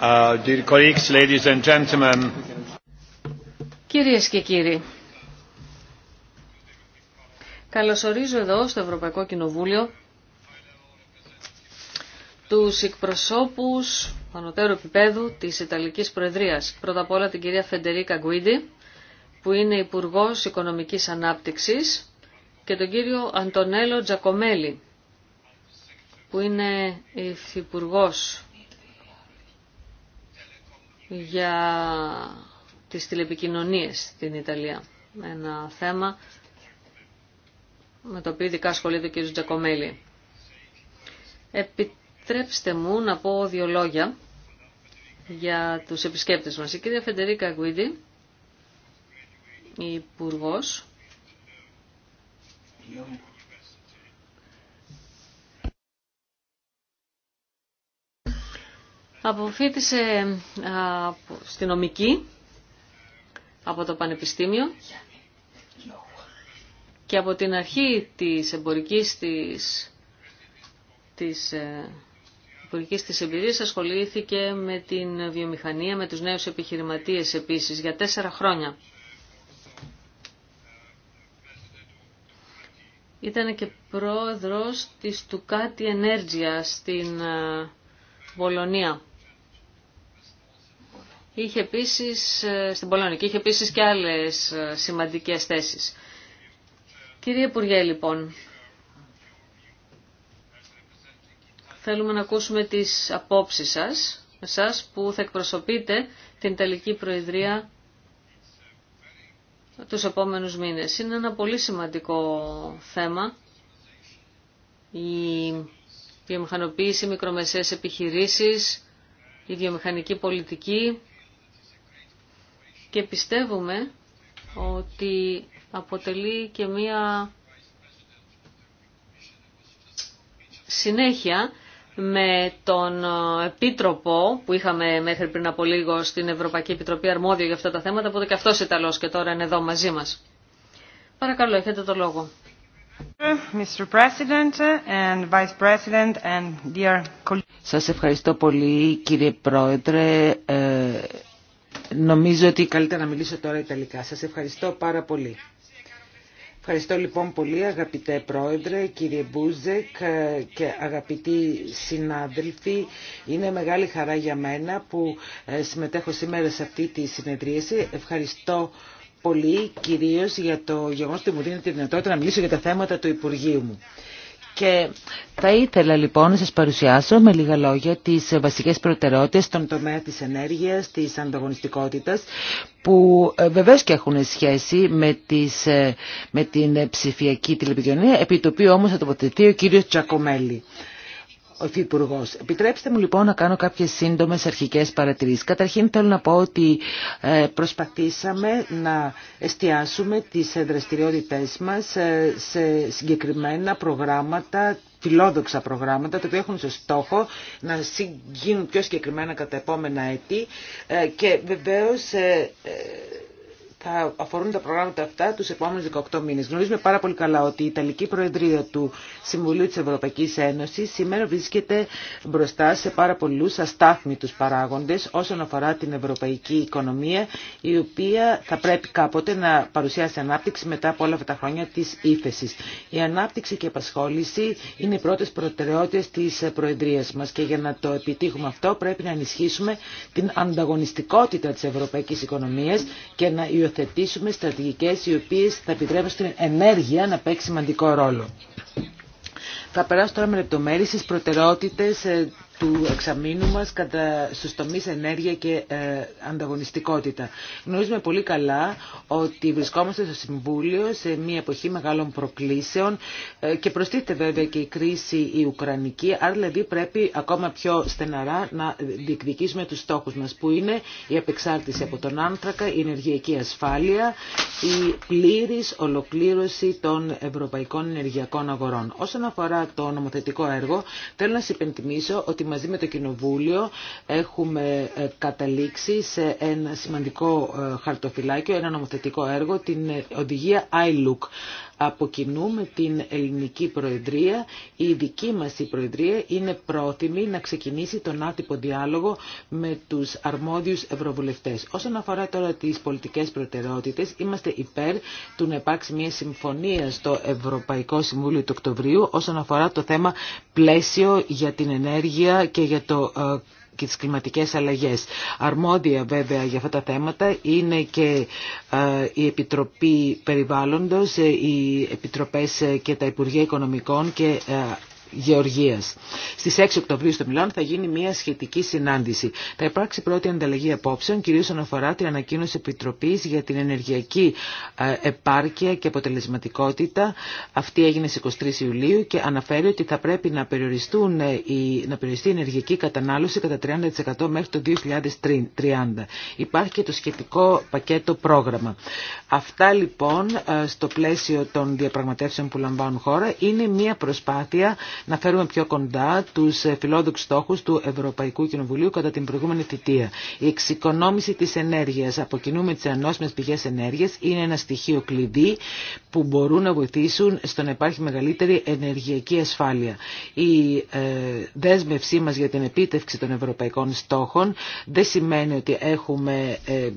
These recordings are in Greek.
Uh, Κυρίες και κύριοι, καλωσορίζω εδώ στο Ευρωπαϊκό Κοινοβούλιο τους εκπροσώπους ανωτέρου επίπεδου της Ιταλικής Προεδρίας. Πρώτα απ' όλα την κυρία Φεντερίκα Γκουίντι, που είναι Υπουργός Οικονομικής Ανάπτυξης, και τον κύριο Αντωνέλο Τζακομέλη, που είναι Υφυπουργός για τις τηλεπικοινωνίες στην Ιταλία. Ένα θέμα με το οποίο ειδικά ασχολείται ο κ. Τζακομέλη. Επιτρέψτε μου να πω δύο λόγια για τους επισκέπτες μας. Η κυρία Φεντερίκα Γκουίδη, η Υπουργός, Αποφύτησε στην νομική από το Πανεπιστήμιο και από την αρχή της εμπορικής της, της ε, της εμπειρίας ασχολήθηκε με την βιομηχανία, με τους νέους επιχειρηματίες επίσης για τέσσερα χρόνια. Ήταν και πρόεδρος της κάτι Ενέργεια στην ε, Βολονία είχε επίσης, ε, στην Πολωνική, είχε επίσης και άλλες ε, σημαντικές θέσεις. Κύριε Υπουργέ, λοιπόν, θέλουμε να ακούσουμε τις απόψεις σας, εσάς που θα εκπροσωπείτε την τελική Προεδρία τους επόμενους μήνες. Είναι ένα πολύ σημαντικό θέμα η βιομηχανοποίηση, μικρομεσαίες επιχειρήσεις, η βιομηχανική πολιτική, και πιστεύουμε ότι αποτελεί και μία συνέχεια με τον επίτροπο που είχαμε μέχρι πριν από λίγο στην Ευρωπαϊκή Επιτροπή αρμόδιο για αυτά τα θέματα, οπότε και αυτός Ιταλός και τώρα είναι εδώ μαζί μας. Παρακαλώ, έχετε το λόγο. Σας ευχαριστώ πολύ κύριε Πρόεδρε, ε, νομίζω ότι καλύτερα να μιλήσω τώρα Ιταλικά. Σας ευχαριστώ πάρα πολύ. Ευχαριστώ λοιπόν πολύ αγαπητέ Πρόεδρε, κύριε Μπούζεκ ε, και αγαπητοί συνάδελφοι. Είναι μεγάλη χαρά για μένα που ε, συμμετέχω σήμερα σε αυτή τη συνεδρίαση. Ευχαριστώ πολύ κυρίως για το γεγονός ότι μου δίνετε τη δυνατότητα να μιλήσω για τα θέματα του Υπουργείου μου. Και θα ήθελα λοιπόν να σας παρουσιάσω με λίγα λόγια τις βασικές προτεραιότητες στον τομέα της ενέργειας, της ανταγωνιστικότητας που ε, βεβαίως και έχουν σχέση με, τις, ε, με την ψηφιακή τηλεπιδιονία επί το οποίο όμως θα τοποθετηθεί ο κύριος Τσακομέλη ο Υφυπουργό. Επιτρέψτε μου λοιπόν να κάνω κάποιες σύντομες αρχικές παρατηρήσεις. Καταρχήν θέλω να πω ότι ε, προσπαθήσαμε να εστιάσουμε τις ε, δραστηριότητές μας ε, σε συγκεκριμένα προγράμματα φιλόδοξα προγράμματα, τα οποία έχουν στο στόχο να γίνουν πιο συγκεκριμένα κατά επόμενα έτη και βεβαίως θα αφορούν τα προγράμματα αυτά τους επόμενους 18 μήνες. Γνωρίζουμε πάρα πολύ καλά ότι η Ιταλική Προεδρία του Συμβουλίου της Ευρωπαϊκής Ένωσης σήμερα βρίσκεται μπροστά σε πάρα πολλούς αστάθμητους παράγοντες όσον αφορά την ευρωπαϊκή οικονομία η οποία θα πρέπει κάποτε να παρουσιάσει ανάπτυξη μετά από όλα αυτά τα χρόνια της ύφεσης. Η ανάπτυξη και η απασχόληση είναι οι πρώτες προτεραιότητες της Προεδρίας μας και για να το επιτύχουμε αυτό πρέπει να ενισχύσουμε την ανταγωνιστικότητα της ευρωπαϊκής οικονομίας και να υιοθετήσουμε στρατηγικές οι οποίες θα επιτρέψουν στην ενέργεια να παίξει σημαντικό ρόλο. Θα περάσω τώρα με λεπτομέρειες στις προτεραιότητες ε, του εξαμήνου μας κατά, στους τομείς ενέργεια και ε, ανταγωνιστικότητα. Γνωρίζουμε πολύ καλά ότι βρισκόμαστε στο Συμβούλιο σε μια εποχή μεγάλων προκλήσεων ε, και προστίθεται βέβαια και η κρίση η Ουκρανική, άρα δηλαδή πρέπει ακόμα πιο στεναρά να διεκδικήσουμε τους στόχους μας που είναι η απεξάρτηση από τον άνθρακα, η ενεργειακή ασφάλεια, η πλήρης ολοκλήρωση των ευρωπαϊκών ενεργειακών αγορών. Όσον αφορά το νομοθετικό έργο, θέλω να σας υπενθυμίσω ότι μαζί με το Κοινοβούλιο έχουμε ε, καταλήξει σε ένα σημαντικό ε, χαρτοφυλάκιο, ένα νομοθετικό έργο, την ε, οδηγία iLook. Από την ελληνική προεδρία, η δική μας η προεδρία είναι πρόθυμη να ξεκινήσει τον άτυπο διάλογο με τους αρμόδιους ευρωβουλευτές. Όσον αφορά τώρα τις πολιτικές προτεραιότητες, είμαστε υπέρ του να υπάρξει μια συμφωνία στο Ευρωπαϊκό Συμβούλιο του Οκτωβρίου όσον αφορά το θέμα πλαίσιο για την ενέργεια και για το ε, και τις αλλαγές. Αρμόδια βέβαια για αυτά τα θέματα είναι και ε, η Επιτροπή Περιβάλλοντος, ε, οι Επιτροπές και τα Υπουργεία Οικονομικών και Γεωργίας. Στις 6 Οκτωβρίου στο Μιλάνο θα γίνει μια σχετική συνάντηση. Θα υπάρξει πρώτη ανταλλαγή απόψεων, κυρίως όσον αφορά την ανακοίνωση Επιτροπής για την ενεργειακή ε, επάρκεια και αποτελεσματικότητα. Αυτή έγινε στις 23 Ιουλίου και αναφέρει ότι θα πρέπει να, περιοριστούν, ε, να περιοριστεί η ενεργειακή κατανάλωση κατά 30% μέχρι το 2030. Υπάρχει και το σχετικό πακέτο πρόγραμμα. Αυτά λοιπόν ε, στο πλαίσιο των διαπραγματεύσεων που λαμβάνουν χώρα είναι μια προσπάθεια να φέρουμε πιο κοντά του ε, φιλόδοξους στόχου του Ευρωπαϊκού Κοινοβουλίου κατά την προηγούμενη θητεία. Η εξοικονόμηση τη ενέργεια από κοινού με τις ανώσιμε πηγές ενέργειας είναι ένα στοιχείο κλειδί που μπορούν να βοηθήσουν στο να υπάρχει μεγαλύτερη ενεργειακή ασφάλεια. Η ε, δέσμευσή μα για την επίτευξη των ευρωπαϊκών στόχων δεν σημαίνει ότι έχουμε ε,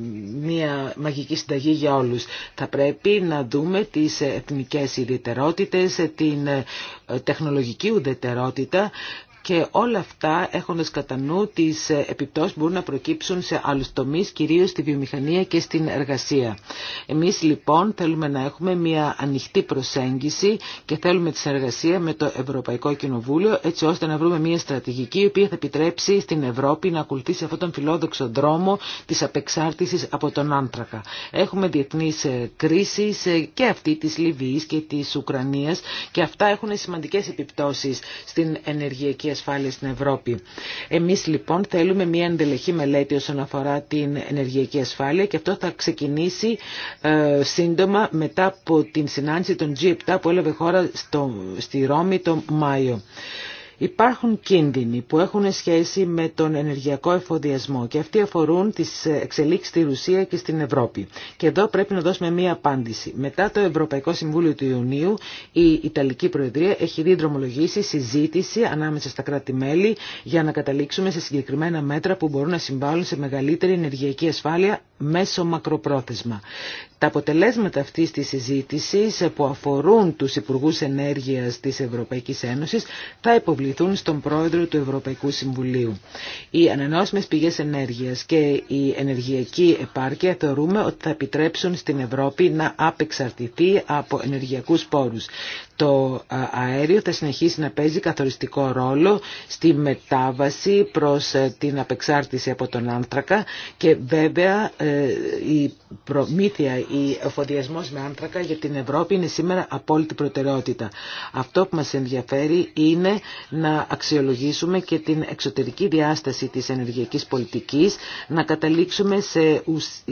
μία μαγική συνταγή για όλου. Θα πρέπει να δούμε τι εθνικέ ιδιαιτερότητε, την τεχνολογική ουδετερότητα και όλα αυτά έχοντας κατά νου τις επιπτώσεις που μπορούν να προκύψουν σε άλλους τομείς, κυρίως στη βιομηχανία και στην εργασία. Εμείς λοιπόν θέλουμε να έχουμε μια ανοιχτή προσέγγιση και θέλουμε τη συνεργασία με το Ευρωπαϊκό Κοινοβούλιο έτσι ώστε να βρούμε μια στρατηγική η οποία θα επιτρέψει στην Ευρώπη να ακολουθήσει αυτόν τον φιλόδοξο δρόμο της απεξάρτησης από τον άνθρακα. Έχουμε διεθνείς ε, κρίσεις ε, και αυτή της Λιβύης και της Ουκρανίας και αυτά έχουν σημαντικές επιπτώσεις στην ενεργειακή ασφάλεια στην Ευρώπη. Εμείς λοιπόν θέλουμε μια εντελεχή μελέτη όσον αφορά την ενεργειακή ασφάλεια και αυτό θα ξεκινήσει ε, σύντομα μετά από την συνάντηση των G7 που έλαβε χώρα στο, στη Ρώμη τον Μάιο. Υπάρχουν κίνδυνοι που έχουν σχέση με τον ενεργειακό εφοδιασμό και αυτοί αφορούν τις εξελίξεις στη Ρουσία και στην Ευρώπη. Και εδώ πρέπει να δώσουμε μία απάντηση. Μετά το Ευρωπαϊκό Συμβούλιο του Ιουνίου η Ιταλική Προεδρία έχει διδρομολογήσει συζήτηση ανάμεσα στα κράτη-μέλη για να καταλήξουμε σε συγκεκριμένα μέτρα που μπορούν να συμβάλλουν σε μεγαλύτερη ενεργειακή ασφάλεια μέσω μακροπρόθεσμα. Τα αποτελέσματα αυτής της συζήτηση που αφορούν τους υπουργού Ενέργειας της Ευρωπαϊκής Ένωσης θα υποβληθούν επιβληθούν στον πρόεδρο του Ευρωπαϊκού Συμβουλίου. Οι ανανεώσιμε πηγές ενέργειας και η ενεργειακή επάρκεια θεωρούμε ότι θα επιτρέψουν στην Ευρώπη να απεξαρτηθεί από ενεργειακούς πόρους. Το αέριο θα συνεχίσει να παίζει καθοριστικό ρόλο στη μετάβαση προς ε, την απεξάρτηση από τον άνθρακα και βέβαια ε, η προμήθεια, η εφοδιασμός με άνθρακα για την Ευρώπη είναι σήμερα απόλυτη προτεραιότητα. Αυτό που μας ενδιαφέρει είναι να αξιολογήσουμε και την εξωτερική διάσταση της ενεργειακής πολιτικής, να καταλήξουμε σε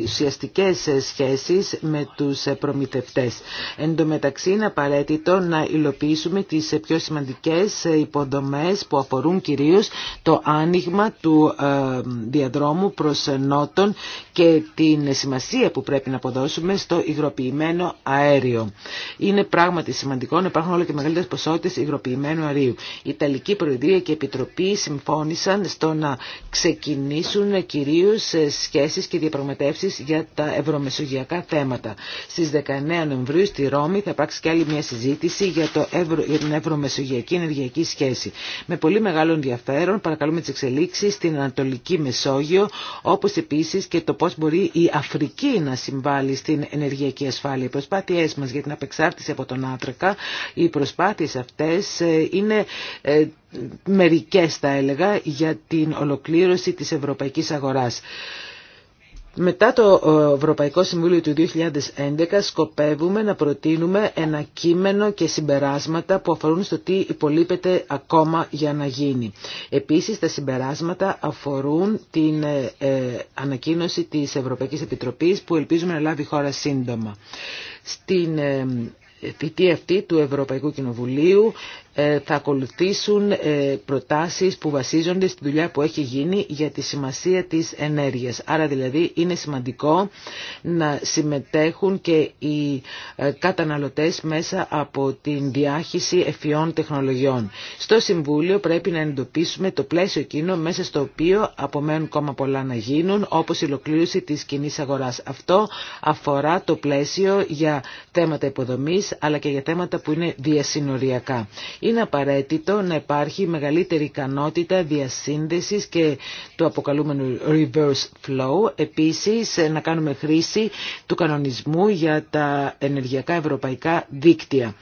ουσιαστικές σχέσεις με τους προμηθευτές. Εν τω μεταξύ είναι απαραίτητο να υλοποιήσουμε τις πιο σημαντικές υποδομές που αφορούν κυρίως το άνοιγμα του ε, διαδρόμου προς νότον και την σημασία που πρέπει να αποδώσουμε στο υγροποιημένο αέριο. Είναι πράγματι σημαντικό να υπάρχουν όλο και μεγαλύτερες ποσότητες υγροποιημένου αερίου. Η Ιταλική Προεδρία και Επιτροπή συμφώνησαν στο να ξεκινήσουν κυρίως ε, σχέσεις και διαπραγματεύσεις για τα ευρωμεσογειακά θέματα. Στις 19 Νοεμβρίου στη Ρώμη θα υπάρξει και άλλη μια συζήτηση για, το ευρω... για την ευρωμεσογειακή ενεργειακή σχέση. Με πολύ μεγάλο ενδιαφέρον παρακαλούμε τις εξελίξεις στην Ανατολική Μεσόγειο, όπως επίσης και το πώς μπορεί η Αφρική να συμβάλλει στην ενεργειακή ασφάλεια. Οι προσπάθειε μας για την απεξάρτηση από τον άνθρακα, οι προσπάθειες αυτές ε, είναι ε, μερικές θα έλεγα για την ολοκλήρωση της ευρωπαϊκής αγοράς. Μετά το ε, Ευρωπαϊκό Συμβούλιο του 2011 σκοπεύουμε να προτείνουμε ένα κείμενο και συμπεράσματα που αφορούν στο τι υπολείπεται ακόμα για να γίνει. Επίσης τα συμπεράσματα αφορούν την ε, ε, ανακοίνωση της Ευρωπαϊκής Επιτροπής που ελπίζουμε να λάβει χώρα σύντομα. Στην θητεία αυτή του Ευρωπαϊκού Κοινοβουλίου ε, θα ακολουθήσουν ε, προτάσεις που βασίζονται στη δουλειά που έχει γίνει για τη σημασία της ενέργειας. Άρα δηλαδή είναι σημαντικό να συμμετέχουν και οι ε, καταναλωτές μέσα από την διάχυση εφιών τεχνολογιών. Στο Συμβούλιο πρέπει να εντοπίσουμε το πλαίσιο εκείνο μέσα στο οποίο απομένουν ακόμα πολλά να γίνουν όπως η ολοκλήρωση της κοινή αγοράς. Αυτό αφορά το πλαίσιο για θέματα υποδομής αλλά και για θέματα που είναι διασυνοριακά. Είναι απαραίτητο να υπάρχει μεγαλύτερη ικανότητα διασύνδεσης και του αποκαλούμενου reverse flow. Επίσης να κάνουμε χρήση του κανονισμού για τα ενεργειακά ευρωπαϊκά δίκτυα.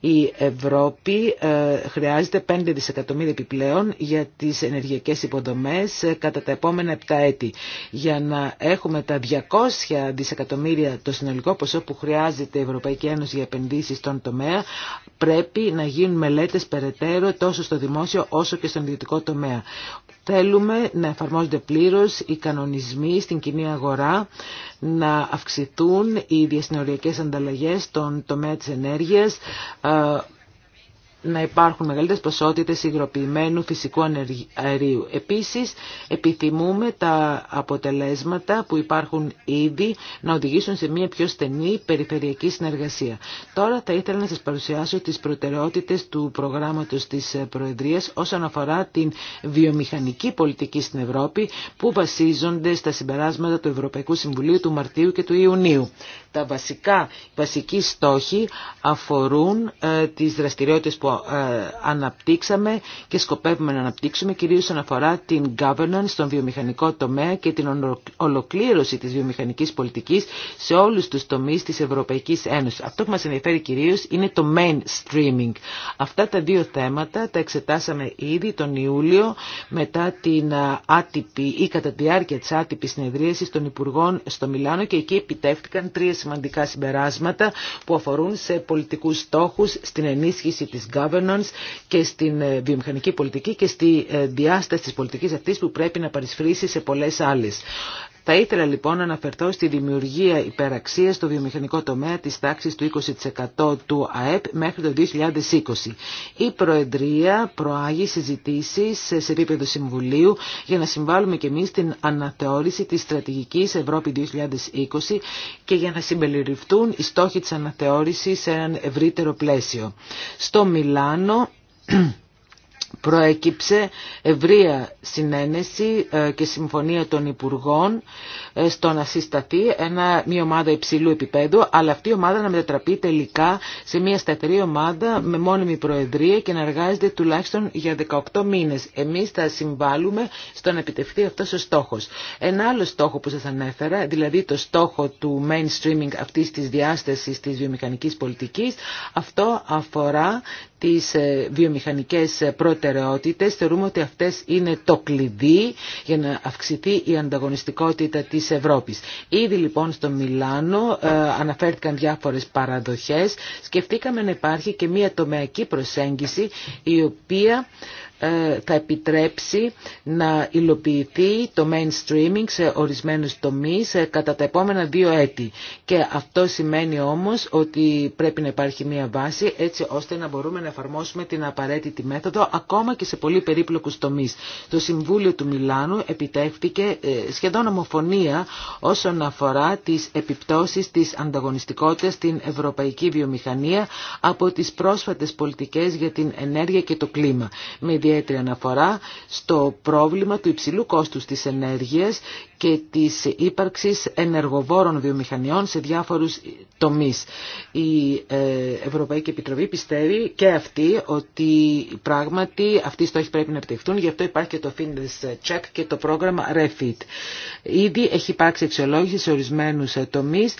Η Ευρώπη ε, χρειάζεται 5 δισεκατομμύρια επιπλέον για τις ενεργειακές υποδομές ε, κατά τα επόμενα 7 έτη. Για να έχουμε τα 200 δισεκατομμύρια το συνολικό ποσό που χρειάζεται η Ευρωπαϊκή Ένωση για επενδύσεις επενδύσεις στον τομέα. Πρέπει να γίνουν μελέτες περαιτέρω τόσο στο δημόσιο όσο και στον ιδιωτικό τομέα. Θέλουμε να εφαρμόζονται πλήρως οι κανονισμοί στην κοινή αγορά, να αυξηθούν οι διασυνοριακές ανταλλαγές στον τομέα της ενέργειας, να υπάρχουν μεγαλύτερες ποσότητες υγροποιημένου φυσικού αερίου. Επίσης, επιθυμούμε τα αποτελέσματα που υπάρχουν ήδη να οδηγήσουν σε μια πιο στενή περιφερειακή συνεργασία. Τώρα θα ήθελα να σας παρουσιάσω τις προτεραιότητες του προγράμματος της Προεδρίας όσον αφορά την βιομηχανική πολιτική στην Ευρώπη που βασίζονται στα συμπεράσματα του Ευρωπαϊκού Συμβουλίου του Μαρτίου και του Ιουνίου. Τα βασικά, βασικοί στόχοι αφορούν ε, τις δραστηριότητες που αυτό ε, αναπτύξαμε και σκοπεύουμε να αναπτύξουμε κυρίως όσον αφορά την governance στον βιομηχανικό τομέα και την ολοκλήρωση της βιομηχανικής πολιτικής σε όλους τους τομείς της Ευρωπαϊκής Ένωσης. Αυτό που μας ενδιαφέρει κυρίως είναι το mainstreaming. Αυτά τα δύο θέματα τα εξετάσαμε ήδη τον Ιούλιο μετά την ε, άτυπη ή κατά τη διάρκεια της άτυπης συνεδρίασης των Υπουργών στο Μιλάνο και εκεί επιτεύχθηκαν τρία σημαντικά συμπεράσματα που αφορούν σε πολιτικούς στόχους, στην ενίσχυση της governance και στην ε, βιομηχανική πολιτική και στη ε, διάσταση της πολιτικής αυτής που πρέπει να παρισφρήσει σε πολλές άλλες. Θα ήθελα λοιπόν να αναφερθώ στη δημιουργία υπεραξίας στο βιομηχανικό τομέα της τάξης του 20% του ΑΕΠ μέχρι το 2020. Η Προεδρία προάγει συζητήσεις σε επίπεδο Συμβουλίου για να συμβάλλουμε και εμείς στην αναθεώρηση της στρατηγικής Ευρώπη 2020 και για να συμπεριληφθούν οι στόχοι της αναθεώρησης σε έναν ευρύτερο πλαίσιο. Στο Μιλάνο προέκυψε ευρεία συνένεση ε, και συμφωνία των Υπουργών ε, στο να συσταθεί ένα, μια ομάδα υψηλού επίπεδου, αλλά αυτή η ομάδα να μετατραπεί τελικά σε μια σταθερή ομάδα με μόνιμη προεδρία και να εργάζεται τουλάχιστον για 18 μήνες. Εμείς θα συμβάλλουμε στο να επιτευχθεί αυτός ο στόχος. Ένα άλλο στόχο που σας ανέφερα, δηλαδή το στόχο του mainstreaming αυτής της διάστασης της βιομηχανικής πολιτικής, αυτό αφορά τις ε, βιομηχανικές πρώτες προτεραιότητες. Θεωρούμε ότι αυτές είναι το κλειδί για να αυξηθεί η ανταγωνιστικότητα της Ευρώπης. Ήδη λοιπόν στο Μιλάνο ε, αναφέρθηκαν διάφορες παραδοχές. Σκεφτήκαμε να υπάρχει και μια τομεακή προσέγγιση η οποία ε, θα επιτρέψει να υλοποιηθεί το mainstreaming σε ορισμένους τομείς ε, κατά τα επόμενα δύο έτη. Και αυτό σημαίνει όμως ότι πρέπει να υπάρχει μία βάση έτσι ώστε να μπορούμε να εφαρμόσουμε την απαραίτητη μέθοδο ακόμα και σε πολύ περίπλοκους τομείς. Το Συμβούλιο του Μιλάνου επιτεύχθηκε ε, σχεδόν ομοφωνία όσον αφορά τις επιπτώσεις της ανταγωνιστικότητας στην ευρωπαϊκή βιομηχανία από τις πρόσφατες πολιτικές για την ενέργεια και το κλίμα ιδιαίτερη αναφορά στο πρόβλημα του υψηλού κόστους της ενέργειας και της ύπαρξης ενεργοβόρων βιομηχανιών σε διάφορους τομείς. Η ε, Ευρωπαϊκή Επιτροπή πιστεύει και αυτή ότι πράγματι αυτοί οι στόχοι πρέπει να επιτευχθούν, γι' αυτό υπάρχει και το Fitness Check και το πρόγραμμα Refit. Ήδη έχει υπάρξει αξιολόγηση σε ορισμένους τομείς,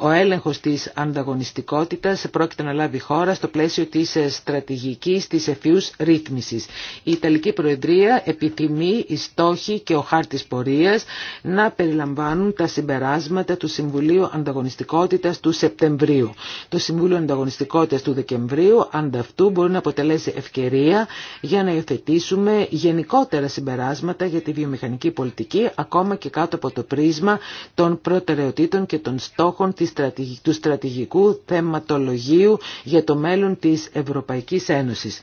ο έλεγχος της ανταγωνιστικότητας πρόκειται να λάβει χώρα στο πλαίσιο της στρατηγικής της εφιούς ρύθμισης. Η Ιταλική Προεδρία επιθυμεί οι στόχοι και ο χάρτης πορείας να περιλαμβάνουν τα συμπεράσματα του Συμβουλίου Ανταγωνιστικότητας του Σεπτεμβρίου. Το Συμβούλιο Ανταγωνιστικότητας του Δεκεμβρίου ανταυτού μπορεί να αποτελέσει ευκαιρία για να υιοθετήσουμε γενικότερα συμπεράσματα για τη βιομηχανική πολιτική ακόμα και κάτω από το πρίσμα των προτεραιοτήτων και των στόχων του στρατηγικού θεματολογίου για το μέλλον της Ευρωπαϊκής Ένωσης.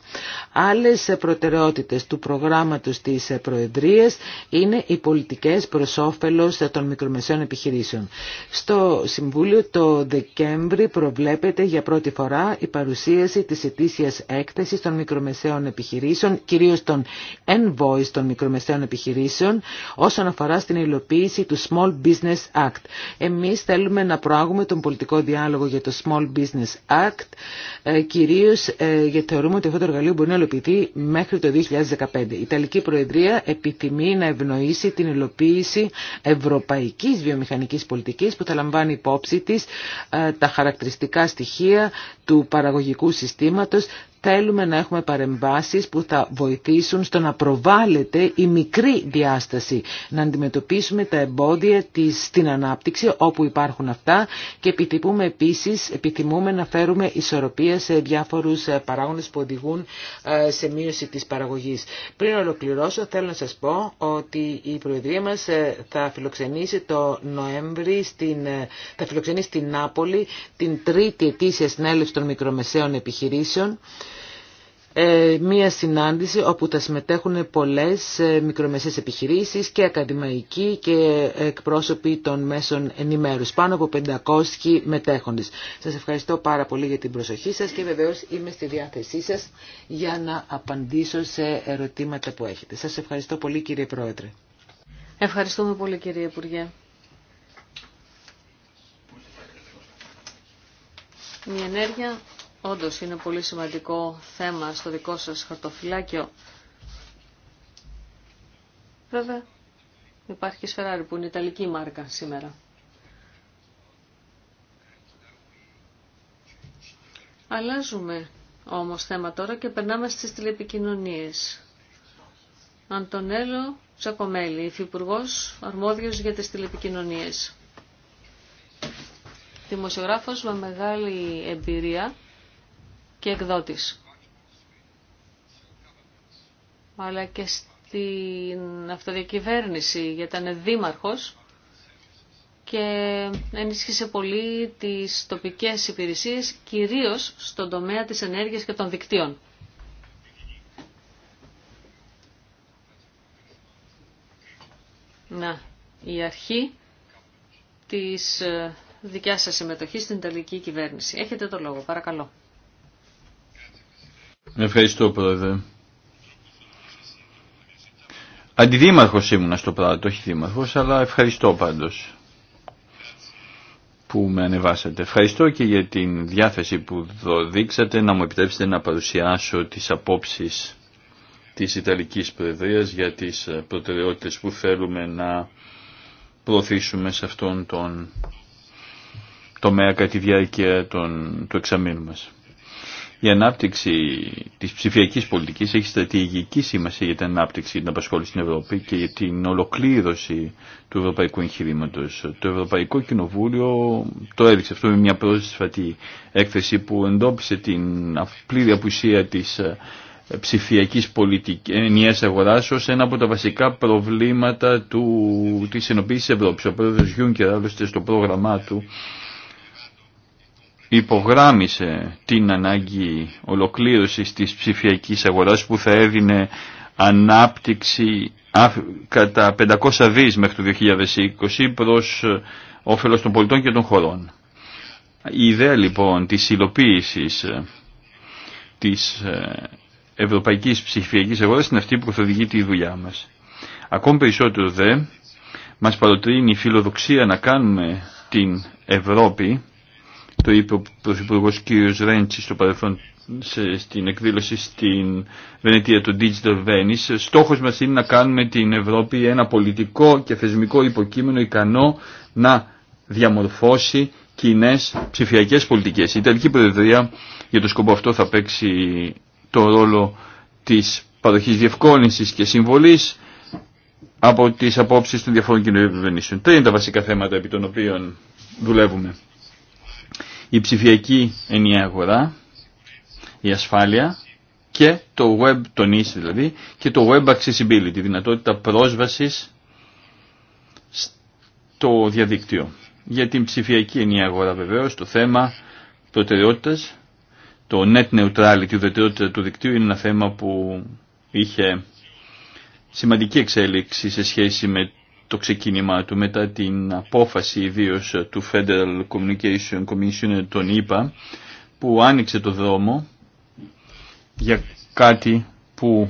Άλλες προτεραιότητες του προγράμματος της Προεδρίας είναι οι πολιτικές προς όφελος των μικρομεσαίων επιχειρήσεων. Στο Συμβούλιο το Δεκέμβρη προβλέπεται για πρώτη φορά η παρουσίαση της ετήσιας έκθεσης των μικρομεσαίων επιχειρήσεων, κυρίως των envoys των μικρομεσαίων επιχειρήσεων, όσον αφορά στην υλοποίηση του Small Business Act. Εμείς θέλουμε να προάγουμε τον πολιτικό διάλογο για το Small Business Act, ε, κυρίως ε, γιατί θεωρούμε ότι αυτό το εργαλείο μπορεί να υλοποιηθεί μέχρι το 2015. Η Ιταλική Προεδρία επιθυμεί να ευνοήσει την υλοποίηση ευρωπαϊκής βιομηχανικής πολιτικής που θα λαμβάνει υπόψη της ε, τα χαρακτηριστικά στοιχεία του παραγωγικού συστήματος, Θέλουμε να έχουμε παρεμβάσεις που θα βοηθήσουν στο να προβάλλεται η μικρή διάσταση, να αντιμετωπίσουμε τα εμπόδια της, στην ανάπτυξη όπου υπάρχουν αυτά και επιθυμούμε επίσης, επιθυμούμε να φέρουμε ισορροπία σε διάφορους ε, παράγοντες που οδηγούν ε, σε μείωση της παραγωγής. Πριν ολοκληρώσω θέλω να σας πω ότι η Προεδρία μας ε, θα φιλοξενήσει το Νοέμβρη, στην, θα φιλοξενήσει στην Νάπολη την τρίτη ετήσια συνέλευση των μικρομεσαίων επιχειρήσεων. Ε, μία συνάντηση όπου τα συμμετέχουν πολλές ε, μικρομεσαίες επιχειρήσεις και ακαδημαϊκοί και εκπρόσωποι των μέσων ενημέρους. Πάνω από 500 μετέχοντες. Σας ευχαριστώ πάρα πολύ για την προσοχή σας και βεβαίως είμαι στη διάθεσή σας για να απαντήσω σε ερωτήματα που έχετε. Σας ευχαριστώ πολύ κύριε Πρόεδρε. Ευχαριστούμε πολύ κύριε Υπουργέ. Μια ενέργεια Όντω είναι πολύ σημαντικό θέμα στο δικό σας χαρτοφυλάκιο. Βέβαια, υπάρχει και σφαιράρι που είναι ιταλική μάρκα σήμερα. Αλλάζουμε όμως θέμα τώρα και περνάμε στις τηλεπικοινωνίες. Αντωνέλο Τσακομέλη, υφυπουργός αρμόδιος για τις τηλεπικοινωνίες. Δημοσιογράφος με μεγάλη εμπειρία και εκδότης. Αλλά και στην αυτοδιακυβέρνηση, γιατί ήταν δήμαρχος και ενίσχυσε πολύ τις τοπικές υπηρεσίες, κυρίως στον τομέα της ενέργειας και των δικτύων. Να, η αρχή της ε, δικιάς σας συμμετοχής στην Ιταλική κυβέρνηση. Έχετε το λόγο, παρακαλώ. Ευχαριστώ πρόεδρε. Αντιδήμαρχος ήμουνα στο πράγμα, όχι δήμαρχος, αλλά ευχαριστώ πάντως που με ανεβάσατε. Ευχαριστώ και για την διάθεση που δείξατε να μου επιτρέψετε να παρουσιάσω τις απόψεις της Ιταλικής Προεδρίας για τις ε, προτεραιότητες που θέλουμε να προωθήσουμε σε αυτόν τον τομέα κατά τη διάρκεια των, του εξαμήνου μας. Η ανάπτυξη της ψηφιακής πολιτικής έχει στρατηγική σημασία για την ανάπτυξη, την απασχόληση στην Ευρώπη και για την ολοκλήρωση του ευρωπαϊκού εγχειρήματο. Το Ευρωπαϊκό Κοινοβούλιο το έδειξε αυτό με μια πρόσφατη έκθεση που εντόπισε την πλήρη απουσία της ε, ψηφιακής πολιτικής ε, ενιαίας αγοράς ένα από τα βασικά προβλήματα τη της Ευρώπη. Ευρώπης. Ο πρόεδρος Γιούνκερ άλλωστε στο πρόγραμμά του υπογράμμισε την ανάγκη ολοκλήρωσης της ψηφιακής αγοράς που θα έδινε ανάπτυξη κατά 500 δις μέχρι το 2020 προς ε, όφελος των πολιτών και των χωρών. Η ιδέα λοιπόν της υλοποίησης ε, της ε, ευρωπαϊκής ψηφιακής αγοράς είναι αυτή που θα οδηγεί τη δουλειά μας. Ακόμη περισσότερο δε μας παροτρύνει η φιλοδοξία να κάνουμε την Ευρώπη το είπε ο Πρωθυπουργό κ. Ρέντσι στο παρελθόν στην εκδήλωση στην Βενετία του Digital Venice. Στόχος μας είναι να κάνουμε την Ευρώπη ένα πολιτικό και θεσμικό υποκείμενο ικανό να διαμορφώσει κοινέ ψηφιακές πολιτικές. Η Ιταλική Προεδρία για το σκοπό αυτό θα παίξει το ρόλο της παροχής διευκόλυνσης και συμβολής από τις απόψεις των διαφόρων κοινωνικών κυβερνήσεων. Τρία είναι τα βασικά θέματα επί των οποίων δουλεύουμε η ψηφιακή ενιαία αγορά, η ασφάλεια και το web, το δηλαδή, και το web accessibility, τη δυνατότητα πρόσβασης στο διαδίκτυο. Για την ψηφιακή ενιαία αγορά βεβαίως το θέμα προτεραιότητας, το net neutrality, η ουδετερότητα του δικτύου είναι ένα θέμα που είχε σημαντική εξέλιξη σε σχέση με το ξεκίνημά του μετά την απόφαση ιδίω του Federal Communication Commission τον ΗΠΑ που άνοιξε το δρόμο για κάτι που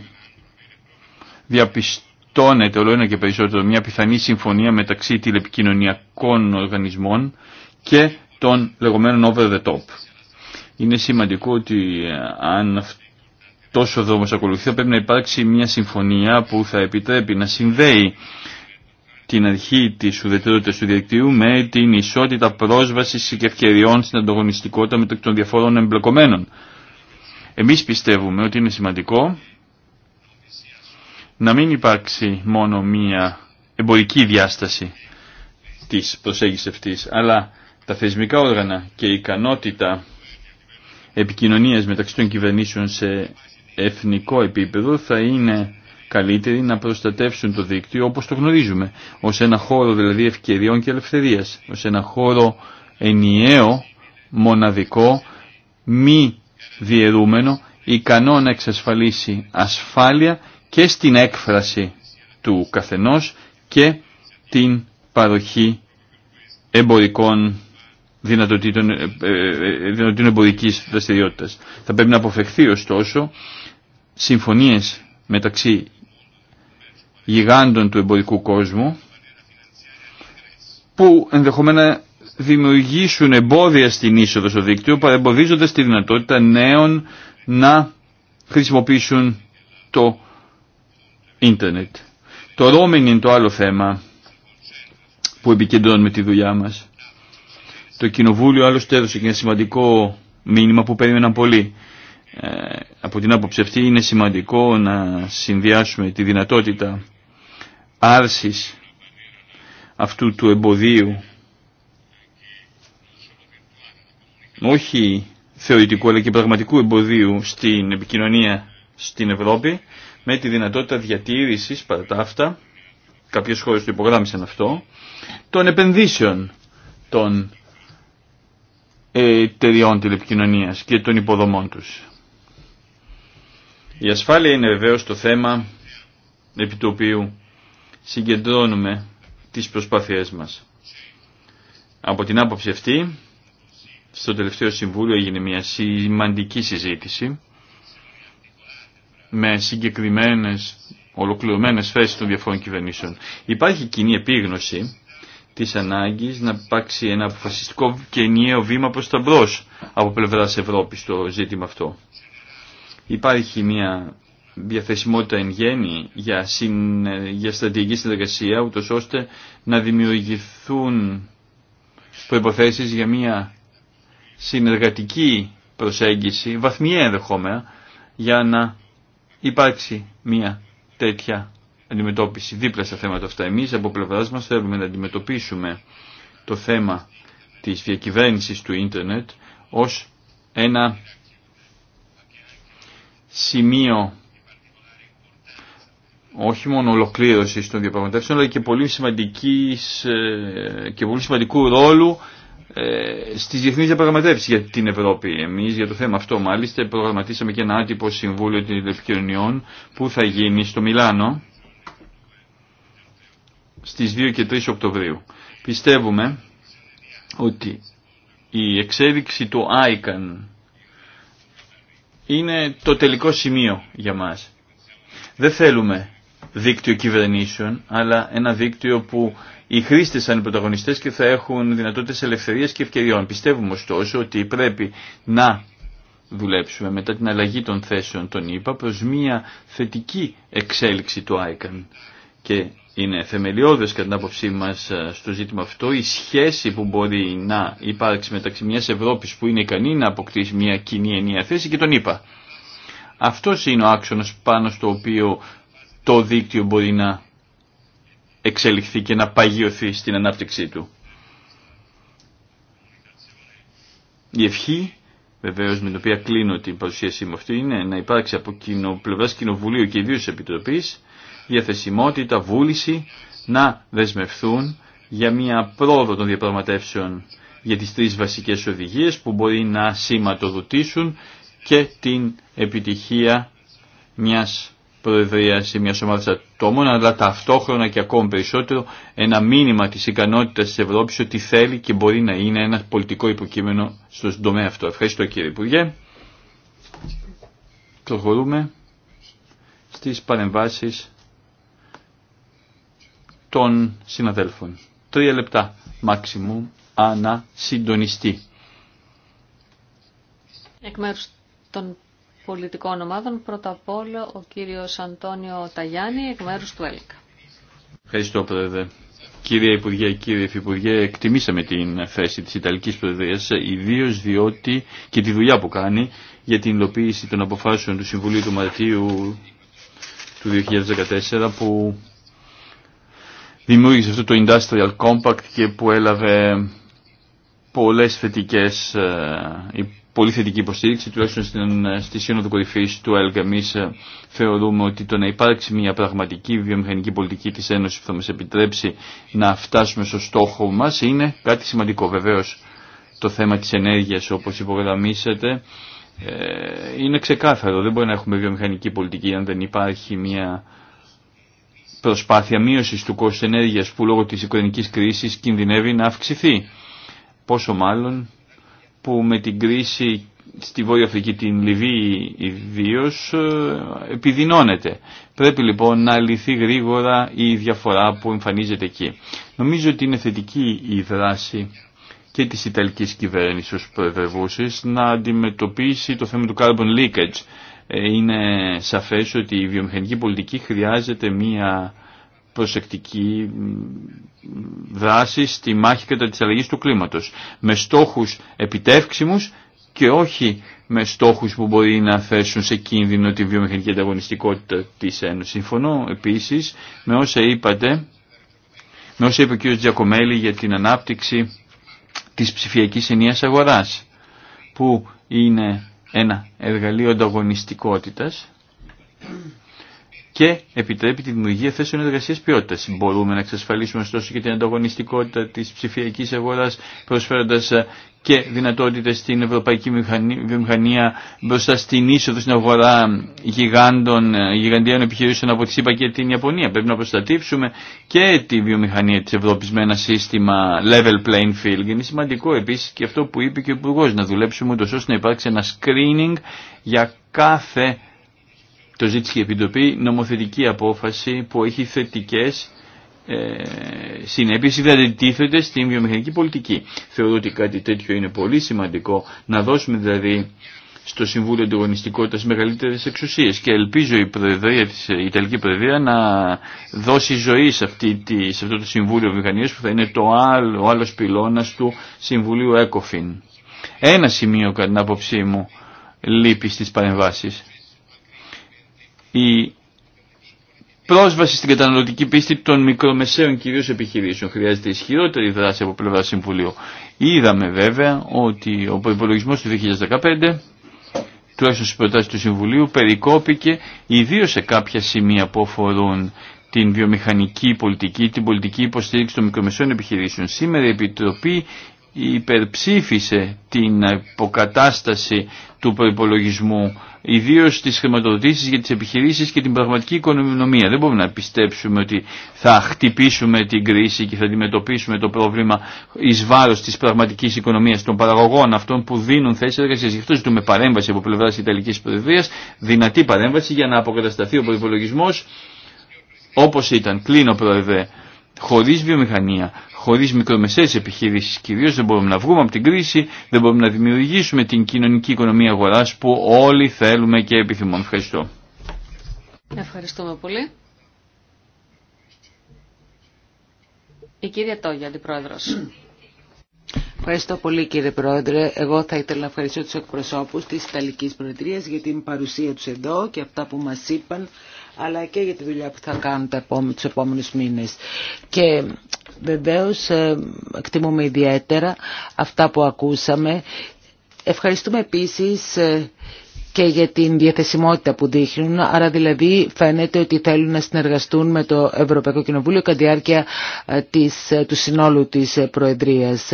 διαπιστώνεται όλο ένα και περισσότερο μια πιθανή συμφωνία μεταξύ τηλεπικοινωνιακών οργανισμών και των λεγόμενων over the top. Είναι σημαντικό ότι ε, αν τόσο ο δρόμος ακολουθεί θα πρέπει να υπάρξει μια συμφωνία που θα επιτρέπει να συνδέει την αρχή της ουδετερότητας του διαδικτύου με την ισότητα πρόσβασης και ευκαιριών στην ανταγωνιστικότητα μεταξύ των διαφόρων εμπλεκομένων. Εμείς πιστεύουμε ότι είναι σημαντικό να μην υπάρξει μόνο μία εμπορική διάσταση της προσέγγισης αυτής, αλλά τα θεσμικά όργανα και η ικανότητα επικοινωνίας μεταξύ των κυβερνήσεων σε εθνικό επίπεδο θα είναι καλύτεροι να προστατεύσουν το δίκτυο όπως το γνωρίζουμε, ως ένα χώρο δηλαδή ευκαιριών και ελευθερίας, ως ένα χώρο ενιαίο, μοναδικό, μη διαιρούμενο, ικανό να εξασφαλίσει ασφάλεια και στην έκφραση του καθενός και την παροχή εμπορικών δυνατοτήτων, ε, ε, ε, δυνατοτήτων εμπορικής δραστηριότητας. Θα πρέπει να αποφευχθεί ωστόσο συμφωνίες μεταξύ γιγάντων του εμπορικού κόσμου που ενδεχομένα δημιουργήσουν εμπόδια στην είσοδο στο δίκτυο παρεμποδίζοντας τη δυνατότητα νέων να χρησιμοποιήσουν το ίντερνετ. Το roaming είναι το άλλο θέμα που επικεντρώνουμε τη δουλειά μας. Το κοινοβούλιο άλλωστε έδωσε και ένα σημαντικό μήνυμα που περίμεναν πολύ. Ε, από την άποψη αυτή είναι σημαντικό να συνδυάσουμε τη δυνατότητα άρσης αυτού του εμποδίου όχι θεωρητικού αλλά και πραγματικού εμποδίου στην επικοινωνία στην Ευρώπη με τη δυνατότητα διατήρησης παρά τα αυτά κάποιες χώρες το υπογράμμισαν αυτό των επενδύσεων των εταιριών τηλεπικοινωνίας και των υποδομών τους. Η ασφάλεια είναι βεβαίως το θέμα επί του οποίου συγκεντρώνουμε τις προσπάθειές μας. Από την άποψη αυτή, στο τελευταίο Συμβούλιο έγινε μια σημαντική συζήτηση με συγκεκριμένες, ολοκληρωμένες θέσεις των διαφόρων κυβερνήσεων. Υπάρχει κοινή επίγνωση της ανάγκης να υπάρξει ένα αποφασιστικό και ενιαίο βήμα προς τα μπρος από πλευράς Ευρώπης στο ζήτημα αυτό. Υπάρχει μια διαθεσιμότητα εν γέννη για, για στρατηγική συνεργασία, ούτως ώστε να δημιουργηθούν προϋποθέσεις για μια συνεργατική προσέγγιση, βαθμιαία ενδεχόμενα, για να υπάρξει μια τέτοια αντιμετώπιση δίπλα στα θέματα αυτά. Εμείς από πλευράς μας θέλουμε να αντιμετωπίσουμε το θέμα της διακυβέρνησης του ίντερνετ ως ένα σημείο όχι μόνο ολοκλήρωση των διαπραγματεύσεων, αλλά και πολύ, σημαντικής, ε, και πολύ σημαντικού ρόλου ε, στις διεθνείς διαπραγματεύσεις για την Ευρώπη. Εμείς για το θέμα αυτό μάλιστα προγραμματίσαμε και ένα άτυπο συμβούλιο των τηλεπικοινωνιών που θα γίνει στο Μιλάνο στις 2 και 3 Οκτωβρίου. Πιστεύουμε ότι η εξέδειξη του ICAN είναι το τελικό σημείο για μας. Δεν θέλουμε δίκτυο κυβερνήσεων, αλλά ένα δίκτυο που οι χρήστε θα είναι πρωταγωνιστέ και θα έχουν δυνατότητε ελευθερία και ευκαιριών. Πιστεύουμε ωστόσο ότι πρέπει να δουλέψουμε μετά την αλλαγή των θέσεων των ΗΠΑ προ μια θετική εξέλιξη του ICAN. Και είναι θεμελιώδες κατά την άποψή μας στο ζήτημα αυτό η σχέση που μπορεί να υπάρξει μεταξύ μιας Ευρώπης που είναι ικανή να αποκτήσει μια κοινή ενιαία θέση και τον είπα Αυτός είναι ο άξονας πάνω στο οποίο το δίκτυο μπορεί να εξελιχθεί και να παγιωθεί στην ανάπτυξή του. Η ευχή, βεβαίω με την οποία κλείνω την παρουσίασή μου αυτή, είναι να υπάρξει από κοινο, πλευρά Κοινοβουλίου και ιδίω Επιτροπή διαθεσιμότητα, βούληση να δεσμευθούν για μια πρόοδο των διαπραγματεύσεων για τις τρεις βασικές οδηγίες που μπορεί να σηματοδοτήσουν και την επιτυχία μιας προεδρία μια ομάδα ατόμων, αλλά ταυτόχρονα και ακόμη περισσότερο ένα μήνυμα τη ικανότητα τη Ευρώπη ότι θέλει και μπορεί να είναι ένα πολιτικό υποκείμενο στον τομέα αυτό. Ευχαριστώ κύριε Υπουργέ. Προχωρούμε στις παρεμβάσεις των συναδέλφων. Τρία λεπτά μάξιμου ανά συντονιστή. Εκ μέρους των πολιτικών ομάδων. Πρώτα απ' όλα ο κύριος Αντώνιο Ταγιάννη εκ μέρους του ΕΛΚΑ. Ευχαριστώ Πρόεδρε. Κύριε Υπουργέ, κύριε Υφυπουργέ, εκτιμήσαμε την θέση της Ιταλικής Προεδρίας, ιδίω διότι και τη δουλειά που κάνει για την υλοποίηση των αποφάσεων του Συμβουλίου του Μαρτίου του 2014 που δημιούργησε αυτό το Industrial Compact και που έλαβε πολλές θετικές ε, πολύ θετική υποστήριξη, τουλάχιστον στην, στη Σύνοδο Κορυφή του ΕΛΚ. Εμεί ε, θεωρούμε ότι το να υπάρξει μια πραγματική βιομηχανική πολιτική τη Ένωση που θα μα επιτρέψει να φτάσουμε στο στόχο μα είναι κάτι σημαντικό. Βεβαίω το θέμα τη ενέργεια, όπω υπογραμμίσατε, ε, είναι ξεκάθαρο. Δεν μπορεί να έχουμε βιομηχανική πολιτική αν δεν υπάρχει μια προσπάθεια μείωσης του κόστου ενέργειας που λόγω της οικονομική κρίσης κινδυνεύει να αυξηθεί. Πόσο μάλλον που με την κρίση στη Βόρεια Αφρική, την Λιβύη ιδίω ε, επιδεινώνεται. Πρέπει λοιπόν να λυθεί γρήγορα η διαφορά που εμφανίζεται εκεί. Νομίζω ότι είναι θετική η δράση και της Ιταλικής κυβέρνησης ως προεδρευούσης να αντιμετωπίσει το θέμα του carbon leakage. Ε, είναι σαφές ότι η βιομηχανική πολιτική χρειάζεται μία προσεκτική δράση στη μάχη κατά της αλλαγής του κλίματος με στόχους επιτεύξιμους και όχι με στόχους που μπορεί να θέσουν σε κίνδυνο τη βιομηχανική ανταγωνιστικότητα της Ένωσης. Συμφωνώ επίσης με όσα είπατε, με όσα είπε ο κ. Τζακομέλη για την ανάπτυξη της ψηφιακής ενίας αγοράς, που είναι ένα εργαλείο ανταγωνιστικότητας και επιτρέπει τη δημιουργία θέσεων εργασία ποιότητα. Μπορούμε να εξασφαλίσουμε ωστόσο και την ανταγωνιστικότητα τη ψηφιακή αγορά, προσφέροντα ε, και δυνατότητε στην ευρωπαϊκή βιομηχανία μπροστά στην είσοδο στην αγορά γιγάντων, ε, γιγαντιαίων επιχειρήσεων από τη ΣΥΠΑ και την Ιαπωνία. Πρέπει να προστατεύσουμε και τη βιομηχανία τη Ευρώπη με ένα σύστημα level playing field. Είναι σημαντικό επίση και αυτό που είπε και ο Υπουργό, να δουλέψουμε ούτω ώστε να υπάρξει ένα screening για κάθε το ζήτησε η Επιτροπή, νομοθετική απόφαση που έχει θετικέ ε, δηλαδή τίθεται στην βιομηχανική πολιτική. Θεωρώ ότι κάτι τέτοιο είναι πολύ σημαντικό, να δώσουμε δηλαδή στο Συμβούλιο αντιγωνιστικοτητα μεγαλύτερε εξουσίε. και ελπίζω η, προεδρία, η Ιταλική Προεδρία να δώσει ζωή σε, αυτή, σε αυτό το Συμβούλιο Βιομηχανία που θα είναι το άλλο, ο άλλο πυλώνα του Συμβουλίου ΕΚΟΦΗΝ. Ένα σημείο κατά την άποψή μου λείπει στι παρεμβάσει η πρόσβαση στην καταναλωτική πίστη των μικρομεσαίων κυρίω επιχειρήσεων. Χρειάζεται ισχυρότερη δράση από πλευρά Συμβουλίου. Είδαμε βέβαια ότι ο προπολογισμό του 2015 τουλάχιστον στις προτάσει του Συμβουλίου, περικόπηκε ιδίως σε κάποια σημεία που αφορούν την βιομηχανική πολιτική, την πολιτική υποστήριξη των μικρομεσαίων επιχειρήσεων. Σήμερα η Επιτροπή υπερψήφισε την αποκατάσταση του προϋπολογισμού Ιδίω τι χρηματοδοτήσει για τι επιχειρήσει και την πραγματική οικονομία. Δεν μπορούμε να πιστέψουμε ότι θα χτυπήσουμε την κρίση και θα αντιμετωπίσουμε το πρόβλημα ει βάρο τη πραγματική οικονομία των παραγωγών αυτών που δίνουν θέσει εργασία. Γι' αυτό ζητούμε παρέμβαση από πλευρά τη Ιταλική Προεδρία, δυνατή παρέμβαση για να αποκατασταθεί ο προπολογισμό όπω ήταν. Κλείνω, Πρόεδρε χωρίς βιομηχανία, χωρίς μικρομεσαίες επιχειρήσεις κυρίως δεν μπορούμε να βγούμε από την κρίση, δεν μπορούμε να δημιουργήσουμε την κοινωνική οικονομία αγοράς που όλοι θέλουμε και επιθυμούμε. Ευχαριστώ. Ευχαριστούμε πολύ. Η κυρία Τόγια, αντιπρόεδρος. Ευχαριστώ πολύ κύριε Πρόεδρε. Εγώ θα ήθελα να ευχαριστώ τους εκπροσώπους της Ιταλικής Προεδρίας για την παρουσία τους εδώ και αυτά που μας είπαν αλλά και για τη δουλειά που θα κάνουν του επόμενου τους μήνες. Και βεβαίως ε, εκτιμούμε ιδιαίτερα αυτά που ακούσαμε. Ευχαριστούμε επίσης ε, και για την διαθεσιμότητα που δείχνουν. Άρα δηλαδή φαίνεται ότι θέλουν να συνεργαστούν με το Ευρωπαϊκό Κοινοβούλιο κατά τη διάρκεια ε, της, ε, του συνόλου της ε, Προεδρίας.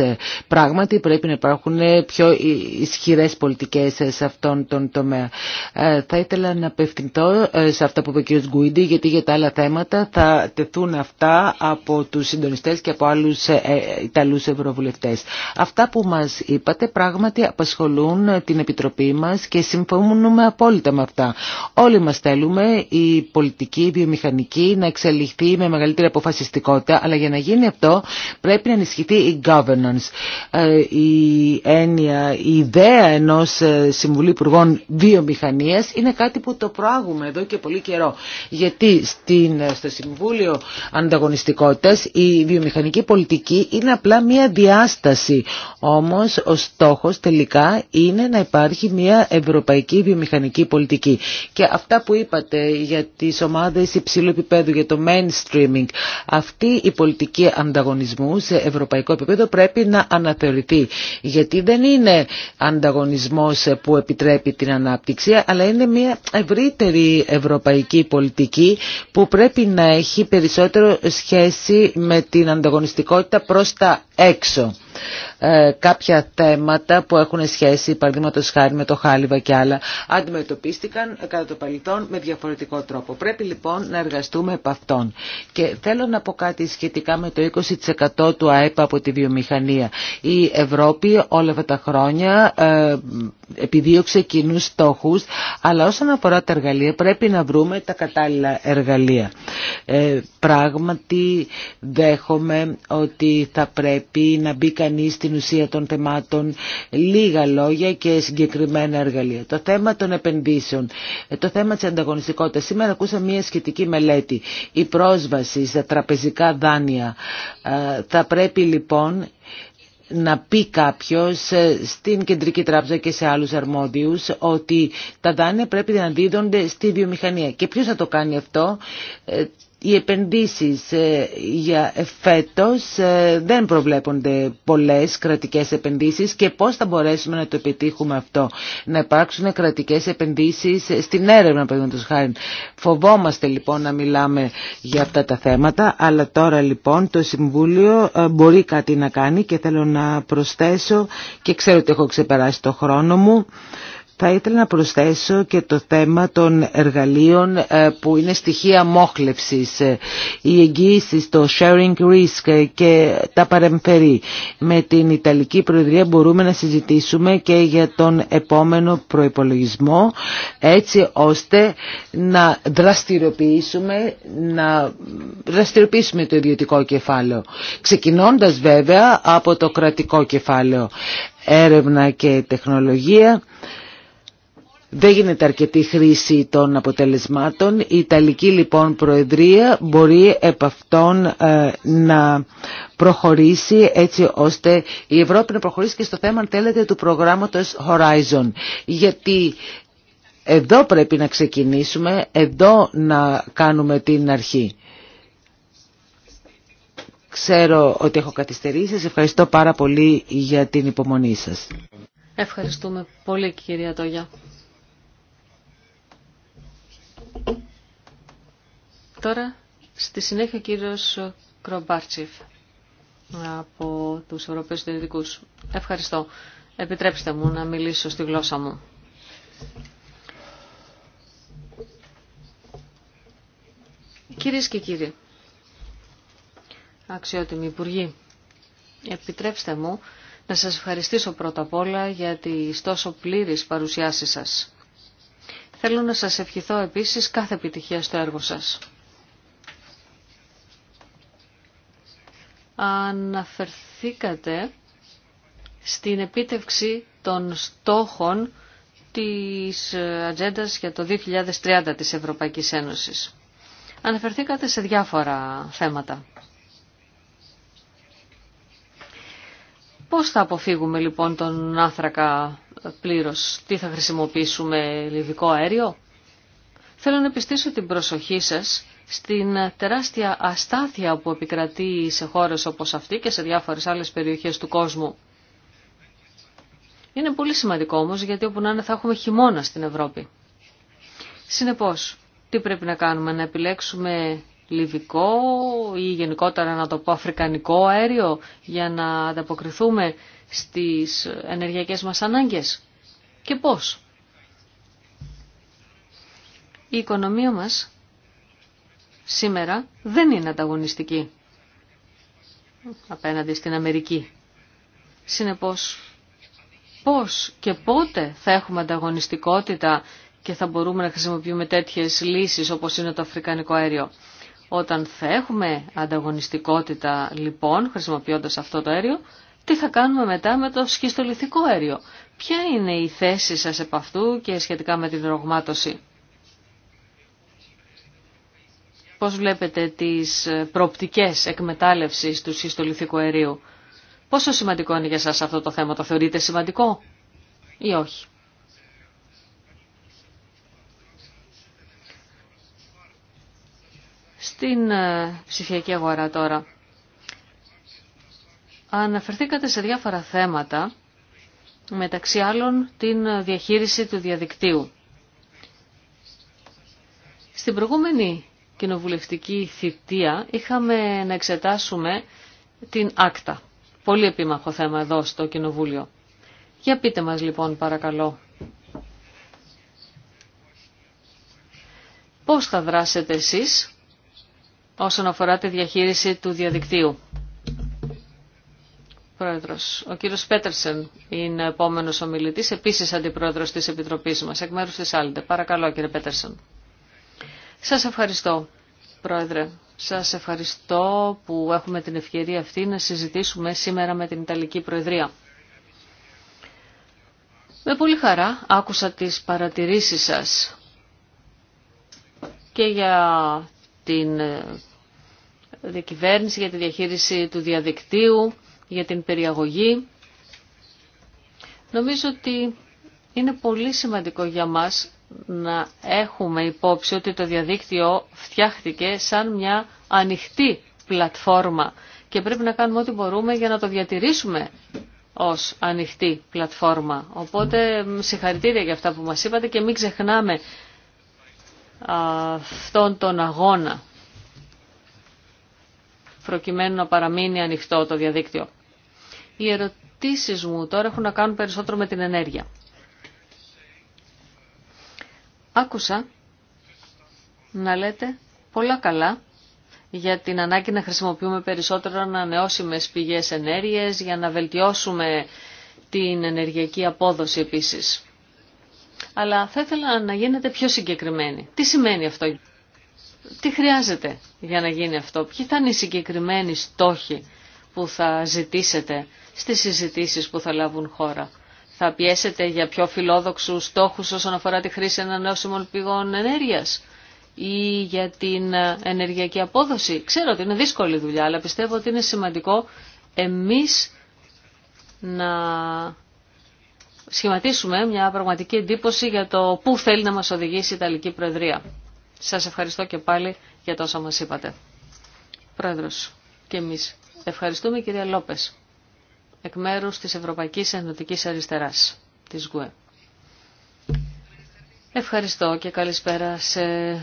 Πράγματι πρέπει να υπάρχουν πιο ισχυρές πολιτικές σε αυτόν τον τομέα. Θα ήθελα να απευθυνθώ σε αυτά που είπε ο κ. Γκουίντι γιατί για τα άλλα θέματα θα τεθούν αυτά από τους συντονιστές και από άλλους Ιταλούς Ευρωβουλευτές. Αυτά που μας είπατε πράγματι απασχολούν την Επιτροπή μας και συμφωνούν συμφωνούμε απόλυτα με αυτά. Όλοι μας θέλουμε η πολιτική, η βιομηχανική να εξελιχθεί με μεγαλύτερη αποφασιστικότητα, αλλά για να γίνει αυτό πρέπει να ενισχυθεί η governance. Ε, η έννοια, η ιδέα ενός ε, Συμβουλίου Υπουργών Βιομηχανίας είναι κάτι που το προάγουμε εδώ και πολύ καιρό. Γιατί στην, ε, στο Συμβούλιο Ανταγωνιστικότητας η βιομηχανική πολιτική είναι απλά μία διάσταση. Όμως ο στόχος τελικά είναι να υπάρχει μία ευρωπαϊκή βιομηχανική πολιτική. Και αυτά που είπατε για τις ομάδες υψηλού επίπεδου, για το mainstreaming, αυτή η πολιτική ανταγωνισμού σε ευρωπαϊκό επίπεδο πρέπει να αναθεωρηθεί. Γιατί δεν είναι ανταγωνισμός που επιτρέπει την ανάπτυξη, αλλά είναι μια ευρύτερη ευρωπαϊκή πολιτική που πρέπει να έχει περισσότερο σχέση με την ανταγωνιστικότητα προς τα έξω. Ε, κάποια θέματα που έχουν σχέση, παραδείγματο χάρη με το χάλιβα και άλλα, αντιμετωπίστηκαν ε, κατά το παρελθόν με διαφορετικό τρόπο. Πρέπει λοιπόν να εργαστούμε επ' αυτών. Και θέλω να πω κάτι σχετικά με το 20% του ΑΕΠ από τη βιομηχανία. Η Ευρώπη όλα αυτά τα χρόνια ε, επιδίωξε κοινού στόχου, αλλά όσον αφορά τα εργαλεία πρέπει να βρούμε τα κατάλληλα εργαλεία. Ε, πράγματι δέχομαι ότι θα πρέπει να μπει κανεί κάνει στην ουσία των θεμάτων λίγα λόγια και συγκεκριμένα εργαλεία. Το θέμα των επενδύσεων, ε, το θέμα της ανταγωνιστικότητα. Σήμερα ακούσα μια σχετική μελέτη. Η πρόσβαση στα τραπεζικά δάνεια ε, θα πρέπει λοιπόν να πει κάποιος ε, στην Κεντρική Τράπεζα και σε άλλους αρμόδιους ότι τα δάνεια πρέπει να δίδονται στη βιομηχανία. Και ποιος θα το κάνει αυτό, οι επενδύσεις ε, για φέτος ε, δεν προβλέπονται πολλές κρατικές επενδύσεις και πώς θα μπορέσουμε να το επιτύχουμε αυτό. Να υπάρξουν κρατικές επενδύσεις στην έρευνα, παραδείγματος χάρη. Φοβόμαστε λοιπόν να μιλάμε για αυτά τα θέματα, αλλά τώρα λοιπόν το Συμβούλιο ε, μπορεί κάτι να κάνει και θέλω να προσθέσω και ξέρω ότι έχω ξεπεράσει το χρόνο μου. Θα ήθελα να προσθέσω και το θέμα των εργαλείων ε, που είναι στοιχεία μόχλευσης, ε, οι εγγύησει, το sharing risk ε, και τα παρεμφερή. Με την Ιταλική Προεδρία μπορούμε να συζητήσουμε και για τον επόμενο προϋπολογισμό έτσι ώστε να δραστηριοποιήσουμε, να δραστηριοποιήσουμε το ιδιωτικό κεφάλαιο. Ξεκινώντας βέβαια από το κρατικό κεφάλαιο έρευνα και τεχνολογία δεν γίνεται αρκετή χρήση των αποτελεσμάτων. Η Ιταλική λοιπόν Προεδρία μπορεί επ' αυτών ε, να προχωρήσει έτσι ώστε η Ευρώπη να προχωρήσει και στο θέμα αν θέλετε του προγράμματος Horizon. Γιατί εδώ πρέπει να ξεκινήσουμε, εδώ να κάνουμε την αρχή. Ξέρω ότι έχω καθυστερήσει. Σας ευχαριστώ πάρα πολύ για την υπομονή σας. Ευχαριστούμε πολύ κυρία Τόγια. Τώρα, στη συνέχεια κύριος Κρομπάρτσιφ από τους Ευρωπαίους Διευθυντικούς. Ευχαριστώ. Επιτρέψτε μου να μιλήσω στη γλώσσα μου. Κυρίες και κύριοι, αξιότιμοι Υπουργοί, επιτρέψτε μου να σας ευχαριστήσω πρώτα απ' όλα για τις τόσο πλήρης παρουσιάσεις σας. Θέλω να σας ευχηθώ επίσης κάθε επιτυχία στο έργο σας. αναφερθήκατε στην επίτευξη των στόχων της ατζέντα για το 2030 της Ευρωπαϊκής Ένωσης. Αναφερθήκατε σε διάφορα θέματα. Πώς θα αποφύγουμε λοιπόν τον άθρακα πλήρως, τι θα χρησιμοποιήσουμε λιβικό αέριο. Θέλω να επιστήσω την προσοχή σας στην τεράστια αστάθεια που επικρατεί σε χώρες όπως αυτή και σε διάφορες άλλες περιοχές του κόσμου. Είναι πολύ σημαντικό όμως γιατί όπου να είναι θα έχουμε χειμώνα στην Ευρώπη. Συνεπώς, τι πρέπει να κάνουμε, να επιλέξουμε λιβικό ή γενικότερα να το πω αφρικανικό αέριο για να ανταποκριθούμε στις ενεργειακές μας ανάγκες. Και πώς. Η οικονομία μας σήμερα δεν είναι ανταγωνιστική απέναντι στην Αμερική. Συνεπώς, πώς και πότε θα έχουμε ανταγωνιστικότητα και θα μπορούμε να χρησιμοποιούμε τέτοιες λύσεις όπως είναι το αφρικανικό αέριο. Όταν θα έχουμε ανταγωνιστικότητα λοιπόν χρησιμοποιώντας αυτό το αέριο, τι θα κάνουμε μετά με το σχιστολιθικό αέριο. Ποια είναι η θέση σας επ' αυτού και σχετικά με την ρογμάτωση. Πώς βλέπετε τις προοπτικές εκμετάλλευσης του συστολιθικού αερίου. Πόσο σημαντικό είναι για σας αυτό το θέμα, το θεωρείτε σημαντικό ή όχι. Στην ε, ψηφιακή αγορά τώρα. Αναφερθήκατε σε διάφορα θέματα, μεταξύ άλλων την διαχείριση του διαδικτύου. Στην προηγούμενη κοινοβουλευτική θητεία είχαμε να εξετάσουμε την άκτα. Πολύ επίμαχο θέμα εδώ στο Κοινοβούλιο. Για πείτε μας λοιπόν παρακαλώ. Πώς θα δράσετε εσείς όσον αφορά τη διαχείριση του διαδικτύου. Πρόεδρος. Ο κύριος Πέτερσεν είναι ο επόμενος ομιλητής, επίσης αντιπρόεδρος της Επιτροπής μας, εκ μέρους της Άλντε. Παρακαλώ κύριε Πέτερσεν. Σας ευχαριστώ, Πρόεδρε. Σας ευχαριστώ που έχουμε την ευκαιρία αυτή να συζητήσουμε σήμερα με την Ιταλική Προεδρία. Με πολύ χαρά άκουσα τις παρατηρήσεις σας και για την ε, διακυβέρνηση, για τη διαχείριση του διαδικτύου, για την περιαγωγή. Νομίζω ότι είναι πολύ σημαντικό για μας να έχουμε υπόψη ότι το διαδίκτυο φτιάχτηκε σαν μια ανοιχτή πλατφόρμα και πρέπει να κάνουμε ό,τι μπορούμε για να το διατηρήσουμε ως ανοιχτή πλατφόρμα. Οπότε συγχαρητήρια για αυτά που μας είπατε και μην ξεχνάμε αυτόν τον αγώνα προκειμένου να παραμείνει ανοιχτό το διαδίκτυο. Οι ερωτήσεις μου τώρα έχουν να κάνουν περισσότερο με την ενέργεια. Άκουσα να λέτε πολλά καλά για την ανάγκη να χρησιμοποιούμε περισσότερο ανανεώσιμες πηγές ενέργειας για να βελτιώσουμε την ενεργειακή απόδοση επίσης. Αλλά θα ήθελα να γίνετε πιο συγκεκριμένοι. Τι σημαίνει αυτό, τι χρειάζεται για να γίνει αυτό, ποιοι θα είναι οι συγκεκριμένοι στόχοι που θα ζητήσετε στις συζητήσεις που θα λάβουν χώρα. Θα πιέσετε για πιο φιλόδοξους στόχους όσον αφορά τη χρήση ανανεώσιμων πηγών ενέργεια ή για την ε, ενεργειακή απόδοση. Ξέρω ότι είναι δύσκολη δουλειά, αλλά πιστεύω ότι είναι σημαντικό εμείς να σχηματίσουμε μια πραγματική εντύπωση για το πού θέλει να μας οδηγήσει η Ιταλική Προεδρία. Σας ευχαριστώ και πάλι για τόσα μας είπατε. Πρόεδρος και εμείς. Ευχαριστούμε κυρία Λόπες εκ μέρους της Ευρωπαϊκής Ενωτικής Αριστεράς, της ΓΟΕ. Ευχαριστώ και καλησπέρα σε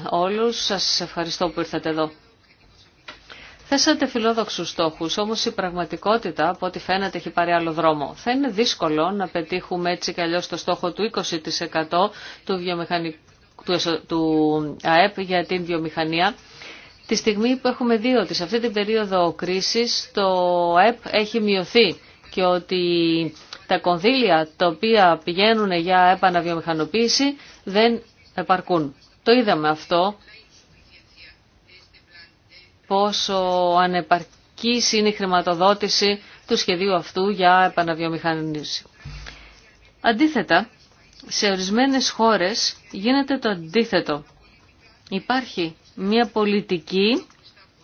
όλους. Σας ευχαριστώ που ήρθατε εδώ. Θέσατε φιλόδοξους στόχους, όμως η πραγματικότητα από ό,τι φαίνεται έχει πάρει άλλο δρόμο. Θα είναι δύσκολο να πετύχουμε έτσι κι αλλιώς το στόχο του 20% του, του... του ΑΕΠ για την βιομηχανία. Τη στιγμή που έχουμε δει ότι σε αυτή την περίοδο κρίσης το ΑΕΠ έχει μειωθεί και ότι τα κονδύλια τα οποία πηγαίνουν για επαναβιομηχανοποίηση δεν επαρκούν. Το είδαμε αυτό πόσο ανεπαρκής είναι η χρηματοδότηση του σχεδίου αυτού για επαναβιομηχανοποίηση. Αντίθετα, σε ορισμένες χώρες γίνεται το αντίθετο. Υπάρχει μια πολιτική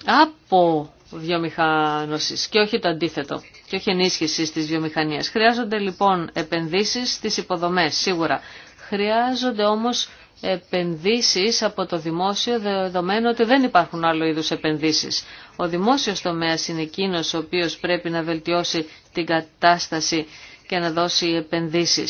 από βιομηχάνωσης και όχι το αντίθετο και όχι ενίσχυση τη βιομηχανία. Χρειάζονται λοιπόν επενδύσει στις υποδομέ σίγουρα. Χρειάζονται όμω επενδύσει από το δημόσιο δεδομένου ότι δεν υπάρχουν άλλο είδου επενδύσει. Ο δημόσιο τομέα είναι εκείνο ο οποίο πρέπει να βελτιώσει την κατάσταση και να δώσει επενδύσει.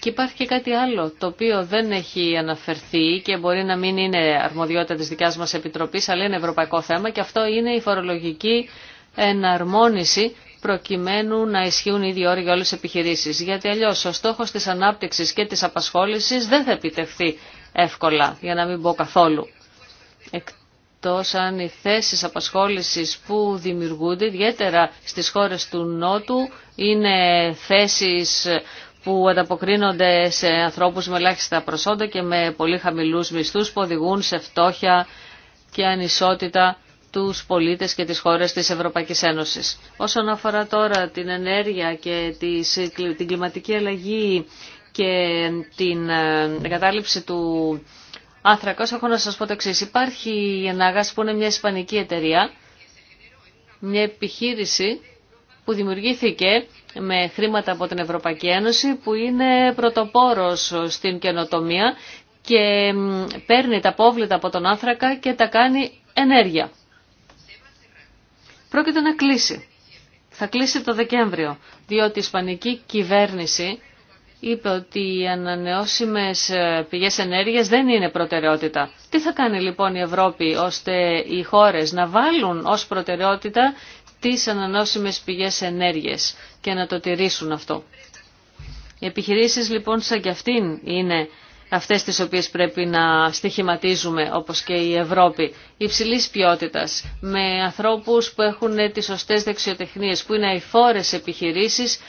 Και υπάρχει και κάτι άλλο το οποίο δεν έχει αναφερθεί και μπορεί να μην είναι αρμοδιότητα της δικιάς μας Επιτροπής αλλά είναι ευρωπαϊκό θέμα και αυτό είναι η φορολογική εναρμόνιση προκειμένου να ισχύουν οι ίδιοι όροι για όλε τι επιχειρήσει, Γιατί αλλιώ, ο στόχος της ανάπτυξης και της απασχόλησης δεν θα επιτευχθεί εύκολα, για να μην πω καθόλου. Εκτός αν οι θέσει απασχόλησης που δημιουργούνται, ιδιαίτερα στις χώρες του Νότου, είναι θέσεις που ανταποκρίνονται σε ανθρώπους με ελάχιστα προσόντα και με πολύ χαμηλούς μισθούς που οδηγούν σε φτώχεια και ανισότητα τους πολίτες και τις χώρες της Ευρωπαϊκής Ένωσης. Όσον αφορά τώρα την ενέργεια και την κλιματική αλλαγή και την εγκατάλειψη του άνθρακος, έχω να σας πω το εξής. Υπάρχει η Ενάγας που είναι μια ισπανική εταιρεία, μια επιχείρηση που δημιουργήθηκε με χρήματα από την Ευρωπαϊκή Ένωση που είναι πρωτοπόρος στην καινοτομία και παίρνει τα πόβλητα από τον άνθρακα και τα κάνει ενέργεια πρόκειται να κλείσει. Θα κλείσει το Δεκέμβριο, διότι η Ισπανική κυβέρνηση είπε ότι οι ανανεώσιμες ε, πηγές ενέργειας δεν είναι προτεραιότητα. Τι θα κάνει λοιπόν η Ευρώπη ώστε οι χώρες να βάλουν ως προτεραιότητα τις ανανεώσιμες πηγές ενέργειας και να το τηρήσουν αυτό. Οι επιχειρήσεις λοιπόν σαν κι αυτήν είναι αυτές τις οποίες πρέπει να στοιχηματίζουμε όπως και η Ευρώπη υψηλή ποιότητας με ανθρώπους που έχουν τις σωστές δεξιοτεχνίες που είναι αηφόρες επιχειρήσεις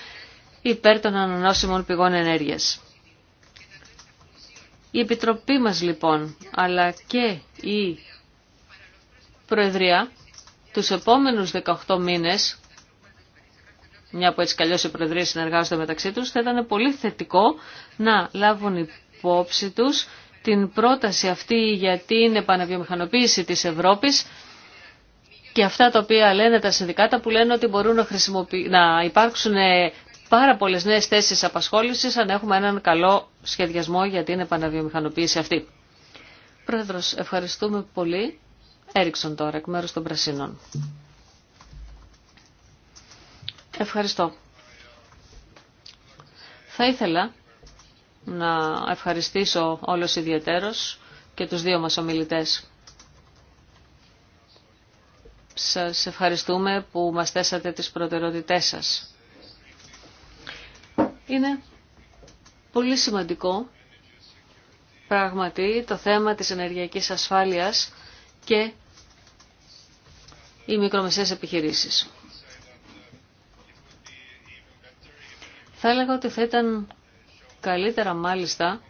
υπέρ των ανανόσιμων πηγών ενέργειας. Η Επιτροπή μας λοιπόν αλλά και η Προεδρία τους επόμενους 18 μήνες μια που έτσι καλώς οι Προεδρίες συνεργάζονται μεταξύ τους, θα ήταν πολύ θετικό να λάβουν υπόψη τους την πρόταση αυτή για την επαναβιομηχανοποίηση της Ευρώπης και αυτά τα οποία λένε τα συνδικάτα που λένε ότι μπορούν να, να υπάρξουν ε, πάρα πολλές νέες θέσεις απασχόλησης αν έχουμε έναν καλό σχεδιασμό για την επαναβιομηχανοποίηση αυτή. Πρόεδρος, ευχαριστούμε πολύ. Έριξον τώρα, εκ μέρους των Πρασίνων. Ευχαριστώ. Θα ήθελα να ευχαριστήσω όλος ιδιαίτερος και τους δύο μας ομιλητές. Σας ευχαριστούμε που μας θέσατε τις προτεραιότητές σας. Είναι πολύ σημαντικό πράγματι το θέμα της ενεργειακής ασφάλειας και οι μικρομεσαίες επιχειρήσεις. Θα έλεγα ότι θα ήταν Καλύτερα μάλιστα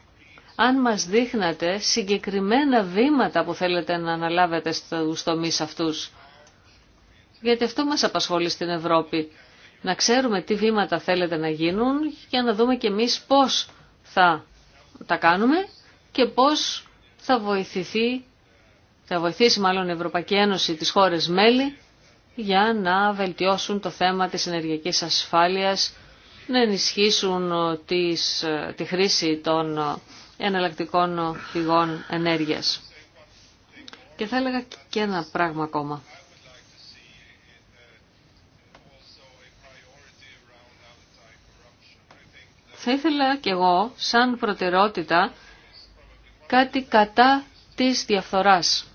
αν μας δείχνατε συγκεκριμένα βήματα που θέλετε να αναλάβετε στους τομείς αυτούς. Γιατί αυτό μας απασχολεί στην Ευρώπη. Να ξέρουμε τι βήματα θέλετε να γίνουν για να δούμε και εμείς πώς θα τα κάνουμε και πώς θα βοηθηθεί, θα βοηθήσει μάλλον η Ευρωπαϊκή Ένωση τις χώρες μέλη για να βελτιώσουν το θέμα της ενεργειακής ασφάλειας να ενισχύσουν ε, τις, ε, τη χρήση των ε, εναλλακτικών πηγών ενέργειας. Και θα έλεγα και ένα πράγμα ακόμα. Θα ήθελα κι εγώ, σαν προτεραιότητα, κάτι κατά της διαφθοράς.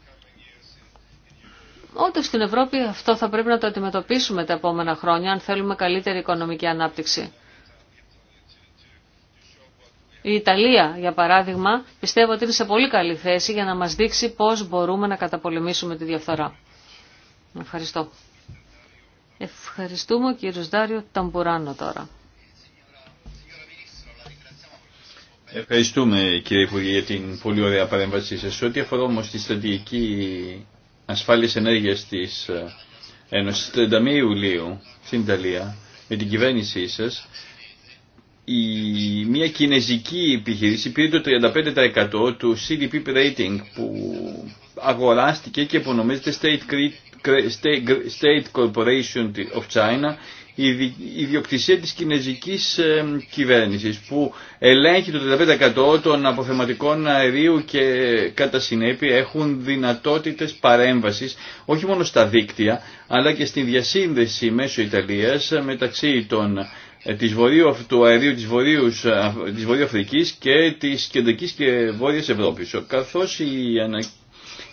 Όντω στην Ευρώπη αυτό θα πρέπει να το αντιμετωπίσουμε τα επόμενα χρόνια αν θέλουμε καλύτερη οικονομική ανάπτυξη. Η Ιταλία, για παράδειγμα, πιστεύω ότι είναι σε πολύ καλή θέση για να μας δείξει πώς μπορούμε να καταπολεμήσουμε τη διαφθορά. Ευχαριστώ. Ευχαριστούμε κύριο Δάριο Ταμπουράνο τώρα. Ευχαριστούμε κύριε Υπουργέ για την πολύ ωραία παρέμβασή σα, Ό,τι αφορά όμως τη στρατηγική ασφάλεια ενέργεια τη ε, Ένωση, 31 Ιουλίου στην Ιταλία με την κυβέρνησή σα η, μια κινέζικη επιχείρηση πήρε το 35% του CDP rating που αγοράστηκε και απονομίζεται State, State Corporation of China η ιδιοκτησία της κινέζικης ε, κυβέρνησης που ελέγχει το 35% των αποθεματικών αερίου και κατά συνέπεια έχουν δυνατότητες παρέμβασης όχι μόνο στα δίκτυα αλλά και στη διασύνδεση μέσω Ιταλίας μεταξύ των ε, της βορείου, του αερίου της, βορείους, ε, της Βορείου Αφρικής και της Κεντρικής και Βόρειας Ευρώπης. Καθώς η,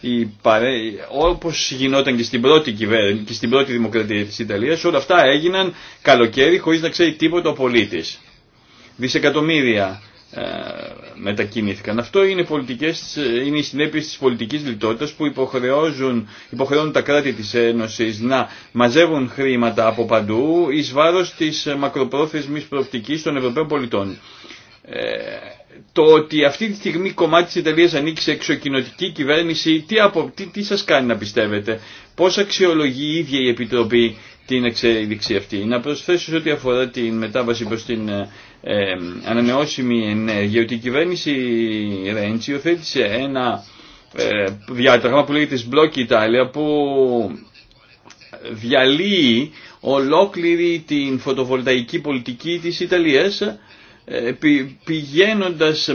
η παρέ, όπως γινόταν και στην πρώτη κυβέρνηση και στην πρώτη δημοκρατία της Ιταλίας, όλα αυτά έγιναν καλοκαίρι χωρίς να ξέρει τίποτα ο πολίτης. Δισεκατομμύρια ε, μετακινήθηκαν. Αυτό είναι, πολιτικές, είναι οι συνέπειες της πολιτικής λιτότητας που υποχρεώζουν, υποχρεώνουν τα κράτη της Ένωσης να μαζεύουν χρήματα από παντού εις βάρος της μακροπρόθεσμης προοπτικής των Ευρωπαίων πολιτών. Ε, το ότι αυτή τη στιγμή κομμάτι της Ιταλίας ανήκει σε εξοκοινωτική κυβέρνηση, τι, απο, τι, τι σας κάνει να πιστεύετε, πώς αξιολογεί η ίδια η Επιτροπή την εξέλιξη αυτή. Να προσθέσω σε ό,τι αφορά την μετάβαση προς την ε, ε, ανανεώσιμη ενέργεια ότι η κυβέρνηση Ρέντσι οθέτησε ένα ε, διάταγμα που λέγεται Σμπλοκ Ιτάλια που διαλύει ολόκληρη την φωτοβολταϊκή πολιτική της Ιταλίας ε, πηγαίνοντας,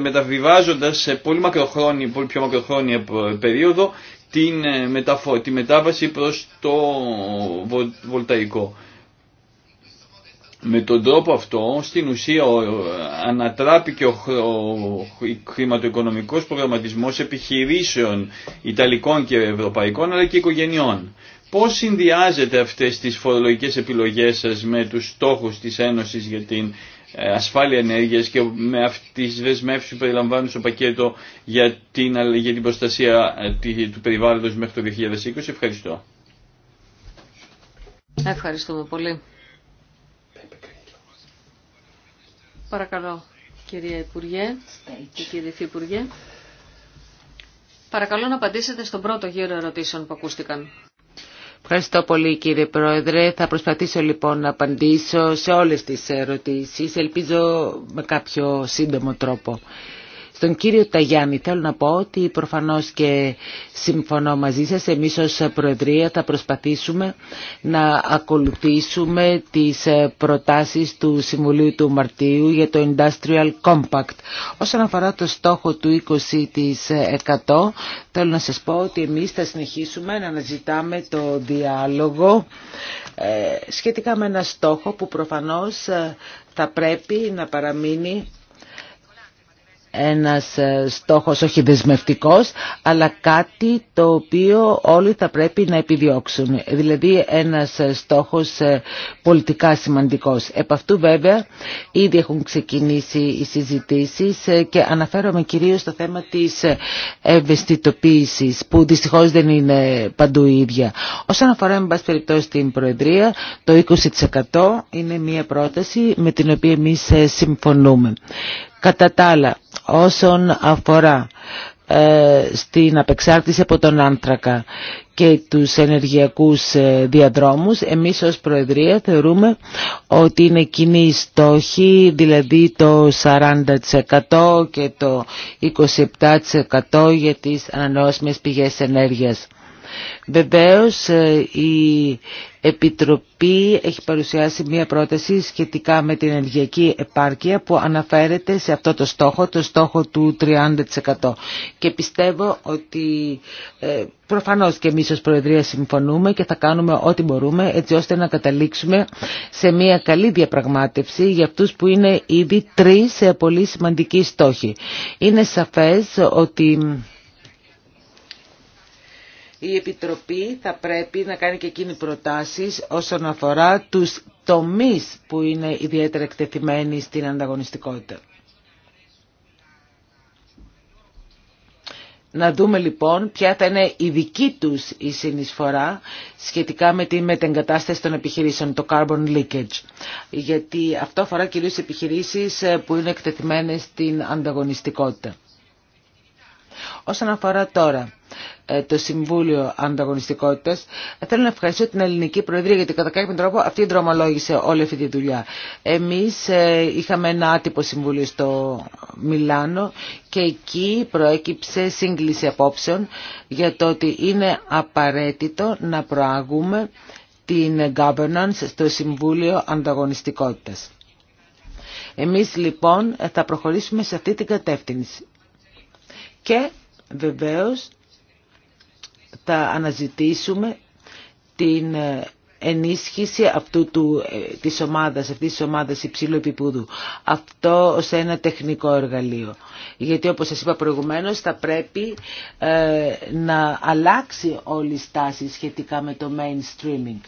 μεταβιβάζοντας σε πολύ, μακροχρόνια, πολύ πιο μακροχρόνια περίοδο την ε, τη μετάβαση προς το βολταϊκό. Με τον τρόπο αυτό, στην ουσία, ανατράπηκε ο χρηματοοικονομικός προγραμματισμός επιχειρήσεων Ιταλικών και Ευρωπαϊκών, αλλά και οικογενειών. Πώς συνδυάζετε αυτές τις φορολογικές επιλογές σας με τους στόχους της Ένωσης για την ε, ασφάλεια ενέργεια και με αυτή τη δεσμεύση που περιλαμβάνουν στο πακέτο για την, για την προστασία ε, του περιβάλλοντος μέχρι το 2020. Ευχαριστώ. Ευχαριστούμε πολύ. Παρακαλώ, κυρία Υπουργέ και κύριε Υφυπουργέ. Παρακαλώ να απαντήσετε στον πρώτο γύρο ερωτήσεων που ακούστηκαν. Ευχαριστώ πολύ κύριε Πρόεδρε. Θα προσπαθήσω λοιπόν να απαντήσω σε όλες τις ερωτήσεις. Ελπίζω με κάποιο σύντομο τρόπο. Στον κύριο Ταγιάννη θέλω να πω ότι προφανώς και συμφωνώ μαζί σας. Εμείς ως Προεδρία θα προσπαθήσουμε να ακολουθήσουμε τις ε, προτάσεις του Συμβουλίου του Μαρτίου για το Industrial Compact. Όσον αφορά το στόχο του 20% θέλω να σας πω ότι εμείς θα συνεχίσουμε να αναζητάμε το διάλογο ε, σχετικά με ένα στόχο που προφανώς ε, θα πρέπει να παραμείνει ένας ε, στόχος όχι δεσμευτικός, αλλά κάτι το οποίο όλοι θα πρέπει να επιδιώξουν. Δηλαδή ένας ε, στόχος ε, πολιτικά σημαντικός. Επ' αυτού βέβαια ήδη έχουν ξεκινήσει οι συζητήσεις και αναφέρομαι κυρίως στο θέμα της ευαισθητοποίησης που δυστυχώς δεν είναι παντού ίδια. Όσον αφορά με πάση περιπτώσει την Προεδρία, το 20% είναι μια πρόταση με την οποία εμείς συμφωνούμε. Κατά τα άλλα, όσον αφορά ε, στην απεξάρτηση από τον άνθρακα και τους ενεργειακούς ε, διαδρόμους. Εμείς ως Προεδρία θεωρούμε ότι είναι κοινή στόχη, δηλαδή το 40% και το 27% για τις ανανεώσιμες πηγές ενέργειας. Βεβαίως ε, η Επιτροπή έχει παρουσιάσει μία πρόταση σχετικά με την ενεργειακή επάρκεια που αναφέρεται σε αυτό το στόχο, το στόχο του 30%. Και πιστεύω ότι ε, προφανώς και εμείς ως Προεδρία συμφωνούμε και θα κάνουμε ό,τι μπορούμε έτσι ώστε να καταλήξουμε σε μία καλή διαπραγμάτευση για αυτούς που είναι ήδη τρεις ε, πολύ σημαντικοί στόχοι. Είναι σαφές ότι η Επιτροπή θα πρέπει να κάνει και εκείνη προτάσεις όσον αφορά τους τομείς που είναι ιδιαίτερα εκτεθειμένοι στην ανταγωνιστικότητα. Να δούμε λοιπόν ποια θα είναι η δική τους η συνεισφορά σχετικά με τη μετεγκατάσταση των επιχειρήσεων, το carbon leakage. Γιατί αυτό αφορά κυρίως επιχειρήσεις ε, που είναι εκτεθειμένες στην ανταγωνιστικότητα. Όσον αφορά τώρα ε, το Συμβούλιο Ανταγωνιστικότητα. Ε, θέλω να ευχαριστήσω την Ελληνική Προεδρία γιατί κατά κάποιον τρόπο αυτή δρομολόγησε όλη αυτή τη δουλειά. Εμεί ε, είχαμε ένα άτυπο συμβούλιο στο Μιλάνο και εκεί προέκυψε σύγκληση απόψεων για το ότι είναι απαραίτητο να προάγουμε την governance στο Συμβούλιο Ανταγωνιστικότητας. Εμείς λοιπόν θα προχωρήσουμε σε αυτή την κατεύθυνση. Και βεβαίως θα αναζητήσουμε την ε, ενίσχυση αυτού του, ε, της ομάδας, αυτής της ομάδας υψηλού επίπουδου. Αυτό ως ένα τεχνικό εργαλείο. Γιατί όπως σας είπα προηγουμένως θα πρέπει ε, να αλλάξει όλη η στάση σχετικά με το mainstreaming.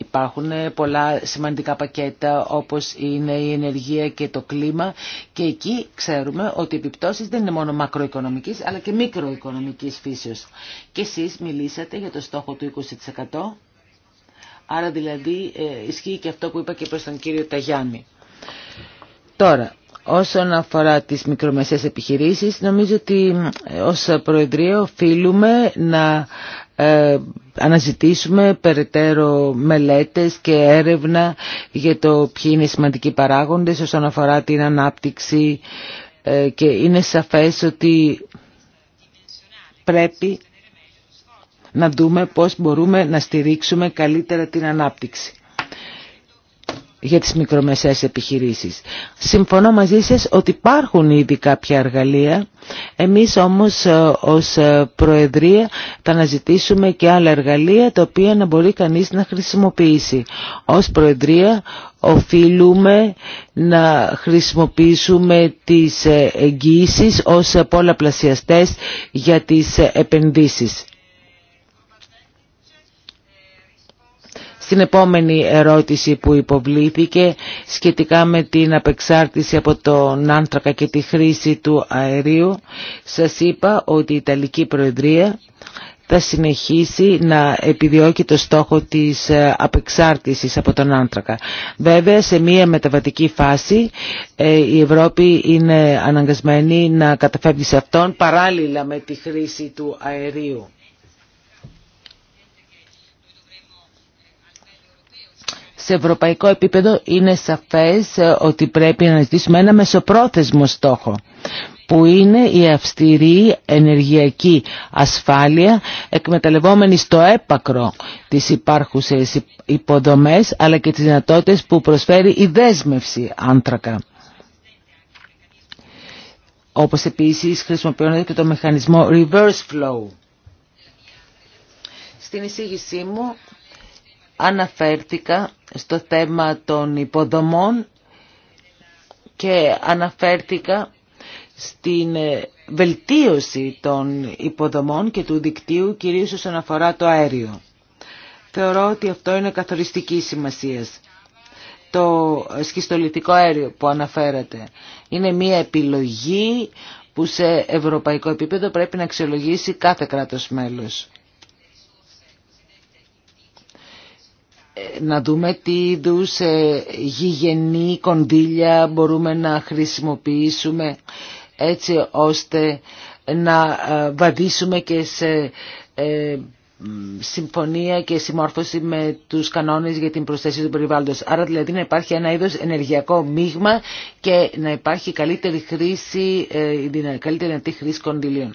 Υπάρχουν πολλά σημαντικά πακέτα όπως είναι η ενεργεία και το κλίμα και εκεί ξέρουμε ότι οι επιπτώσεις δεν είναι μόνο μακροοικονομικής αλλά και μικροοικονομικής φύσεως. Και εσείς μιλήσατε για το στόχο του 20%. Άρα δηλαδή ε, ισχύει και αυτό που είπα και προς τον κύριο Ταγιάννη. Τώρα, όσον αφορά τις μικρομεσαίες επιχειρήσεις, νομίζω ότι ε, ως Προεδρείο οφείλουμε να ε, αναζητήσουμε περαιτέρω μελέτες και έρευνα για το ποιοι είναι οι σημαντικοί παράγοντες όσον αφορά την ανάπτυξη ε, και είναι σαφές ότι πρέπει να δούμε πώς μπορούμε να στηρίξουμε καλύτερα την ανάπτυξη για τις μικρομεσαίες επιχειρήσεις. Συμφωνώ μαζί σας ότι υπάρχουν ήδη κάποια εργαλεία. Εμείς όμως ε, ως ε, Προεδρία θα αναζητήσουμε και άλλα εργαλεία τα οποία να μπορεί κανείς να χρησιμοποιήσει. Ως Προεδρία οφείλουμε να χρησιμοποιήσουμε τις ε, εγγύησεις ως πολλαπλασιαστές για τις επενδύσεις. Στην επόμενη ερώτηση που υποβλήθηκε σχετικά με την απεξάρτηση από τον άνθρακα και τη χρήση του αερίου, σας είπα ότι η Ιταλική Προεδρία θα συνεχίσει να επιδιώκει το στόχο της ε, απεξάρτησης από τον άνθρακα. Βέβαια, σε μία μεταβατική φάση ε, η Ευρώπη είναι αναγκασμένη να καταφεύγει σε αυτόν παράλληλα με τη χρήση του αερίου. σε ευρωπαϊκό επίπεδο είναι σαφές ε, ότι πρέπει να ζητήσουμε ένα μεσοπρόθεσμο στόχο που είναι η αυστηρή ενεργειακή ασφάλεια εκμεταλλευόμενη στο έπακρο τις υπάρχουσες υποδομές αλλά και τις δυνατότητες που προσφέρει η δέσμευση άνθρακα. Όπως επίσης χρησιμοποιώνεται και το μηχανισμό reverse flow. Στην εισήγησή μου αναφέρθηκα στο θέμα των υποδομών και αναφέρθηκα στην ε, βελτίωση των υποδομών και του δικτύου κυρίως όσον αφορά το αέριο. Θεωρώ ότι αυτό είναι καθοριστική σημασίας. Το σχιστολιτικό αέριο που αναφέρατε είναι μια επιλογή που σε ευρωπαϊκό επίπεδο πρέπει να αξιολογήσει κάθε κράτος μέλος. να δούμε τι είδου ε, γηγενή κονδύλια μπορούμε να χρησιμοποιήσουμε έτσι ώστε να ε, βαδίσουμε και σε ε, συμφωνία και συμμόρφωση με τους κανόνες για την προσθέση του περιβάλλοντος. Άρα δηλαδή να υπάρχει ένα είδος ενεργειακό μείγμα και να υπάρχει καλύτερη χρήση, καλύτερη δυνατή χρήση κονδυλίων.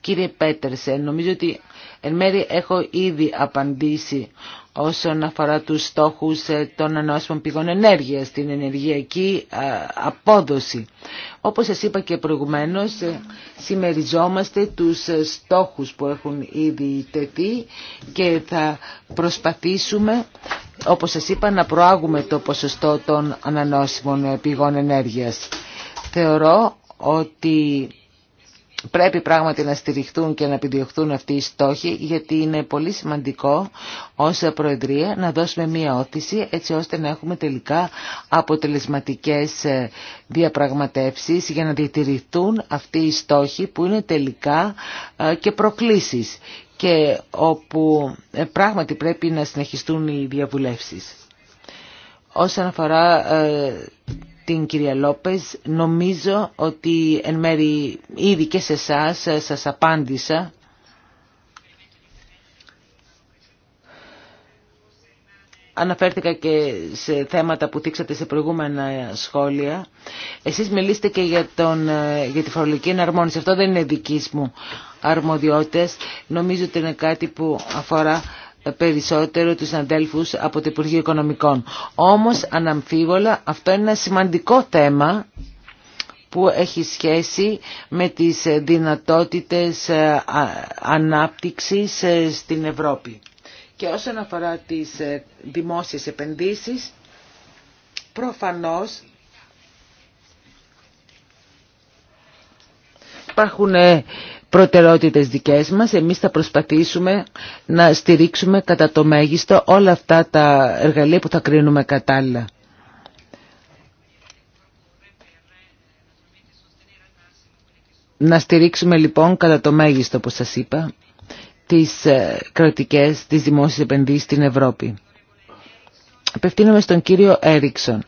Κύριε Πέτερσε, νομίζω ότι εν μέρει έχω ήδη απαντήσει όσον αφορά τους στόχους ε, των ανώσιμων πηγών ενέργειας, την ενεργειακή ε, απόδοση. Όπως σας είπα και προηγουμένως, ε, συμμεριζόμαστε τους στόχους που έχουν ήδη τεθεί και θα προσπαθήσουμε, όπως σας είπα, να προάγουμε το ποσοστό των ανανόσιμων πηγών ενέργειας. Θεωρώ ότι πρέπει πράγματι να στηριχτούν και να επιδιωχθούν αυτοί οι στόχοι γιατί είναι πολύ σημαντικό ως Προεδρία να δώσουμε μία όθηση έτσι ώστε να έχουμε τελικά αποτελεσματικές ε, διαπραγματεύσεις για να διατηρηθούν αυτοί οι στόχοι που είναι τελικά ε, και προκλήσεις και όπου ε, πράγματι πρέπει να συνεχιστούν οι διαβουλεύσεις. Όσον αφορά την κυρία Λόπες. Νομίζω ότι εν μέρη ήδη και σε εσά ε, σας απάντησα. Αναφέρθηκα και σε θέματα που δείξατε σε προηγούμενα σχόλια. Εσείς μιλήσετε και για, τον, ε, για τη φορολογική εναρμόνιση. Αυτό δεν είναι δική μου αρμοδιότητες. Νομίζω ότι είναι κάτι που αφορά περισσότερο τους αντέλφους από το Υπουργείο Οικονομικών. Όμως, αναμφίβολα, αυτό είναι ένα σημαντικό θέμα που έχει σχέση με τις δυνατότητες ε, ανάπτυξης ε, στην Ευρώπη. Και όσον αφορά τις ε, δημόσιες επενδύσεις, προφανώς Υπάρχουν ε, προτεραιότητες δικές μας. Εμείς θα προσπαθήσουμε να στηρίξουμε κατά το μέγιστο όλα αυτά τα εργαλεία που θα κρίνουμε κατάλληλα. Να στηρίξουμε λοιπόν κατά το μέγιστο, όπως σας είπα, τις ε, κρατικές, τις δημόσιες επενδύσεις στην Ευρώπη. Απευθύνομαι στον κύριο Έριξον.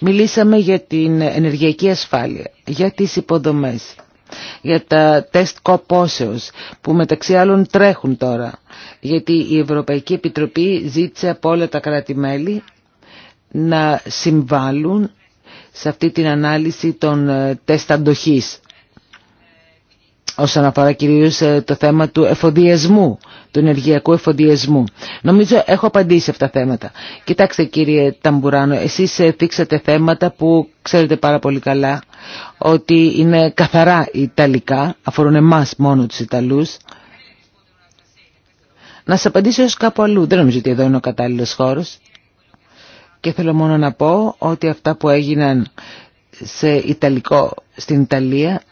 Μιλήσαμε για την ενεργειακή ασφάλεια, για τις υποδομές, για τα τεστ κοπόσεως που μεταξύ άλλων τρέχουν τώρα. Γιατί η Ευρωπαϊκή Επιτροπή ζήτησε από όλα τα κράτη-μέλη να συμβάλλουν σε αυτή την ανάλυση των ε, τεστ αντοχής όσον αφορά κυρίως ε, το θέμα του εφοδιασμού, του ενεργειακού εφοδιασμού. Νομίζω έχω απαντήσει αυτά τα θέματα. Κοιτάξτε κύριε Ταμπουράνο, εσείς ε, θίξατε θέματα που ξέρετε πάρα πολύ καλά ότι είναι καθαρά Ιταλικά, αφορούν εμά μόνο τους Ιταλούς. Να σας απαντήσω ως κάπου αλλού. Δεν νομίζω ότι εδώ είναι ο κατάλληλος χώρος. Και θέλω μόνο να πω ότι αυτά που έγιναν σε Ιταλικό στην Ιταλία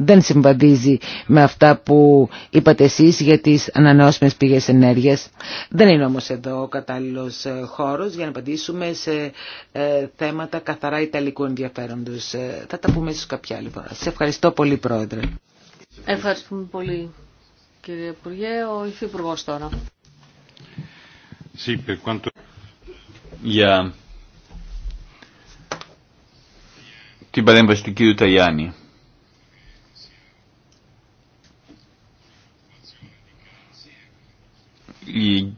δεν συμβαδίζει με αυτά που είπατε εσείς για τις ανανεώσιμε πηγές ενέργειας. Δεν είναι όμως εδώ ο κατάλληλος ε, χώρος για να απαντήσουμε σε ε, θέματα καθαρά ιταλικού ενδιαφέροντος. Ε, θα τα πούμε ίσως κάποια άλλη φορά. Σε ευχαριστώ πολύ Πρόεδρε. Ευχαριστούμε πολύ κύριε Υπουργέ. Ο Υφυπουργός τώρα. Για την παρέμβαση του κύριου Ταγιάννη. οι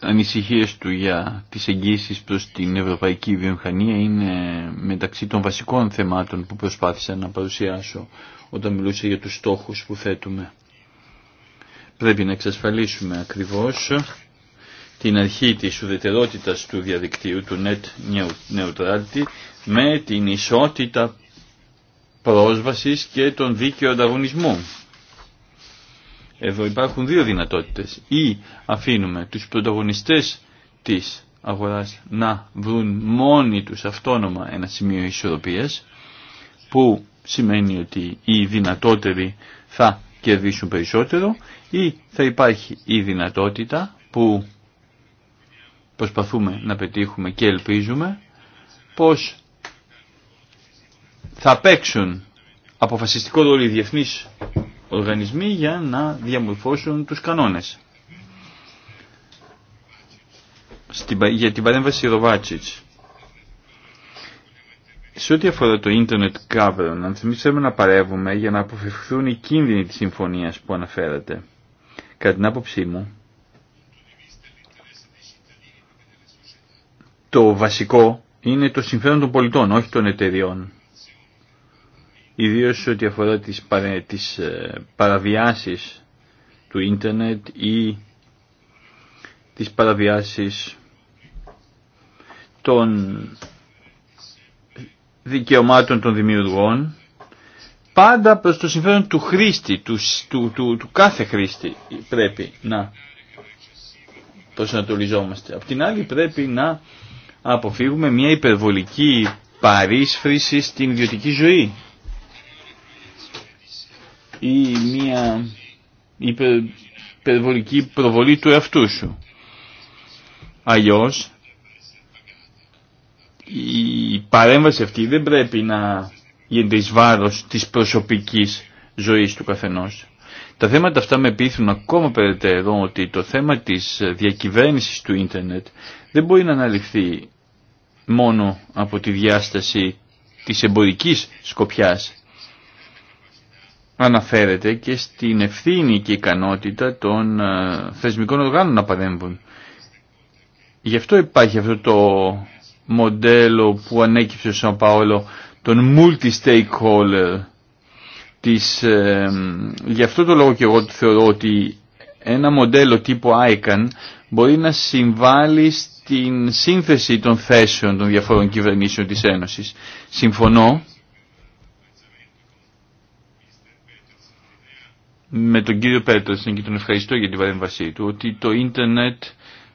ανησυχίες του για τις εγγύσεις προς την ευρωπαϊκή βιομηχανία είναι μεταξύ των βασικών θεμάτων που προσπάθησα να παρουσιάσω όταν μιλούσα για τους στόχους που θέτουμε. Πρέπει να εξασφαλίσουμε ακριβώς την αρχή της ουδετερότητας του διαδικτύου, του net neutrality, με την ισότητα πρόσβασης και τον δίκαιο ανταγωνισμό. Εδώ υπάρχουν δύο δυνατότητες. Ή αφήνουμε τους πρωταγωνιστές της αγοράς να βρουν μόνοι τους αυτόνομα ένα σημείο ισορροπίας που σημαίνει ότι οι δυνατότεροι θα κερδίσουν περισσότερο ή θα υπάρχει η δυνατότητα που προσπαθούμε να πετύχουμε και ελπίζουμε πως θα παίξουν αποφασιστικό ρόλο οι διεθνείς οργανισμοί για να διαμορφώσουν τους κανόνες. για την παρέμβαση Ροβάτσιτς. Σε ό,τι αφορά το Internet Governance, εμείς θέλουμε να παρεύουμε για να αποφευχθούν οι κίνδυνοι της συμφωνίας που αναφέρατε. Κατά την άποψή μου, το βασικό είναι το συμφέρον των πολιτών, όχι των εταιριών ιδίως ό,τι αφορά τις, ε, παραβιάσεις του ίντερνετ ή τις παραβιάσεις των δικαιωμάτων των δημιουργών πάντα προς το συμφέρον του χρήστη, του, του, κάθε χρήστη πρέπει να προσανατολιζόμαστε. Απ' την άλλη πρέπει να αποφύγουμε μια υπερβολική παρίσφρηση στην ιδιωτική ζωή ή μια υπερβολική προβολή του εαυτού σου. Αλλιώς η παρέμβαση αυτή δεν πρέπει να γίνεται εις βάρος της προσωπικής ζωής του καθενός. Τα θέματα αυτά με πείθουν ακόμα περαιτέρω ότι το θέμα της διακυβέρνησης του ίντερνετ δεν μπορεί να αναλυθει μόνο από τη διάσταση της εμπορικής σκοπιάς αναφέρεται και στην ευθύνη και ικανότητα των ε, θεσμικών οργάνων να παρέμβουν. Γι' αυτό υπάρχει αυτό το μοντέλο που ανέκυψε Σαν Παόλο ...τον multi-stakeholder της, ε, γι' αυτό το λόγο και εγώ θεωρώ ότι ένα μοντέλο τύπου ICAN μπορεί να συμβάλλει στην σύνθεση των θέσεων των διαφορών κυβερνήσεων της Ένωσης. Συμφωνώ με τον κύριο Πέτρεσεν και τον ευχαριστώ για την παρέμβασή του ότι το ίντερνετ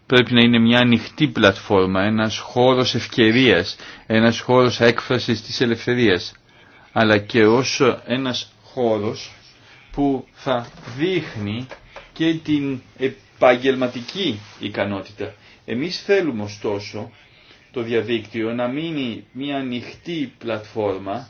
πρέπει να είναι μια ανοιχτή πλατφόρμα, ένας χώρος ευκαιρίας, ένας χώρος έκφρασης της ελευθερίας αλλά και ως ένας χώρος που θα δείχνει και την επαγγελματική ικανότητα. Εμείς θέλουμε ωστόσο το διαδίκτυο να μείνει μια ανοιχτή πλατφόρμα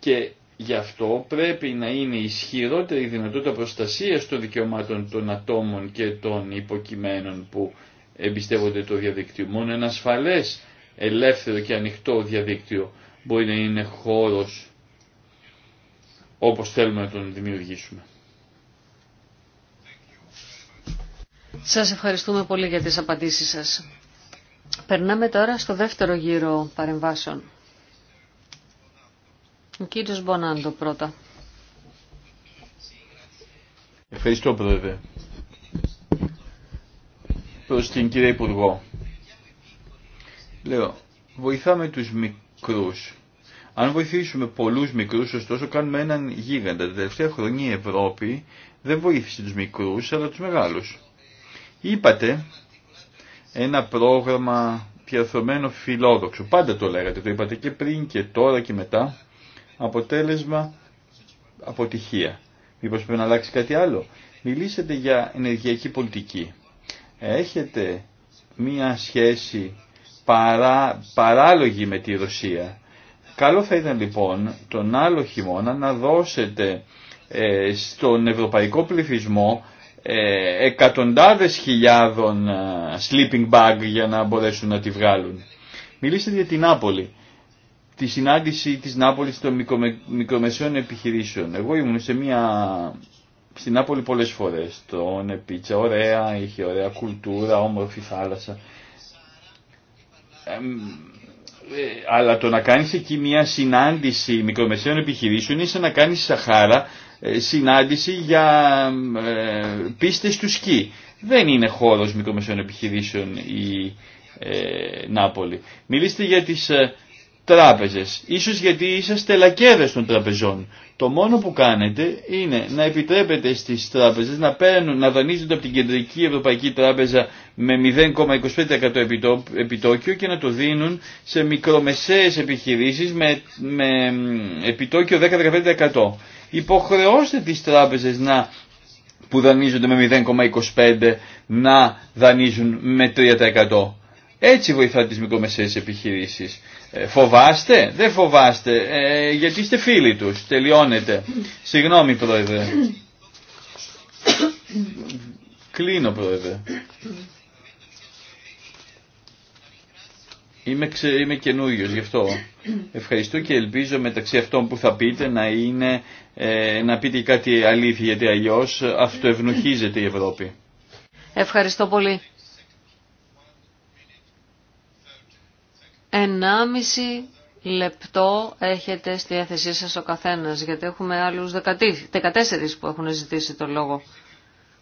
και Γι' αυτό πρέπει να είναι ισχυρότερη η δυνατότητα προστασίας των δικαιωμάτων των ατόμων και των υποκειμένων που εμπιστεύονται το διαδίκτυο. Μόνο ένα ασφαλές, ελεύθερο και ανοιχτό διαδίκτυο μπορεί να είναι χώρος όπως θέλουμε να τον δημιουργήσουμε. Σας ευχαριστούμε πολύ για τις απαντήσεις σας. Περνάμε τώρα στο δεύτερο γύρο παρεμβάσεων. Ο κύριος Μπονάντο πρώτα. Ευχαριστώ πρόεδρε. Προς την κυρία Υπουργό. Λέω, βοηθάμε τους μικρούς. Αν βοηθήσουμε πολλούς μικρούς, ωστόσο κάνουμε έναν γίγαντα. Τα τελευταία χρόνια η Ευρώπη δεν βοήθησε τους μικρούς, αλλά τους μεγάλους. Είπατε ένα πρόγραμμα πιαθωμένο φιλόδοξο. Πάντα το λέγατε, το είπατε και πριν και τώρα και μετά αποτέλεσμα αποτυχία. Μήπως πρέπει να αλλάξει κάτι άλλο. Μιλήσετε για ενεργειακή πολιτική. Έχετε μία σχέση παρά, παράλογη με τη Ρωσία. Καλό θα ήταν λοιπόν τον άλλο χειμώνα να δώσετε ε, στον ευρωπαϊκό πληθυσμό ε, εκατοντάδες χιλιάδων ε, sleeping bag για να μπορέσουν να τη βγάλουν. Μιλήσετε για την Άπολη τη συνάντηση της Νάπολης των μικρομε, μικρομεσαίων επιχειρήσεων. Εγώ ήμουν σε μια, στην Νάπολη πολλές φορές, τον πίτσα, ωραία, είχε ωραία κουλτούρα, όμορφη θάλασσα. Ε, αλλά το να κάνεις εκεί μια συνάντηση μικρομεσαίων επιχειρήσεων είναι σαν να κάνεις Σαχάρα ε, συνάντηση για ε, πίστες του σκι. Δεν είναι χώρος μικρομεσαίων επιχειρήσεων η ε, Νάπολη. Μιλήστε για τις τράπεζες. Ίσως γιατί είσαστε λακέδες των τραπεζών. Το μόνο που κάνετε είναι να επιτρέπετε στις τράπεζες να, παίρνουν, να δανείζονται από την Κεντρική Ευρωπαϊκή Τράπεζα με 0,25% επιτόκιο και να το δίνουν σε μικρομεσαίες επιχειρήσεις με, με επιτόκιο 10-15%. Υποχρεώστε τις τράπεζες να που δανείζονται με 0,25 να δανείζουν με 3%. Έτσι βοηθά τις μικρομεσαίες επιχειρήσεις. Ε, φοβάστε, δεν φοβάστε, ε, γιατί είστε φίλοι τους, τελειώνετε. Συγγνώμη πρόεδρε. Κλείνω πρόεδρε. Είμαι, ξε, καινούριος γι' αυτό. Ευχαριστώ και ελπίζω μεταξύ αυτών που θα πείτε να, είναι, ε, να πείτε κάτι αλήθεια γιατί αλλιώς αυτοευνοχίζεται η Ευρώπη. Ευχαριστώ πολύ. 1,5 λεπτό έχετε στη διάθεσή σας ο καθένας, γιατί έχουμε άλλους 14 που έχουν ζητήσει το λόγο.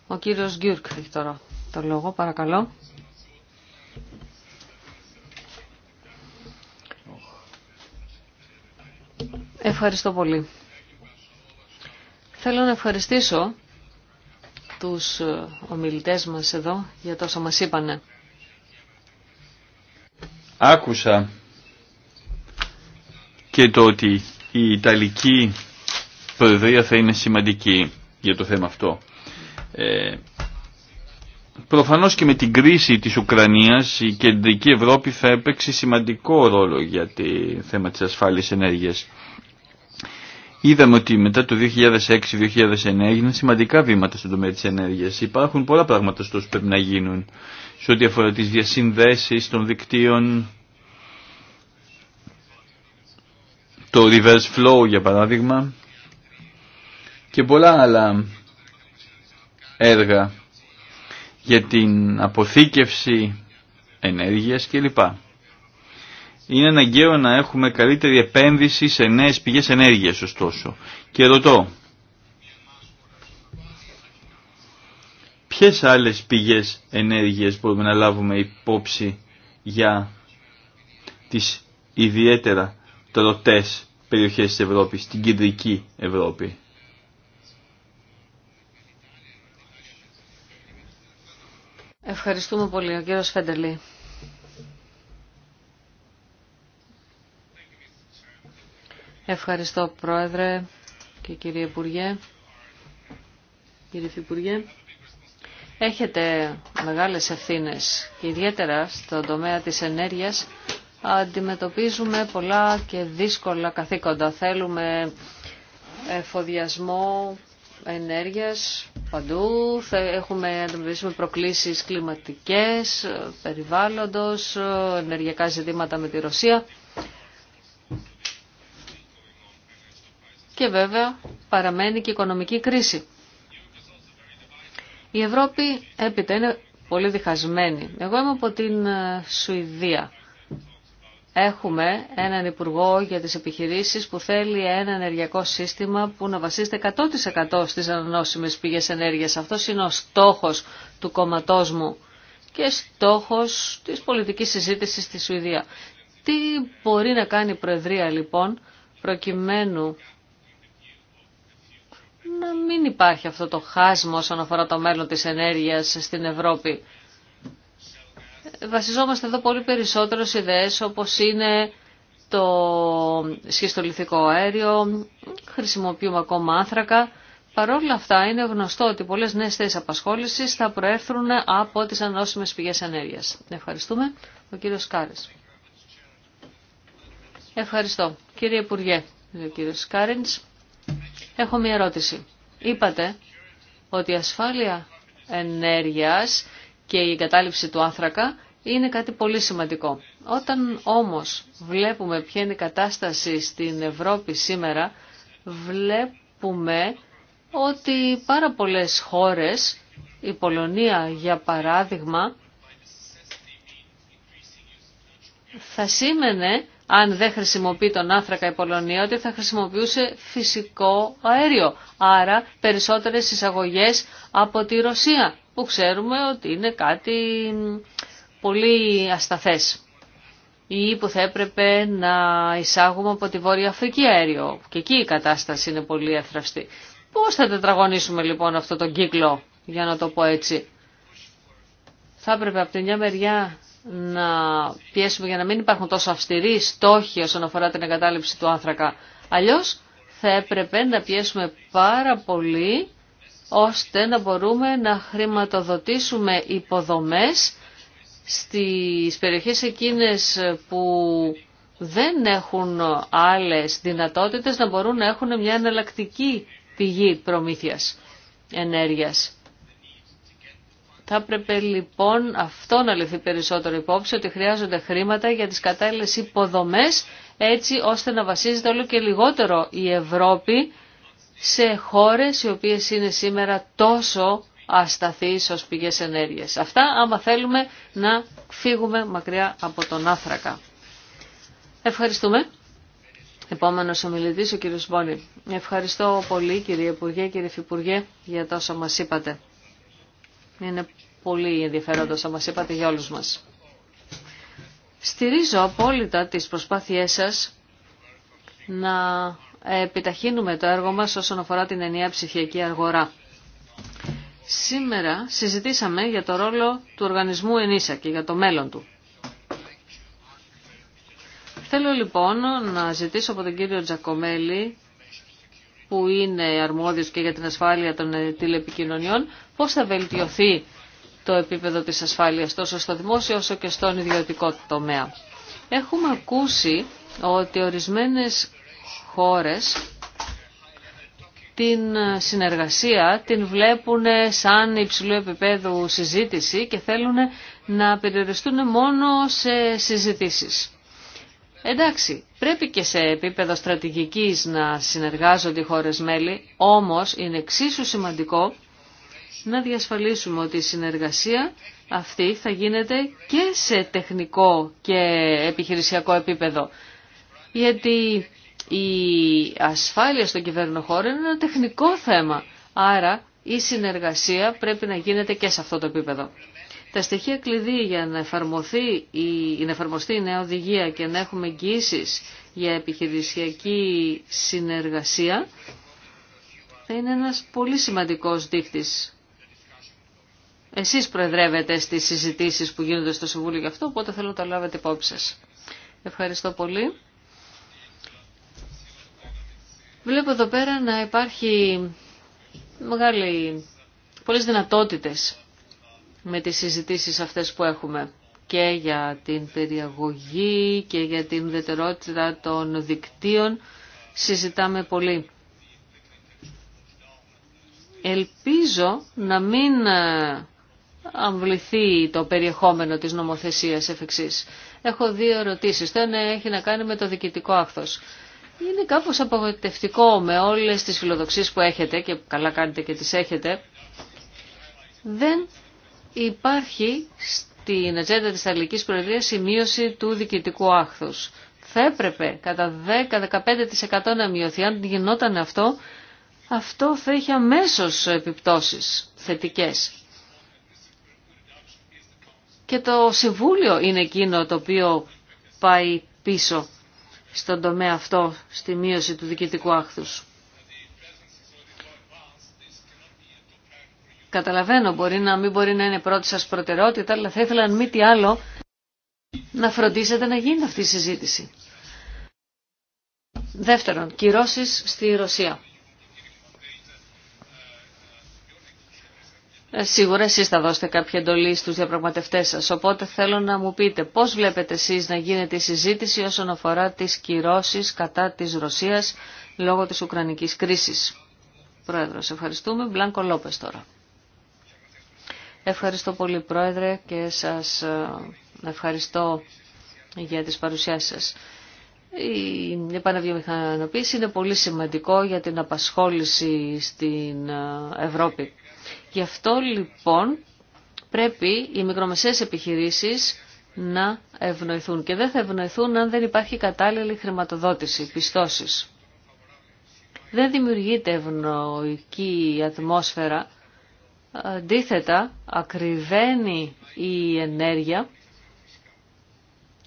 Ο κύριος Γκιούρκ έχει τώρα το λόγο, παρακαλώ. Ευχαριστώ πολύ. Θέλω να ευχαριστήσω τους ομιλητές μας εδώ για τόσα μας είπανε. Άκουσα και το ότι η Ιταλική Προεδρία θα είναι σημαντική για το θέμα αυτό. Ε, προφανώς και με την κρίση της Ουκρανίας η κεντρική Ευρώπη θα έπαιξε σημαντικό ρόλο για το θέμα της ασφάλειας ενέργειας. Είδαμε ότι μετά το 2006-2009 έγιναν σημαντικά βήματα στον τομέα της ενέργειας. Υπάρχουν πολλά πράγματα που πρέπει να γίνουν σε ό,τι αφορά τις διασυνδέσεις των δικτύων, το reverse flow για παράδειγμα και πολλά άλλα έργα για την αποθήκευση ενέργειας κλπ. Είναι αναγκαίο να έχουμε καλύτερη επένδυση σε νέες πηγές ενέργειας ωστόσο. Και ρωτώ, ποιες άλλες πηγές ενέργειας μπορούμε να λάβουμε υπόψη για τις ιδιαίτερα τροτές περιοχές της Ευρώπης, την κεντρική Ευρώπη. Ευχαριστούμε πολύ, ο κύριος Φέντελη. Ευχαριστώ Πρόεδρε και κύριε Υπουργέ. Κύριε Υφυπουργέ, έχετε μεγάλες ευθύνες και ιδιαίτερα στον τομέα της ενέργειας αντιμετωπίζουμε πολλά και δύσκολα καθήκοντα. Θέλουμε εφοδιασμό ενέργειας παντού, θα έχουμε αντιμετωπίσουμε προκλήσεις κλιματικές, περιβάλλοντος, ενεργειακά ζητήματα με τη Ρωσία. και βέβαια παραμένει και η οικονομική κρίση. Η Ευρώπη έπειτα είναι πολύ διχασμένη. Εγώ είμαι από την ε, Σουηδία. Έχουμε έναν Υπουργό για τις επιχειρήσεις που θέλει ένα ενεργειακό σύστημα που να βασίζεται 100% στις ανανόσιμες πηγές ενέργειας. Αυτός είναι ο στόχος του κομματός μου και στόχος της πολιτικής συζήτησης στη Σουηδία. Τι μπορεί να κάνει η Προεδρία λοιπόν προκειμένου να μην υπάρχει αυτό το χάσμα όσον αφορά το μέλλον της ενέργειας στην Ευρώπη. Βασιζόμαστε εδώ πολύ περισσότερο σε ιδέες όπως είναι το σχιστολιθικό αέριο, χρησιμοποιούμε ακόμα άνθρακα. Παρ' όλα αυτά είναι γνωστό ότι πολλές νέες θέσεις απασχόλησης θα προέρθουν από τις ανώσιμες πηγές ενέργειας. Ευχαριστούμε. Ο κύριος Κάρης. Ευχαριστώ. Κύριε Υπουργέ, ο κύριος Κάρινς. Έχω μία ερώτηση. Είπατε ότι η ασφάλεια ενέργειας και η εγκατάλειψη του άνθρακα είναι κάτι πολύ σημαντικό. Όταν όμως βλέπουμε ποια είναι η κατάσταση στην Ευρώπη σήμερα, βλέπουμε ότι πάρα πολλές χώρες, η Πολωνία για παράδειγμα, θα σήμαινε αν δεν χρησιμοποιεί τον άνθρακα η Πολωνία, ότι θα χρησιμοποιούσε φυσικό αέριο. Άρα περισσότερες εισαγωγές από τη Ρωσία, που ξέρουμε ότι είναι κάτι πολύ ασταθές. Ή που θα έπρεπε να εισάγουμε από τη Βόρεια Αφρική αέριο. Και εκεί η κατάσταση είναι πολύ αθραυστή. Πώς θα τετραγωνίσουμε λοιπόν αυτό τον κύκλο, για να το πω έτσι. Θα έπρεπε από τη μια μεριά να πιέσουμε για να μην υπάρχουν τόσο αυστηροί στόχοι όσον αφορά την εγκατάλειψη του άνθρακα. Αλλιώς θα έπρεπε να πιέσουμε πάρα πολύ ώστε να μπορούμε να χρηματοδοτήσουμε υποδομές στις περιοχές εκείνες που δεν έχουν άλλες δυνατότητες να μπορούν να έχουν μια εναλλακτική πηγή προμήθειας ενέργειας. Θα έπρεπε λοιπόν αυτό να λυθεί περισσότερο υπόψη ότι χρειάζονται χρήματα για τις κατάλληλες υποδομές έτσι ώστε να βασίζεται όλο και λιγότερο η Ευρώπη σε χώρες οι οποίες είναι σήμερα τόσο ασταθείς ως πηγές ενέργειας. Αυτά άμα θέλουμε να φύγουμε μακριά από τον άνθρακα. Ευχαριστούμε. Επόμενος ομιλητής ο κύριος Μπόνη. Ευχαριστώ πολύ κύριε Υπουργέ, κύριε Υφυπουργέ για τόσο μας είπατε. Είναι πολύ ενδιαφέροντα όπω είπατε για όλου μας. Στηρίζω απόλυτα τις προσπάθειές σας να επιταχύνουμε το έργο μας όσον αφορά την ενιαία ψηφιακή αγορά. Σήμερα συζητήσαμε για το ρόλο του οργανισμού ΕΝΙΣΑ και για το μέλλον του. Θέλω λοιπόν να ζητήσω από τον κύριο Τζακομέλη που είναι αρμόδιος και για την ασφάλεια των ε, τηλεπικοινωνιών, πώς θα βελτιωθεί το επίπεδο της ασφάλειας τόσο στο δημόσιο όσο και στον ιδιωτικό τομέα. Έχουμε ακούσει ότι ορισμένες χώρες την ε, συνεργασία την βλέπουν σαν υψηλού επίπεδου συζήτηση και θέλουν να περιοριστούν μόνο σε συζητήσεις. Εντάξει, Πρέπει και σε επίπεδο στρατηγικής να συνεργάζονται οι χώρες μέλη, όμως είναι εξίσου σημαντικό να διασφαλίσουμε ότι η συνεργασία αυτή θα γίνεται και σε τεχνικό και επιχειρησιακό επίπεδο. Γιατί η ασφάλεια στον κυβέρνοχώρο είναι ένα τεχνικό θέμα, άρα η συνεργασία πρέπει να γίνεται και σε αυτό το επίπεδο. Τα στοιχεία κλειδί για να, εφαρμοθεί, η, να εφαρμοστεί η νέα οδηγία και να έχουμε εγγύσει για επιχειρησιακή συνεργασία θα είναι ένας πολύ σημαντικός δείχτης. Εσείς προεδρεύετε στις συζητήσεις που γίνονται στο Συμβούλιο γι' αυτό, οπότε θέλω να τα λάβετε υπόψη σας. Ευχαριστώ πολύ. Βλέπω εδώ πέρα να υπάρχει μεγάλη, πολλές δυνατότητες με τις συζητήσεις αυτές που έχουμε και για την περιαγωγή και για την δετερότητα των δικτύων. Συζητάμε πολύ. Ελπίζω να μην ε, αμβληθεί το περιεχόμενο της νομοθεσίας εφεξής. Έχω δύο ερωτήσεις. Το ένα έχει να κάνει με το διοικητικό άκθος. Είναι κάπως απογοητευτικό με όλες τις φιλοδοξίες που έχετε και καλά κάνετε και τις έχετε. Δεν υπάρχει στην ατζέντα της Αλληλικής Προεδρίας η μείωση του διοικητικού άχθους. Θα έπρεπε κατά 10-15% να μειωθεί. Αν γινόταν αυτό, αυτό θα είχε αμέσως επιπτώσεις θετικές. Και το Συμβούλιο είναι εκείνο το οποίο πάει πίσω στον τομέα αυτό, στη μείωση του διοικητικού άχθους. Καταλαβαίνω, μπορεί να μην μπορεί να είναι πρώτη σας προτεραιότητα, αλλά θα ήθελα αν μη τι άλλο να φροντίσετε να γίνει αυτή η συζήτηση. Δεύτερον, κυρώσεις στη Ρωσία. Ε, σίγουρα εσείς θα δώσετε κάποια εντολή στους διαπραγματευτές σας, οπότε θέλω να μου πείτε πώς βλέπετε εσείς να γίνεται η συζήτηση όσον αφορά τις κυρώσεις κατά της Ρωσίας λόγω της Ουκρανικής κρίσης. Πρόεδρος, ευχαριστούμε. Μπλάνκο Λόπες τώρα. Ευχαριστώ πολύ Πρόεδρε και σας ε, ευχαριστώ για τις παρουσιάσεις σας. Η επαναβιομηχανοποίηση είναι πολύ σημαντικό για την απασχόληση στην ε, Ευρώπη. Γι' αυτό λοιπόν πρέπει οι μικρομεσαίες επιχειρήσεις να ευνοηθούν και δεν θα ευνοηθούν αν δεν υπάρχει κατάλληλη χρηματοδότηση, πιστώσεις. Δεν δημιουργείται ευνοϊκή ατμόσφαιρα αντίθετα ακριβένει η ενέργεια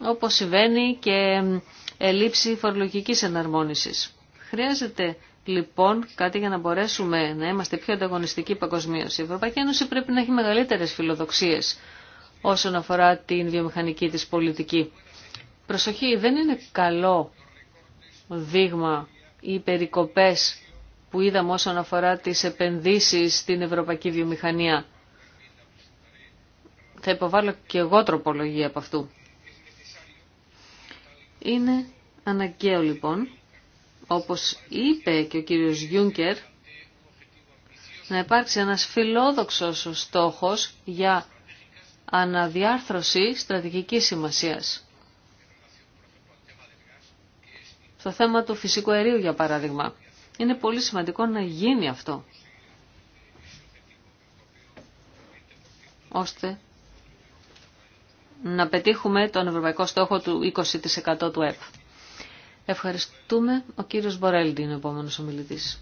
όπως συμβαίνει και ελλείψη φορολογικής εναρμόνισης. Χρειάζεται λοιπόν κάτι για να μπορέσουμε να είμαστε πιο ανταγωνιστικοί παγκοσμίω. Η Ευρωπαϊκή Ένωση πρέπει να έχει μεγαλύτερες φιλοδοξίες όσον αφορά την βιομηχανική της πολιτική. Προσοχή, δεν είναι καλό δείγμα οι περικοπές που είδαμε όσον αφορά τις επενδύσεις στην ευρωπαϊκή βιομηχανία. Θα υποβάλω και εγώ τροπολογία από αυτού. Είναι αναγκαίο λοιπόν, όπως είπε και ο κύριος Γιούνκερ, να υπάρξει ένας φιλόδοξος στόχος για αναδιάρθρωση στρατηγικής σημασίας. Στο θέμα του φυσικού αερίου, για παράδειγμα. Είναι πολύ σημαντικό να γίνει αυτό. Ώστε να πετύχουμε τον ευρωπαϊκό στόχο του 20% του ΕΠ. Ευχαριστούμε. Ο κύριος Μπορέλντι είναι ο επόμενος ομιλητής.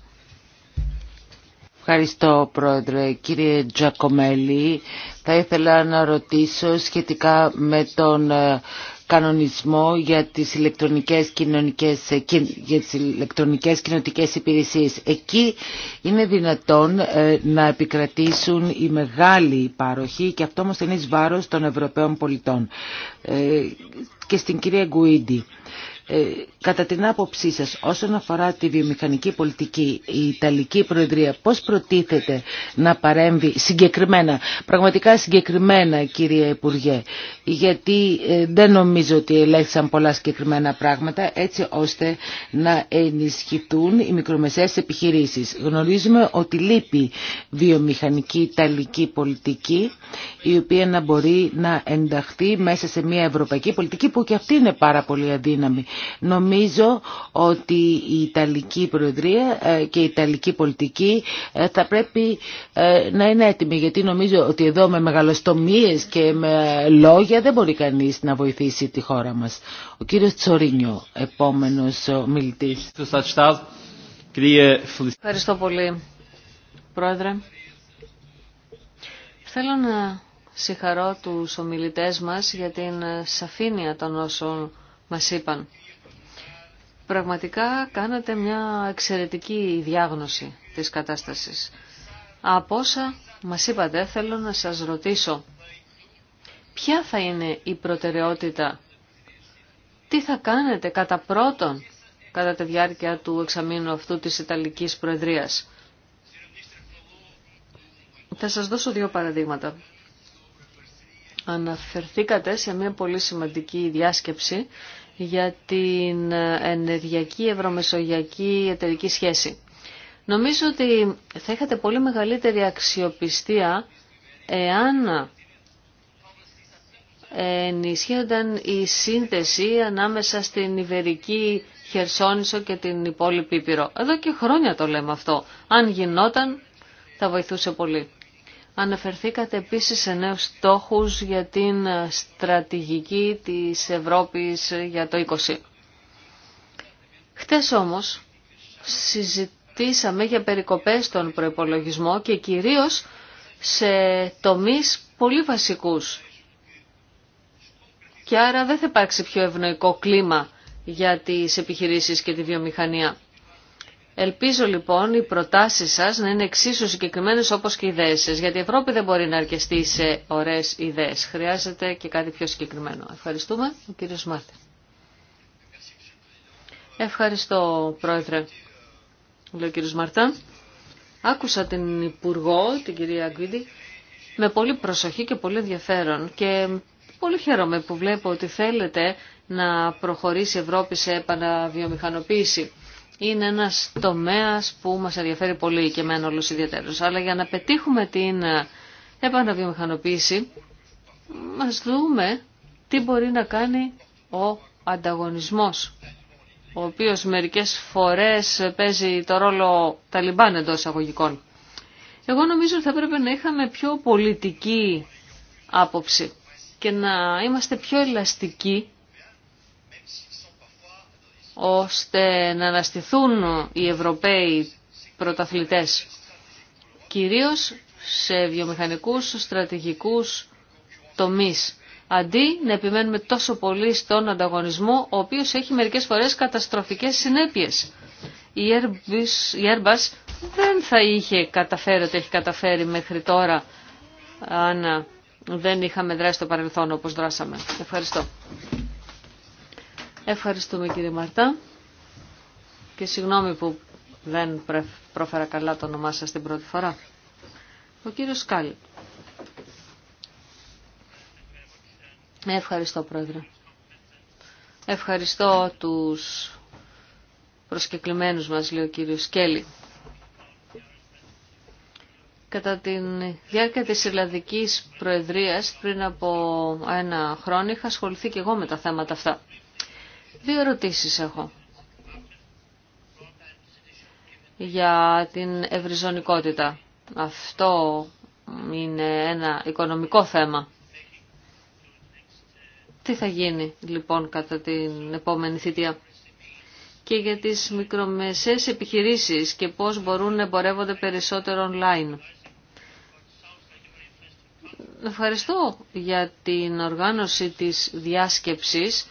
Ευχαριστώ πρόεδρε. Κύριε Τζακομέλη, θα ήθελα να ρωτήσω σχετικά με τον ε, κανονισμό για τις ηλεκτρονικές κοινωνικές, για τις ηλεκτρονικές υπηρεσίες. Εκεί είναι δυνατόν ε, να επικρατήσουν οι μεγάλοι υπάροχοι και αυτό όμως είναι εις των Ευρωπαίων πολιτών. Ε, και στην κυρία Γκουίντι. Ε, κατά την άποψή σας όσον αφορά τη βιομηχανική πολιτική η Ιταλική Προεδρία πώς προτίθεται να παρέμβει συγκεκριμένα, πραγματικά συγκεκριμένα κύριε Υπουργέ γιατί ε, δεν νομίζω ότι ελέγχθησαν πολλά συγκεκριμένα πράγματα έτσι ώστε να ενισχυθούν οι μικρομεσαίες επιχειρήσεις. Γνωρίζουμε ότι λείπει βιομηχανική Ιταλική πολιτική η οποία να μπορεί να ενταχθεί μέσα σε μια ευρωπαϊκή πολιτική που και αυτή είναι πάρα πολύ αδύναμη. Νομίζω ότι η Ιταλική Προεδρία ε, και η Ιταλική πολιτική ε, θα πρέπει ε, να είναι έτοιμη γιατί νομίζω ότι εδώ με μεγαλοστομίες και με λόγια δεν μπορεί κανείς να βοηθήσει τη χώρα μας. Ο κύριος Τσορίνιο, επόμενος μιλητής. Ευχαριστώ πολύ, Πρόεδρε. Θέλω να συγχαρώ τους ομιλητές μας για την σαφήνεια των όσων μας είπαν πραγματικά κάνατε μια εξαιρετική διάγνωση της κατάστασης. Από όσα μας είπατε, θέλω να σας ρωτήσω, ποια θα είναι η προτεραιότητα, τι θα κάνετε κατά πρώτον, κατά τη διάρκεια του εξαμήνου αυτού της Ιταλικής Προεδρίας. Θα σας δώσω δύο παραδείγματα. Αναφερθήκατε σε μια πολύ σημαντική διάσκεψη για την ενεργειακή ευρωμεσογειακή εταιρική σχέση. Νομίζω ότι θα είχατε πολύ μεγαλύτερη αξιοπιστία εάν ενισχύονταν η σύνθεση ανάμεσα στην Ιβερική Χερσόνησο και την υπόλοιπη Ήπειρο. Εδώ και χρόνια το λέμε αυτό. Αν γινόταν θα βοηθούσε πολύ. Αναφερθήκατε επίσης σε νέους στόχους για την στρατηγική της Ευρώπης για το 20. Χτες όμως συζητήσαμε για περικοπές στον προϋπολογισμό και κυρίως σε τομείς πολύ βασικούς. Και άρα δεν θα υπάρξει πιο ευνοϊκό κλίμα για τις επιχειρήσεις και τη βιομηχανία. Ελπίζω λοιπόν οι προτάσεις σας να είναι εξίσου συγκεκριμένες όπως και οι ιδέες σας, γιατί η Ευρώπη δεν μπορεί να αρκεστεί σε ωραίες ιδέες. Χρειάζεται και κάτι πιο συγκεκριμένο. Ευχαριστούμε. Ο κύριος Μάρτιν. Ευχαριστώ Πρόεδρε. Λέω κύριος Μαρτά. Άκουσα την Υπουργό, την κυρία Γκουίντι, με πολύ προσοχή και πολύ ενδιαφέρον και πολύ χαίρομαι που βλέπω ότι θέλετε να προχωρήσει η Ευρώπη σε επαναβιομηχανοποίηση είναι ένας τομέας που μας ενδιαφέρει πολύ και εμένα όλους ιδιαίτερους. Αλλά για να πετύχουμε την ε, επαναβιομηχανοποίηση, μας δούμε τι μπορεί να κάνει ο ανταγωνισμός, ο οποίος μερικές φορές παίζει το ρόλο Ταλιμπάν εντό αγωγικών. Εγώ νομίζω ότι θα πρέπει να είχαμε πιο πολιτική άποψη και να είμαστε πιο ελαστικοί ώστε να αναστηθούν οι Ευρωπαίοι πρωταθλητές, κυρίως σε βιομηχανικούς, στρατηγικούς τομείς, αντί να επιμένουμε τόσο πολύ στον ανταγωνισμό, ο οποίος έχει μερικές φορές καταστροφικές συνέπειες. Η Airbus, δεν θα είχε καταφέρει ότι έχει καταφέρει μέχρι τώρα, αν δεν είχαμε δράσει το παρελθόν όπως δράσαμε. Ευχαριστώ. Ευχαριστούμε κύριε Μαρτά και συγγνώμη που δεν πρόφερα καλά το όνομά σας την πρώτη φορά. Ο κύριος Σκάλι. Ευχαριστώ πρόεδρε. Ευχαριστώ τους προσκεκλημένους μας, λέει ο κύριος Σκέλη. Κατά τη διάρκεια της Ιρλανδικής Προεδρίας πριν από ένα χρόνο είχα ασχοληθεί και εγώ με τα θέματα αυτά. Δύο ερωτήσεις έχω για την ευρυζωνικότητα. Αυτό είναι ένα οικονομικό θέμα. Τι θα γίνει λοιπόν κατά την επόμενη θητεία και για τις μικρομεσαίες επιχειρήσεις και πώς μπορούν να εμπορεύονται περισσότερο online. Ευχαριστώ για την οργάνωση της διάσκεψης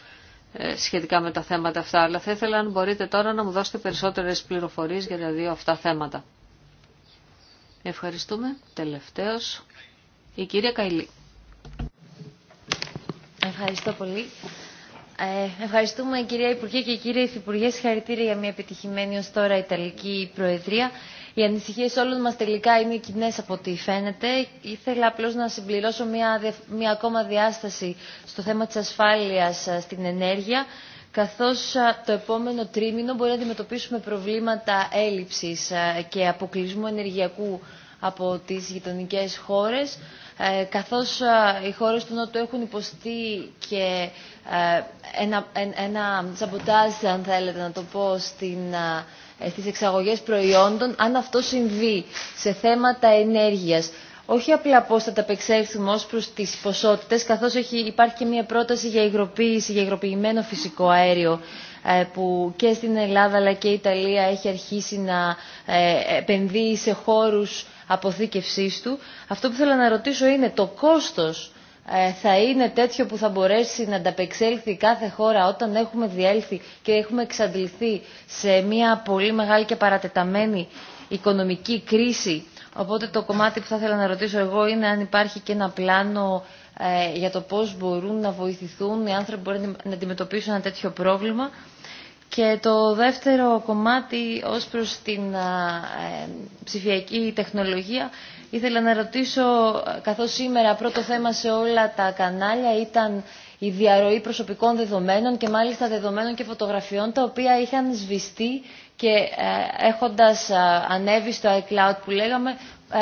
ε, σχετικά με τα θέματα αυτά, αλλά θα ήθελα αν μπορείτε τώρα να μου δώσετε περισσότερες πληροφορίες για τα δύο αυτά θέματα. Ευχαριστούμε. Τελευταίος, η κυρία Καϊλή. Ευχαριστώ πολύ. Ε, ευχαριστούμε κυρία Υπουργέ και κύριε Υφυπουργέ. Συγχαρητήρια για μια επιτυχημένη ως τώρα Ιταλική Προεδρία. Οι ανησυχίε όλων μα τελικά είναι κοινέ από ό,τι φαίνεται. Ήθελα απλώ να συμπληρώσω μια, ακόμα διάσταση στο θέμα τη ασφάλεια στην ενέργεια Καθώ το επόμενο τρίμηνο μπορεί να αντιμετωπίσουμε προβλήματα έλλειψη και αποκλεισμού ενεργειακού από τις γειτονικές χώρες. Ε, καθώς ε, οι χώρες του Νότου έχουν υποστεί και ε, ένα, ένα σαμποτάζ, αν θέλετε να το πω, στην, στις εξαγωγές προϊόντων, αν αυτό συμβεί σε θέματα ενέργειας. Όχι απλά πώ θα τα απεξέλθουμε ω προ τι ποσότητε, καθώ υπάρχει και μια πρόταση για υγροποίηση, για υγροποιημένο φυσικό αέριο, που και στην Ελλάδα αλλά και η Ιταλία έχει αρχίσει να επενδύει σε χώρους αποθήκευσής του. Αυτό που θέλω να ρωτήσω είναι το κόστος ε, θα είναι τέτοιο που θα μπορέσει να ανταπεξέλθει κάθε χώρα όταν έχουμε διέλθει και έχουμε εξαντληθεί σε μια πολύ μεγάλη και παρατεταμένη οικονομική κρίση. Οπότε το κομμάτι που θα ήθελα να ρωτήσω εγώ είναι αν υπάρχει και ένα πλάνο ε, για το πώς μπορούν να βοηθηθούν οι άνθρωποι που μπορούν να αντιμετωπίσουν ένα τέτοιο πρόβλημα. Και το δεύτερο κομμάτι ως προς την ε, ψηφιακή τεχνολογία ήθελα να ρωτήσω, καθώς σήμερα πρώτο θέμα σε όλα τα κανάλια ήταν η διαρροή προσωπικών δεδομένων και μάλιστα δεδομένων και φωτογραφιών τα οποία είχαν σβηστεί και ε, έχοντας ανέβει στο iCloud που λέγαμε ε,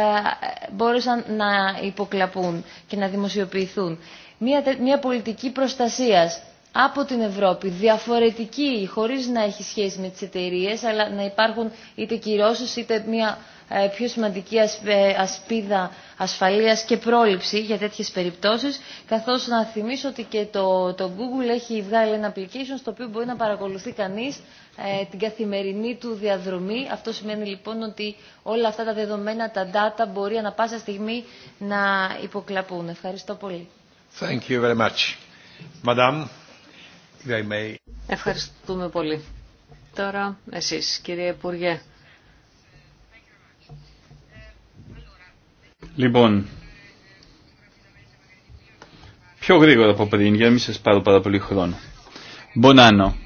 μπόρεσαν να υποκλαπούν και να δημοσιοποιηθούν. Μια, μια πολιτική προστασίας από την Ευρώπη, διαφορετική, χωρίς να έχει σχέση με τις εταιρείε, αλλά να υπάρχουν είτε κυρώσεις είτε μια ε, πιο σημαντική ε, ασπίδα ασφαλείας και πρόληψη για τέτοιες περιπτώσεις, καθώς να θυμίσω ότι και το, το Google έχει βγάλει ένα application στο οποίο μπορεί να παρακολουθεί κανείς ε, την καθημερινή του διαδρομή. Αυτό σημαίνει λοιπόν ότι όλα αυτά τα δεδομένα, τα data μπορεί ανα πάσα στιγμή να υποκλαπούν. Ευχαριστώ πολύ. Thank you very much. Madame. Ευχαριστούμε πολύ. Τώρα εσείς, κύριε Υπουργέ. Λοιπόν, πιο γρήγορα από πριν, για να μην σας πάρω πάρα πολύ χρόνο. Μπονάνο,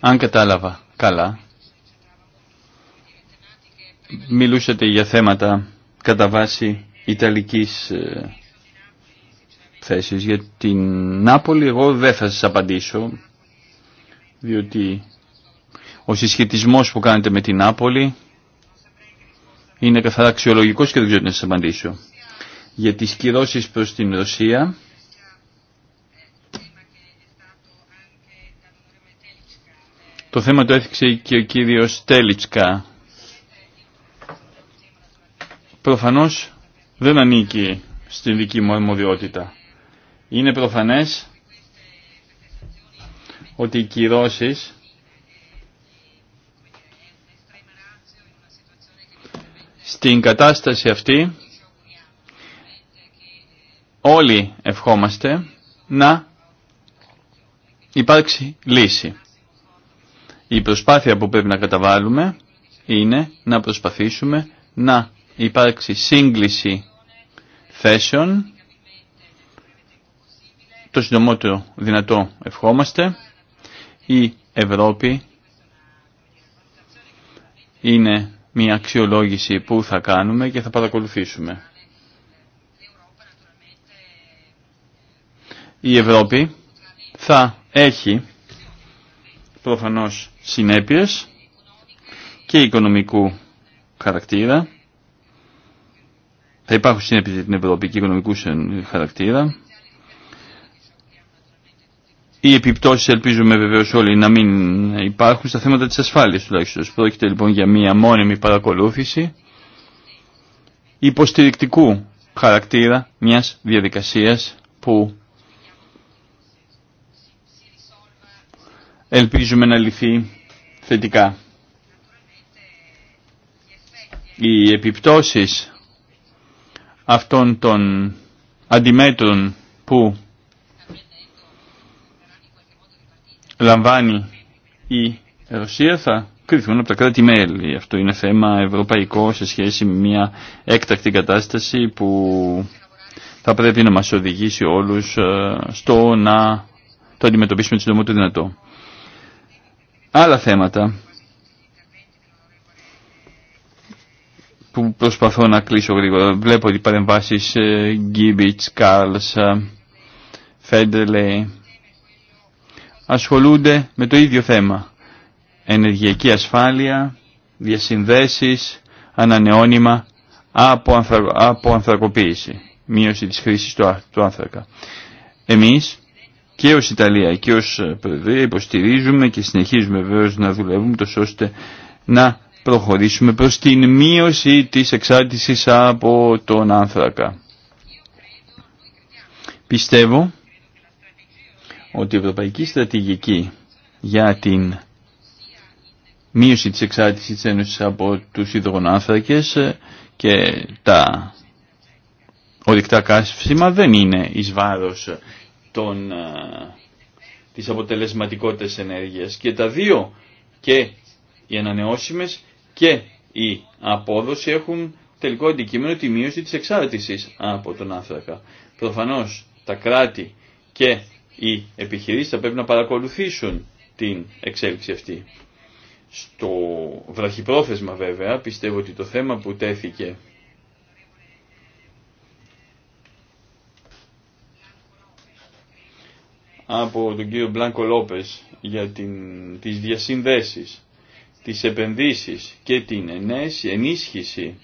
αν κατάλαβα καλά, μιλούσατε για θέματα κατά βάση Ιταλικής ε, θέσεις. Για την Νάπολη εγώ δεν θα σας απαντήσω, διότι ο συσχετισμός που κάνετε με την Νάπολη είναι καθαρά αξιολογικός και δεν ξέρω τι να σας απαντήσω. Για τις κυρώσεις προς την Ρωσία, το θέμα το έθιξε και ο κύριος Τέλιτσκα. Προφανώς δεν ανήκει στην δική μου αρμοδιότητα. Είναι προφανές ότι οι κυρώσεις στην κατάσταση αυτή όλοι ευχόμαστε να υπάρξει λύση. Η προσπάθεια που πρέπει να καταβάλουμε είναι να προσπαθήσουμε να υπάρξει σύγκληση θέσεων το συντομότερο δυνατό ευχόμαστε. Η Ευρώπη είναι μια αξιολόγηση που θα κάνουμε και θα παρακολουθήσουμε. Η Ευρώπη θα έχει προφανώς συνέπειες και οικονομικού χαρακτήρα. Θα υπάρχουν συνέπειες για την Ευρώπη και οικονομικού χαρακτήρα. Οι επιπτώσεις ελπίζουμε βεβαίως όλοι να μην υπάρχουν στα θέματα της ασφάλειας τουλάχιστον. Πρόκειται λοιπόν για μία μόνιμη παρακολούθηση υποστηρικτικού χαρακτήρα μιας διαδικασίας που ελπίζουμε να λυθεί θετικά. Οι επιπτώσεις αυτών των αντιμέτρων που λαμβάνει η Ρωσία θα κρυθούν από τα κράτη-μέλη. Αυτό είναι θέμα ευρωπαϊκό σε σχέση με μια έκτακτη κατάσταση που θα πρέπει να μας οδηγήσει όλους ε, στο να το αντιμετωπίσουμε το δυνατό. Άλλα θέματα που προσπαθώ να κλείσω γρήγορα. Βλέπω ότι παρεμβάσεις ε, Γκίμπιτς, Κάρλς, ε, Φέντελε, ασχολούνται με το ίδιο θέμα. Ενεργειακή ασφάλεια, διασυνδέσεις, ανανεώνυμα από, από ανθρακοποίηση, μείωση της χρήσης του άνθρακα. Εμείς και ως Ιταλία και ως ε, Προεδρία υποστηρίζουμε και συνεχίζουμε βεβαίως να δουλεύουμε τόσο ώστε να προχωρήσουμε προς την μείωση της εξάρτησης από τον άνθρακα. Πιστεύω ότι η Ευρωπαϊκή Στρατηγική για την μείωση της εξάρτησης της Ένωσης από τους υδρογονάνθρακες και τα ορυκτά καύσιμα δεν είναι εις βάρος των, ε, της αποτελεσματικότητας ενέργειας και τα δύο και οι ανανεώσιμες και η απόδοση έχουν τελικό αντικείμενο τη μείωση της εξάρτησης από τον άνθρακα. Προφανώς τα κράτη και οι επιχειρήσεις θα πρέπει να παρακολουθήσουν την εξέλιξη αυτή. Στο βραχυπρόθεσμα βέβαια πιστεύω ότι το θέμα που τέθηκε από τον κύριο Μπλάνκο Λόπες για την, τις διασυνδέσεις, τις επενδύσεις και την ενίσχυση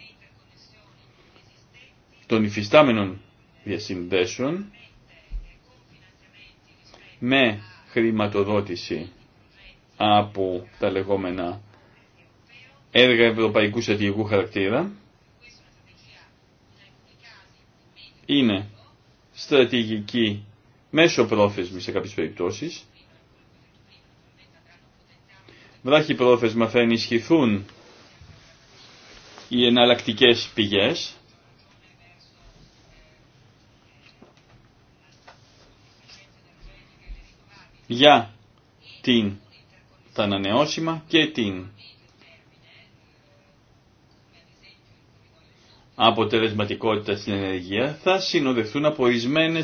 των υφιστάμενων διασυνδέσεων με χρηματοδότηση από τα λεγόμενα έργα ευρωπαϊκού στρατηγικού χαρακτήρα. Είναι στρατηγική μέσο πρόθεσμη σε κάποιες περιπτώσεις. Βράχοι πρόθεσμα θα ενισχυθούν οι εναλλακτικές πηγές για την, τα ανανεώσιμα και την αποτελεσματικότητα στην ενεργεία θα συνοδευτούν από ορισμένε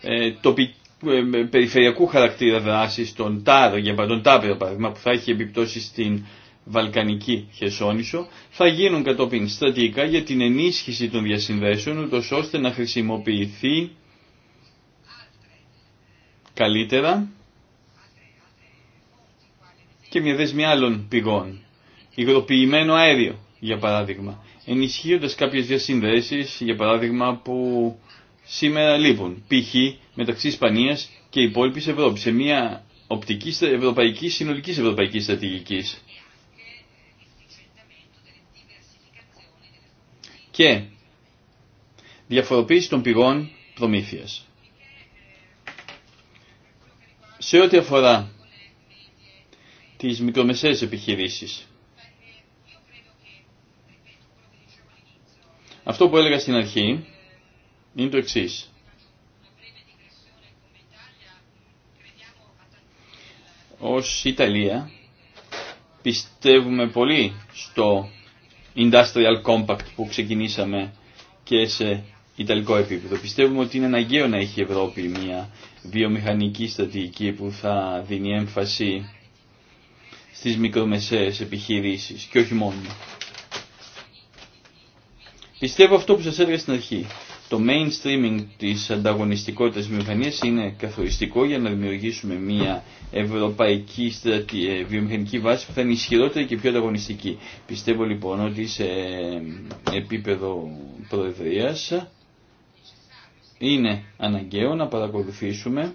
ε, ε, περιφερειακού χαρακτήρα δράσεις των ΤΑΡ, για τον ΤΑΠΕ παράδειγμα που θα έχει επιπτώσει στην Βαλκανική Χεσόνησο, θα γίνουν κατόπιν στρατηγικά για την ενίσχυση των διασυνδέσεων, ούτω ώστε να χρησιμοποιηθεί καλύτερα και μια δέσμη άλλων πηγών. Υγροποιημένο αέριο, για παράδειγμα. ενισχύοντα κάποιε διασυνδέσει, για παράδειγμα, που σήμερα λείπουν. Π.χ. μεταξύ Ισπανία και υπόλοιπη Ευρώπη. Σε μια οπτική ευρωπαϊκή, συνολική ευρωπαϊκή στρατηγική. Και διαφοροποίηση των πηγών προμήθειας. Σε ό,τι αφορά τις μικρομεσαίες επιχειρήσεις. Αυτό που έλεγα στην αρχή είναι το εξής. Ως Ιταλία πιστεύουμε πολύ στο Industrial Compact που ξεκινήσαμε και σε ιταλικό επίπεδο. Πιστεύουμε ότι είναι αναγκαίο να έχει η Ευρώπη μια βιομηχανική στρατηγική που θα δίνει έμφαση στις μικρομεσαίες επιχειρήσεις και όχι μόνο. Πιστεύω αυτό που σας έλεγα στην αρχή. Το mainstreaming της ανταγωνιστικότητας βιομηχανίας είναι καθοριστικό για να δημιουργήσουμε μια ευρωπαϊκή ε, βιομηχανική βάση που θα είναι ισχυρότερη και πιο ανταγωνιστική. Πιστεύω λοιπόν ότι σε ε, επίπεδο προεδρίας είναι αναγκαίο να παρακολουθήσουμε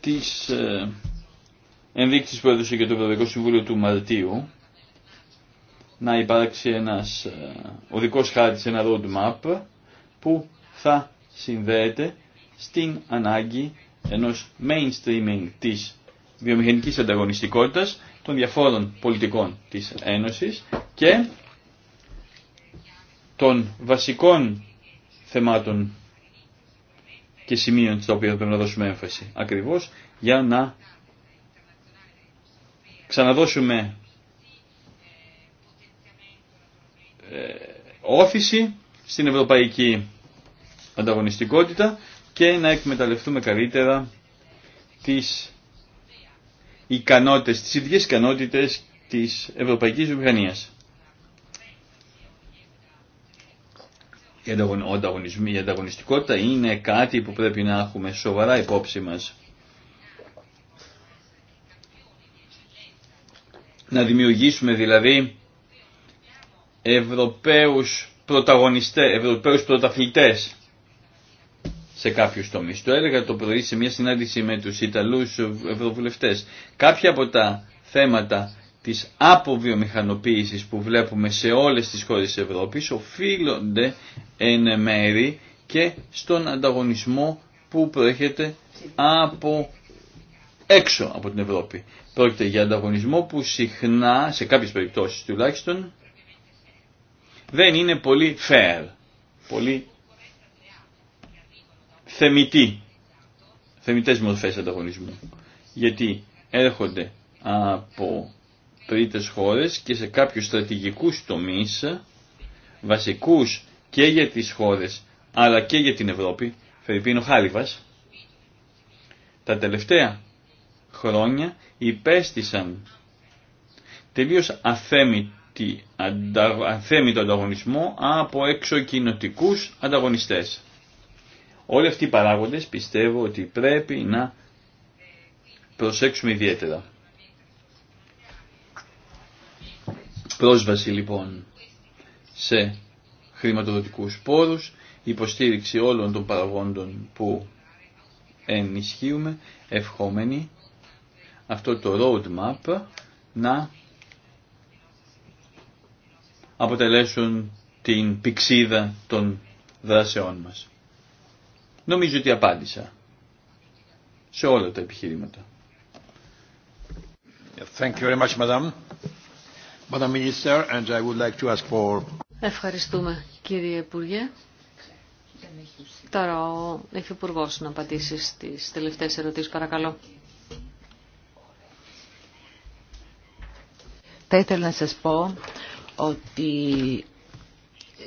τις ε, ενδείξεις που έδωσε και το Ευρωπαϊκό Συμβούλιο του Μαρτίου να υπάρξει ένας ε, οδικός χάρτης, ένα roadmap που θα συνδέεται στην ανάγκη ενός mainstreaming της βιομηχανικής ανταγωνιστικότητας των διαφόρων πολιτικών της Ένωσης και των βασικών θεμάτων και σημείων στα οποία πρέπει να δώσουμε έμφαση ακριβώς για να ξαναδώσουμε ε, όθηση στην ευρωπαϊκή ανταγωνιστικότητα και να εκμεταλλευτούμε καλύτερα τις ικανότητες, τις ίδιες ικανότητες της ευρωπαϊκής βιομηχανίας. Η ανταγωνιστικότητα είναι κάτι που πρέπει να έχουμε σοβαρά υπόψη μας να δημιουργήσουμε δηλαδή Ευρωπαίους πρωταγωνιστές, Ευρωπαίους πρωταθλητές σε κάποιους τομείς. Το έλεγα το πρωί σε μια συνάντηση με τους Ιταλούς Ευρωβουλευτές. Κάποια από τα θέματα της αποβιομηχανοποίησης που βλέπουμε σε όλες τις χώρες της Ευρώπης οφείλονται εν μέρη και στον ανταγωνισμό που προέρχεται από έξω από την Ευρώπη. Πρόκειται για ανταγωνισμό που συχνά, σε κάποιες περιπτώσεις τουλάχιστον, δεν είναι πολύ fair, πολύ θεμητή, θεμητές μορφές ανταγωνισμού. Γιατί έρχονται από τρίτες χώρες και σε κάποιους στρατηγικούς τομείς, βασικούς και για τις χώρες αλλά και για την Ευρώπη, Φερρυπίνο Χάλιβας, τα τελευταία χρόνια υπέστησαν τελείως αθέμητη, αθέμητο ανταγωνισμό από εξοκοινωτικούς ανταγωνιστές. Όλοι αυτοί οι παράγοντες πιστεύω ότι πρέπει να προσέξουμε ιδιαίτερα. Πρόσβαση λοιπόν σε χρηματοδοτικούς πόρους, υποστήριξη όλων των παραγόντων που ενισχύουμε, ευχόμενοι αυτό το roadmap να αποτελέσουν την πηξίδα των δράσεών μας. Νομίζω ότι απάντησα σε όλα τα επιχειρήματα. Thank you very much, Madam. Madam Minister, and I would like to ask for... Ευχαριστούμε, κύριε Υπουργέ. Τώρα ο Υφυπουργός να απαντήσει στις τελευταίες ερωτήσεις, παρακαλώ. Θα ήθελα να σας πω ότι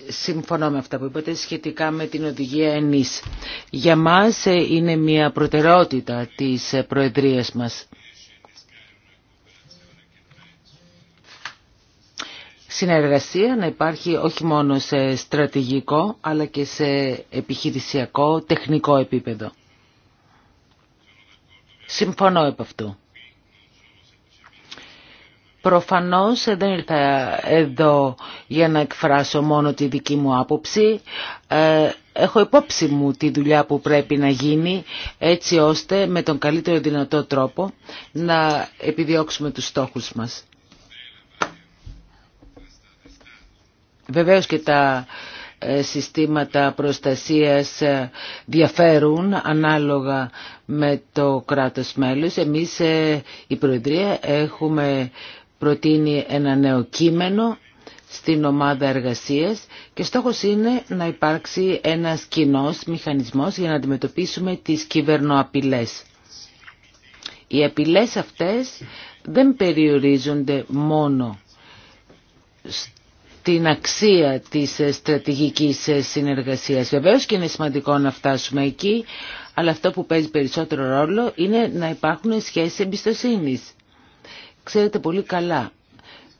συμφωνώ με αυτά που είπατε σχετικά με την οδηγία ενής. Για μας ε, είναι μια προτεραιότητα της ε, Προεδρίας μας. Συνεργασία να υπάρχει όχι μόνο σε στρατηγικό αλλά και σε επιχειρησιακό τεχνικό επίπεδο. Συμφωνώ επ' αυτού. Προφανώς ε, δεν ήρθα εδώ για να εκφράσω μόνο τη δική μου άποψη. Ε, έχω υπόψη μου τη δουλειά που πρέπει να γίνει έτσι ώστε με τον καλύτερο δυνατό τρόπο να επιδιώξουμε τους στόχους μας. Βεβαίως και τα ε, συστήματα προστασίας διαφέρουν ανάλογα με το κράτος μέλος. Εμείς η Προεδρία έχουμε προτείνει ένα νέο κείμενο στην ομάδα εργασίας και στόχος είναι να υπάρξει ένας κοινό μηχανισμός για να αντιμετωπίσουμε τις κυβερνοαπειλές. Οι απειλές αυτές δεν περιορίζονται μόνο στην αξία της στρατηγικής συνεργασίας. Βεβαίως και είναι σημαντικό να φτάσουμε εκεί, αλλά αυτό που παίζει περισσότερο ρόλο είναι να υπάρχουν σχέσεις εμπιστοσύνης. Ξέρετε πολύ καλά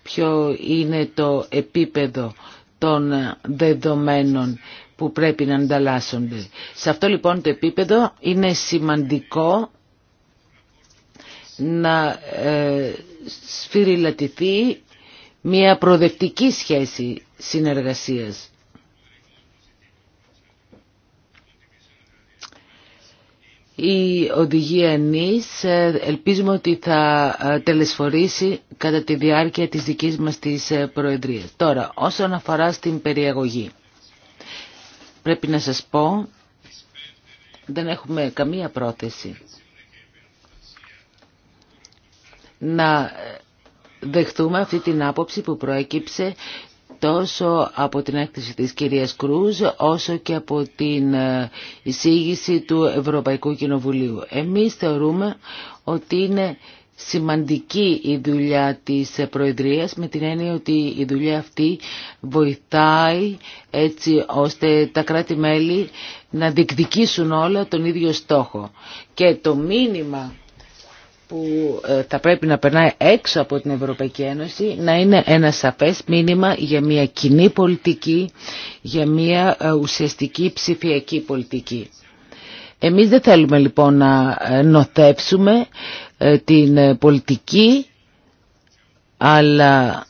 ποιο είναι το επίπεδο των δεδομένων που πρέπει να ανταλλάσσονται. Σε αυτό λοιπόν το επίπεδο είναι σημαντικό να ε, σφυριλατηθεί μια προοδευτική σχέση συνεργασίας. Η οδηγία ΝΙΣ ε, ελπίζουμε ότι θα ε, τελεσφορήσει κατά τη διάρκεια της δικής μας της ε, Προεδρίας. Τώρα, όσον αφορά στην περιαγωγή, πρέπει να σας πω, δεν έχουμε καμία πρόθεση να δεχτούμε αυτή την άποψη που προέκυψε τόσο από την έκθεση της κυρίας Κρούζ όσο και από την ε, εισήγηση του Ευρωπαϊκού Κοινοβουλίου. Εμείς θεωρούμε ότι είναι σημαντική η δουλειά της Προεδρίας με την έννοια ότι η δουλειά αυτή βοηθάει έτσι ώστε τα κράτη-μέλη να διεκδικήσουν όλα τον ίδιο στόχο. Και το μήνυμα που ε, θα πρέπει να περνάει έξω από την Ευρωπαϊκή Ένωση να είναι ένα σαφές μήνυμα για μια κοινή πολιτική, για μια ε, ουσιαστική ψηφιακή πολιτική. Εμείς δεν θέλουμε λοιπόν να ε, νοθεύσουμε την πολιτική, αλλά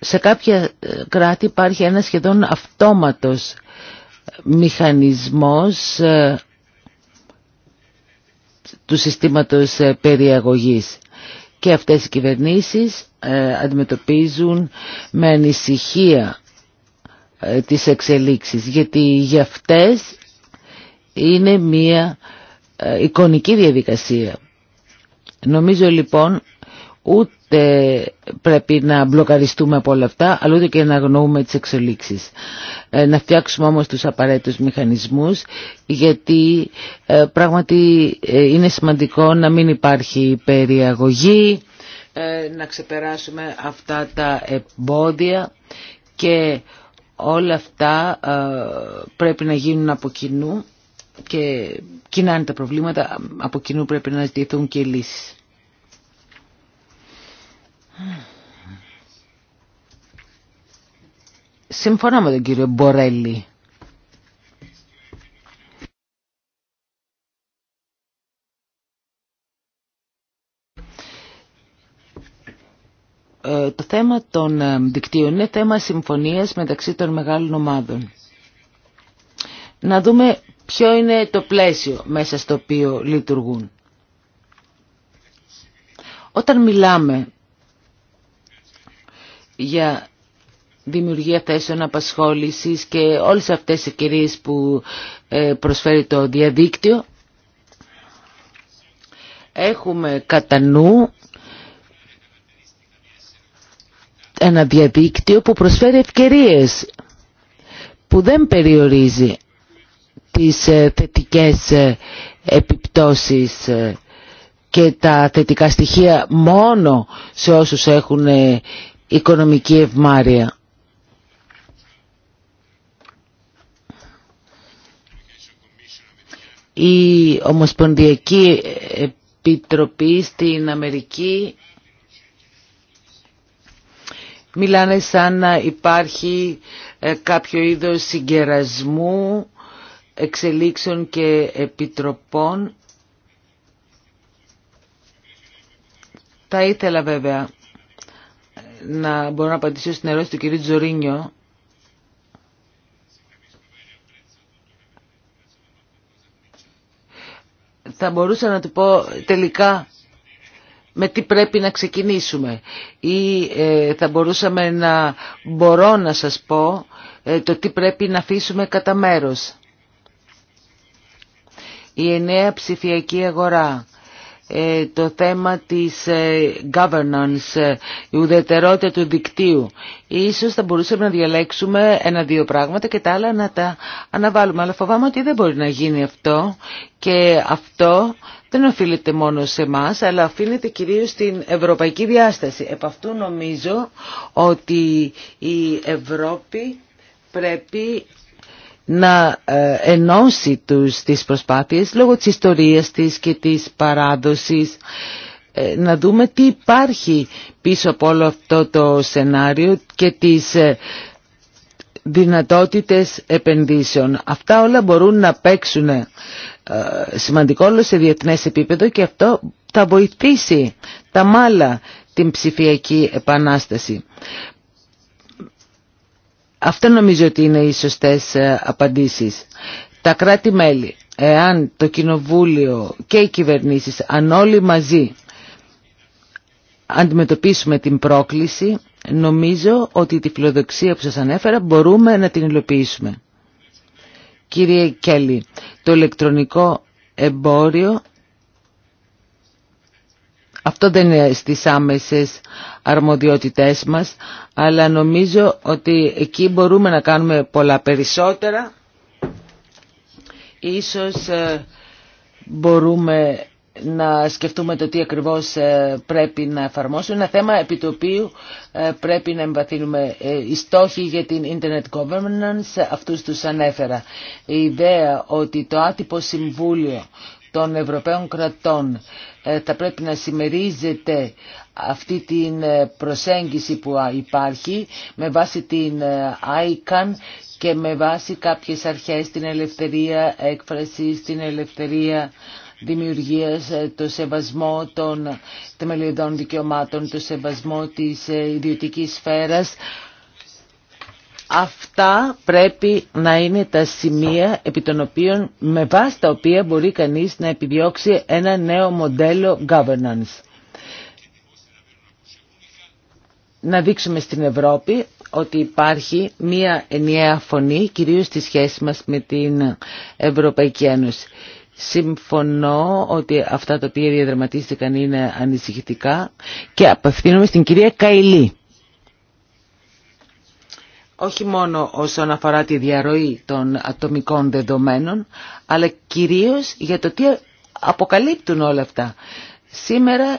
σε κάποια κράτη υπάρχει ένα σχεδόν αυτόματος μηχανισμός του συστήματος ε, περιαγωγής. Και αυτές οι κυβερνήσεις ε, αντιμετωπίζουν με ανησυχία ε, τις εξελίξεις γιατί για αυτές είναι μια εικονική διαδικασία. Νομίζω λοιπόν ούτε ε, πρέπει να μπλοκαριστούμε από όλα αυτά, αλλά ούτε και να αγνοούμε τις εξελίξεις. Ε, να φτιάξουμε όμως τους απαραίτητους μηχανισμούς, γιατί ε, πράγματι είναι σημαντικό να μην υπάρχει περιαγωγή, να ξεπεράσουμε αυτά τα εμπόδια και όλα αυτά πρέπει να γίνουν από κοινού και κοινά τα προβλήματα, από κοινού πρέπει να ζητηθούν και λύσεις. Συμφωνώ με τον κύριο Μπορέλη. Ε, το θέμα των ε, δικτύων είναι θέμα συμφωνίας μεταξύ των μεγάλων ομάδων. Να δούμε ποιο είναι το πλαίσιο μέσα στο οποίο λειτουργούν. Όταν μιλάμε για δημιουργία θέσεων απασχόλησης και όλες αυτές οι ευκαιρίες που ε, προσφέρει το διαδίκτυο. Έχουμε κατά νου ένα διαδίκτυο που προσφέρει ευκαιρίες που δεν περιορίζει τις ε, θετικές ε, επιπτώσεις και τα θετικά στοιχεία μόνο σε όσους έχουν οικονομική ευμάρεια. Η Ομοσπονδιακή Επιτροπή στην Αμερική μιλάνε σαν να υπάρχει ε, κάποιο είδος συγκερασμού εξελίξεων και επιτροπών. Τα ήθελα βέβαια να μπορώ να απαντήσω στην ερώτηση του κυρίου Τζορίνιο. Θα μπορούσα να του πω τελικά με τι πρέπει να ξεκινήσουμε ή ε, θα μπορούσαμε να μπορώ να σας πω ε, το τι πρέπει να αφήσουμε κατά μέρος. Η εννέα ψηφιακή αγορά, ε, το θέμα της ε, governance, ε, η ουδετερότητα του δικτύου. Ίσως θα μπορούσαμε να διαλέξουμε ένα-δύο πράγματα και τα άλλα να τα αναβάλουμε. Αλλά φοβάμαι ότι δεν μπορεί να γίνει αυτό και αυτό δεν οφείλεται μόνο σε εμά, αλλά οφείλεται κυρίως στην ευρωπαϊκή διάσταση. Επ' αυτού νομίζω ότι η Ευρώπη πρέπει να ε, ενώσει τους τις προσπάθειες λόγω της ιστορίας της και της παράδοσης ε, να δούμε τι υπάρχει πίσω από όλο αυτό το σενάριο και τις ε, δυνατότητες επενδύσεων. Αυτά όλα μπορούν να παίξουν σημαντικό όλο σε διεθνές επίπεδο και αυτό θα βοηθήσει τα μάλα την ψηφιακή επανάσταση. Αυτό νομίζω ότι είναι οι σωστές ε, απαντήσεις. Τα κράτη-μέλη, εάν το Κοινοβούλιο και οι κυβερνήσεις, αν όλοι μαζί αντιμετωπίσουμε την πρόκληση, νομίζω ότι τη φιλοδοξία που σας ανέφερα μπορούμε να την υλοποιήσουμε. Κύριε Κέλλη, το ηλεκτρονικό εμπόριο αυτό δεν είναι στις άμεσες αρμοδιότητές μας, αλλά νομίζω ότι εκεί μπορούμε να κάνουμε πολλά περισσότερα. Ίσως ε, μπορούμε να σκεφτούμε το τι ακριβώς ε, πρέπει να εφαρμόσουμε. Ένα θέμα επί το οποίο ε, πρέπει να εμβαθύνουμε. Οι στόχοι για την Internet Governance αυτούς τους ανέφερα. Η ιδέα ότι το άτυπο συμβούλιο των Ευρωπαίων κρατών ε, θα πρέπει να συμμερίζεται αυτή την ε, προσέγγιση που υπάρχει με βάση την ε, ICAN και με βάση κάποιες αρχές την ελευθερία έκφραση, την ελευθερία δημιουργίας, το σεβασμό των θεμελιωδών δικαιωμάτων, το σεβασμό της ιδιωτικής σφαίρας Αυτά πρέπει να είναι τα σημεία επί με βάση τα οποία μπορεί κανείς να επιδιώξει ένα νέο μοντέλο governance. Να δείξουμε στην Ευρώπη ότι υπάρχει μία ενιαία φωνή, κυρίως στη σχέση μας με την Ευρωπαϊκή Ένωση. Συμφωνώ ότι αυτά τα οποία διαδραματίστηκαν είναι ανησυχητικά και απευθύνομαι στην κυρία Καηλή όχι μόνο όσον αφορά τη διαρροή των ατομικών δεδομένων, αλλά κυρίως για το τι αποκαλύπτουν όλα αυτά. Σήμερα ε,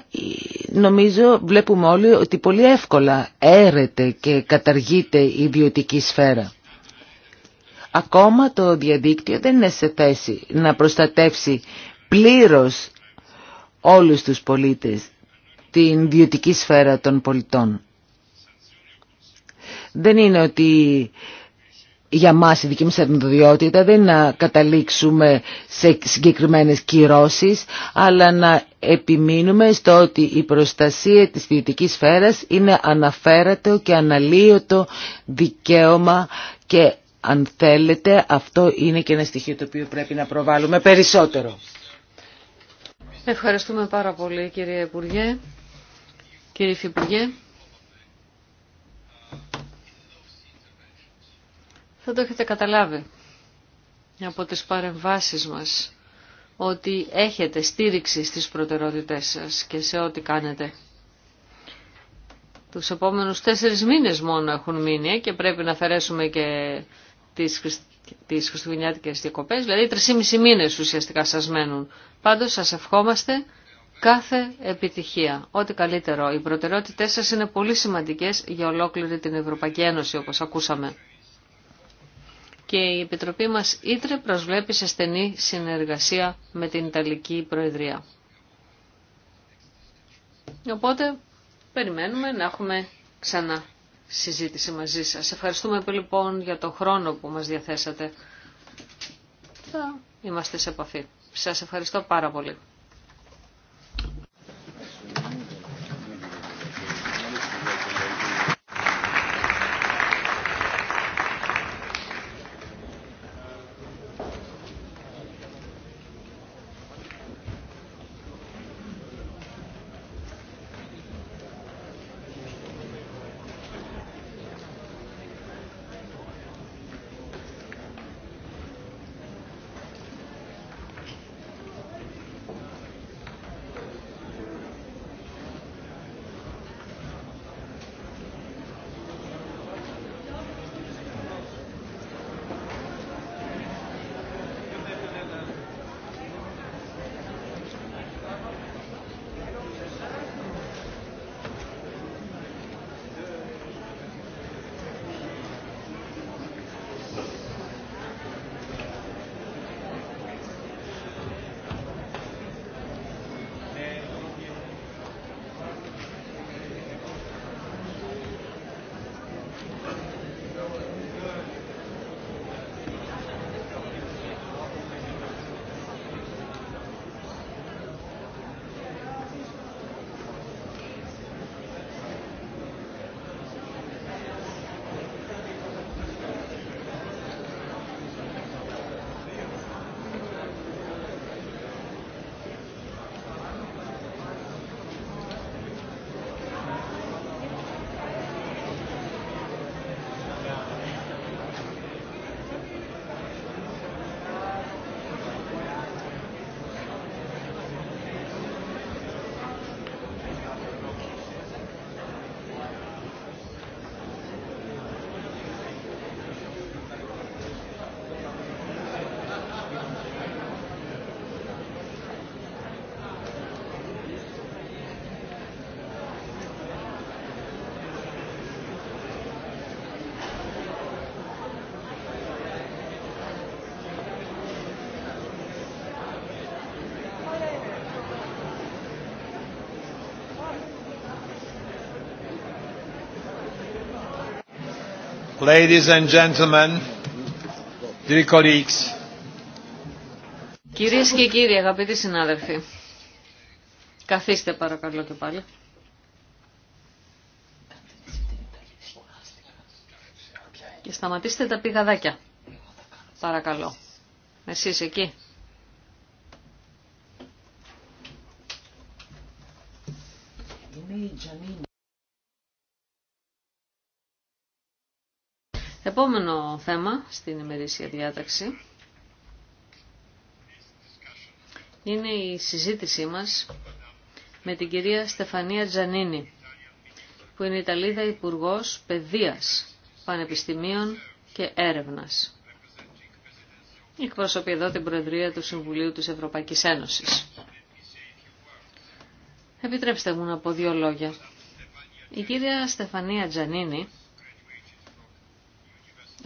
νομίζω βλέπουμε όλοι ότι πολύ εύκολα έρεται και καταργείται η ιδιωτική σφαίρα. Ακόμα το διαδίκτυο δεν είναι σε θέση να προστατεύσει πλήρως όλους τους πολίτες την ιδιωτική σφαίρα των πολιτών. Δεν είναι ότι για μας η δική μας αρνητοδιότητα δεν είναι να καταλήξουμε σε συγκεκριμένες κυρώσεις, αλλά να επιμείνουμε στο ότι η προστασία της ποιητικής σφαίρας είναι αναφέρατο και αναλύωτο δικαίωμα και αν θέλετε αυτό είναι και ένα στοιχείο το οποίο πρέπει να προβάλλουμε περισσότερο. Ευχαριστούμε πάρα πολύ κύριε Υπουργέ. Κύριε Υφυπουργέ. Θα το έχετε καταλάβει από τις παρεμβάσεις μας ότι έχετε στήριξη στις προτεραιότητές σας και σε ό,τι κάνετε. Τους επόμενους τέσσερις μήνες μόνο έχουν μείνει και πρέπει να αφαιρέσουμε και τις, τις χριστουγεννιάτικες διακοπές, δηλαδή μισή μήνες ουσιαστικά σας μένουν. Πάντως σας ευχόμαστε κάθε επιτυχία. Ό,τι καλύτερο. Οι προτεραιότητές σας είναι πολύ σημαντικές για ολόκληρη την Ευρωπαϊκή Ένωση όπως ακούσαμε και η Επιτροπή μας Ήτρε προσβλέπει σε στενή συνεργασία με την Ιταλική Προεδρία. Οπότε περιμένουμε να έχουμε ξανά συζήτηση μαζί σας. Ευχαριστούμε λοιπόν για το χρόνο που μας διαθέσατε. Θα είμαστε σε επαφή. Σας ευχαριστώ πάρα πολύ. Ladies and gentlemen, dear colleagues. Κυρίες και κύριοι, αγαπητοί συνάδελφοι, καθίστε παρακαλώ και πάλι. Και σταματήστε τα πηγαδάκια. Παρακαλώ. Εσείς εκεί. Είμαι Επόμενο θέμα στην ημερήσια διάταξη είναι η συζήτησή μας με την κυρία Στεφανία Τζανίνη, που είναι Ιταλίδα Υπουργό Παιδείας, Πανεπιστημίων και Έρευνας. Εκπροσωπεί εδώ την Προεδρία του Συμβουλίου της Ευρωπαϊκής Ένωσης. Επιτρέψτε μου να πω δύο λόγια. Η κυρία Στεφανία Τζανίνη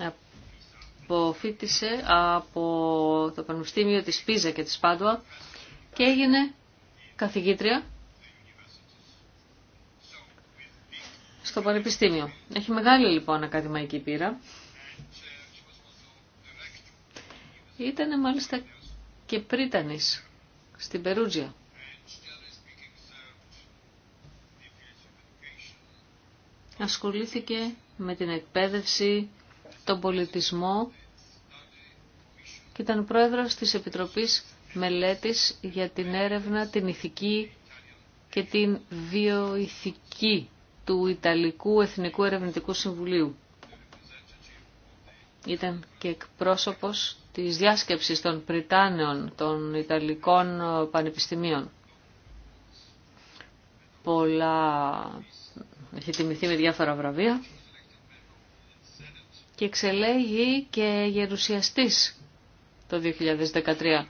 αποφύτησε από το Πανεπιστήμιο της Πίζα και της Πάντουα και έγινε καθηγήτρια στο Πανεπιστήμιο. Έχει μεγάλη λοιπόν ακαδημαϊκή πείρα. Ήτανε μάλιστα και πρίτανης στην Περούτζια. Ασχολήθηκε με την εκπαίδευση τον πολιτισμό και ήταν πρόεδρος της Επιτροπής Μελέτης για την έρευνα, την ηθική και την βιοηθική του Ιταλικού Εθνικού Ερευνητικού Συμβουλίου. Ήταν και εκπρόσωπος της διάσκεψης των Πριτάνεων των Ιταλικών Πανεπιστημίων. Πολλά έχει τιμηθεί με διάφορα βραβεία και εξελέγει και γερουσιαστής το 2013.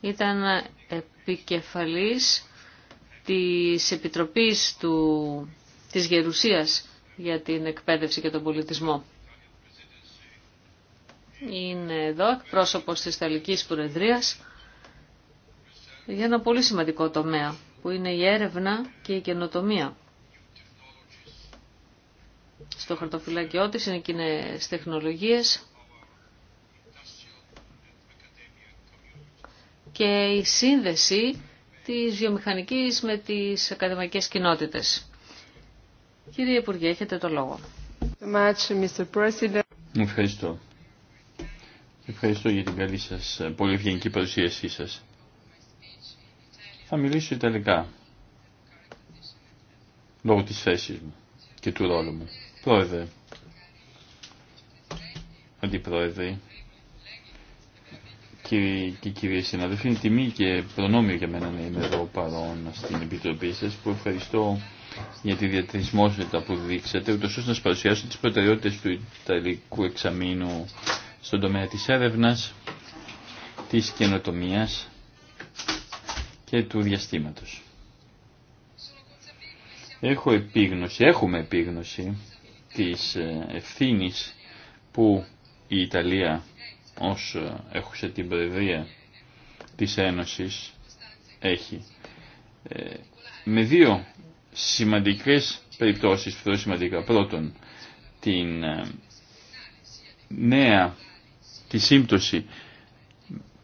Ήταν επικεφαλής της Επιτροπής του, της Γερουσίας για την εκπαίδευση και τον πολιτισμό. Είναι εδώ πρόσωπος της Ιταλικής Προεδρίας για ένα πολύ σημαντικό τομέα που είναι η έρευνα και η καινοτομία. Στο χαρτοφυλάκιό της είναι κοινέ τεχνολογίες και η σύνδεση της βιομηχανικής με τις ακαδημαϊκές κοινότητες. Κύριε Υπουργέ, έχετε το λόγο. Ευχαριστώ. Ευχαριστώ για την καλή σας, πολύ ευγενική παρουσίασή σας. Θα μιλήσω Ιταλικά. Λόγω της θέσης μου και του ρόλου μου. Πρόεδρε. Αντιπρόεδρε. Κύριοι και κυρίες συναδελφοί, είναι τιμή και προνόμιο για μένα να είμαι εδώ παρόν στην Επιτροπή σας που ευχαριστώ για τη διατρισμόσυντα που δείξατε, ούτως ώστε να σας παρουσιάσω τις προτεραιότητες του Ιταλικού εξαμήνου στον τομέα της έρευνας, της καινοτομίας και του διαστήματος. Έχω επίγνωση, έχουμε επίγνωση της ε, ευθύνης που η Ιταλία ως ε, έχουσε την προεδρία της Ένωσης έχει. Ε, με δύο σημαντικές περιπτώσεις, πιο σημαντικά. Πρώτον, την νέα, τη σύμπτωση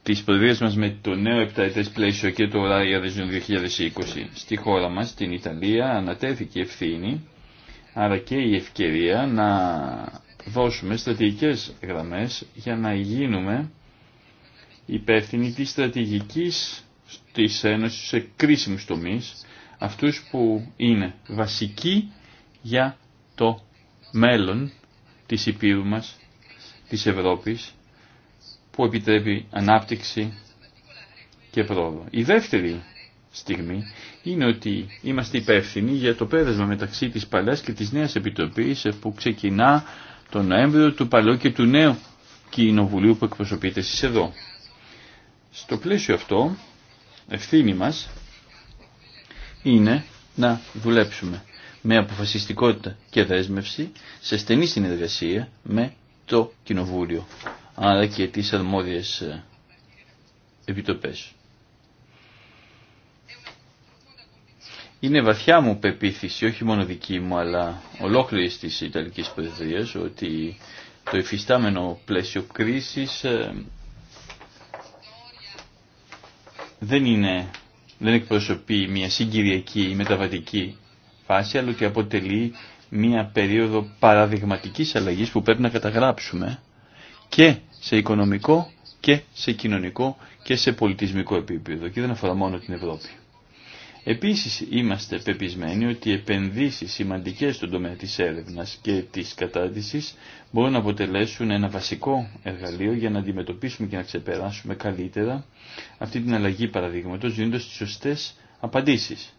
τις προεδρίας μας με το νέο επταετές πλαίσιο και το Horizon 2020 στη χώρα μας, στην Ιταλία, ανατέθηκε ευθύνη, άρα και η ευκαιρία να δώσουμε στρατηγικές γραμμές για να γίνουμε υπεύθυνοι της στρατηγικής της Ένωσης σε κρίσιμους τομείς, αυτούς που είναι βασικοί για το μέλλον της Υπήρου μας, της Ευρώπης που επιτρέπει ανάπτυξη και πρόοδο. Η δεύτερη στιγμή είναι ότι είμαστε υπεύθυνοι για το πέρασμα μεταξύ της παλιάς και της νέας επιτροπής που ξεκινά τον Νοέμβριο του παλαιού και του νέου κοινοβουλίου που εκπροσωπείτε εσείς εδώ. Στο πλαίσιο αυτό, ευθύνη μας είναι να δουλέψουμε με αποφασιστικότητα και δέσμευση σε στενή συνεργασία με το Κοινοβούλιο αλλά και τις αρμόδιες ε, επιτοπές. Είναι βαθιά μου πεποίθηση, όχι μόνο δική μου, αλλά ολόκληρη της Ιταλικής Προεδρίας, ότι το υφιστάμενο πλαίσιο κρίσης ε, δεν, είναι, δεν εκπροσωπεί μια συγκυριακή ή μεταβατική φάση, αλλά και αποτελεί μια περίοδο παραδειγματικής αλλαγής που πρέπει να καταγράψουμε και σε οικονομικό και σε κοινωνικό και σε πολιτισμικό επίπεδο και δεν αφορά μόνο την Ευρώπη. Επίσης είμαστε πεπισμένοι ότι οι επενδύσεις σημαντικές στον τομέα της έρευνας και της κατάρτισης μπορούν να αποτελέσουν ένα βασικό εργαλείο για να αντιμετωπίσουμε και να ξεπεράσουμε καλύτερα αυτή την αλλαγή παραδείγματος δίνοντας τις σωστές απαντήσεις.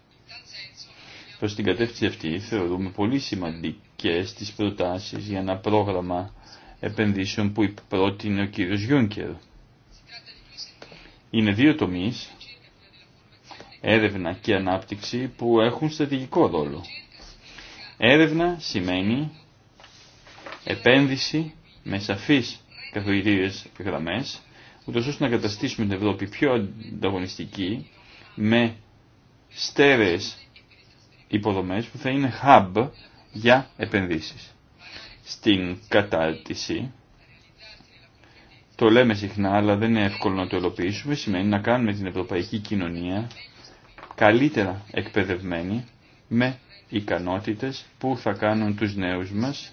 Προς την κατεύθυνση αυτή θεωρούμε πολύ σημαντικές τις προτάσεις για ένα πρόγραμμα επενδύσεων που πρότεινε ο κύριος Γιούνκερ. Είναι δύο τομείς, έρευνα και ανάπτυξη, που έχουν στρατηγικό ρόλο. Έρευνα σημαίνει επένδυση με σαφείς καθοριτήριες γραμμές, ούτως ώστε να καταστήσουμε την Ευρώπη πιο ανταγωνιστική, με στέρεες υποδομές που θα είναι hub για επενδύσεις στην κατάρτιση. Το λέμε συχνά, αλλά δεν είναι εύκολο να το ελοποιήσουμε. Σημαίνει να κάνουμε την ευρωπαϊκή κοινωνία καλύτερα εκπαιδευμένη με ικανότητες που θα κάνουν τους νέους μας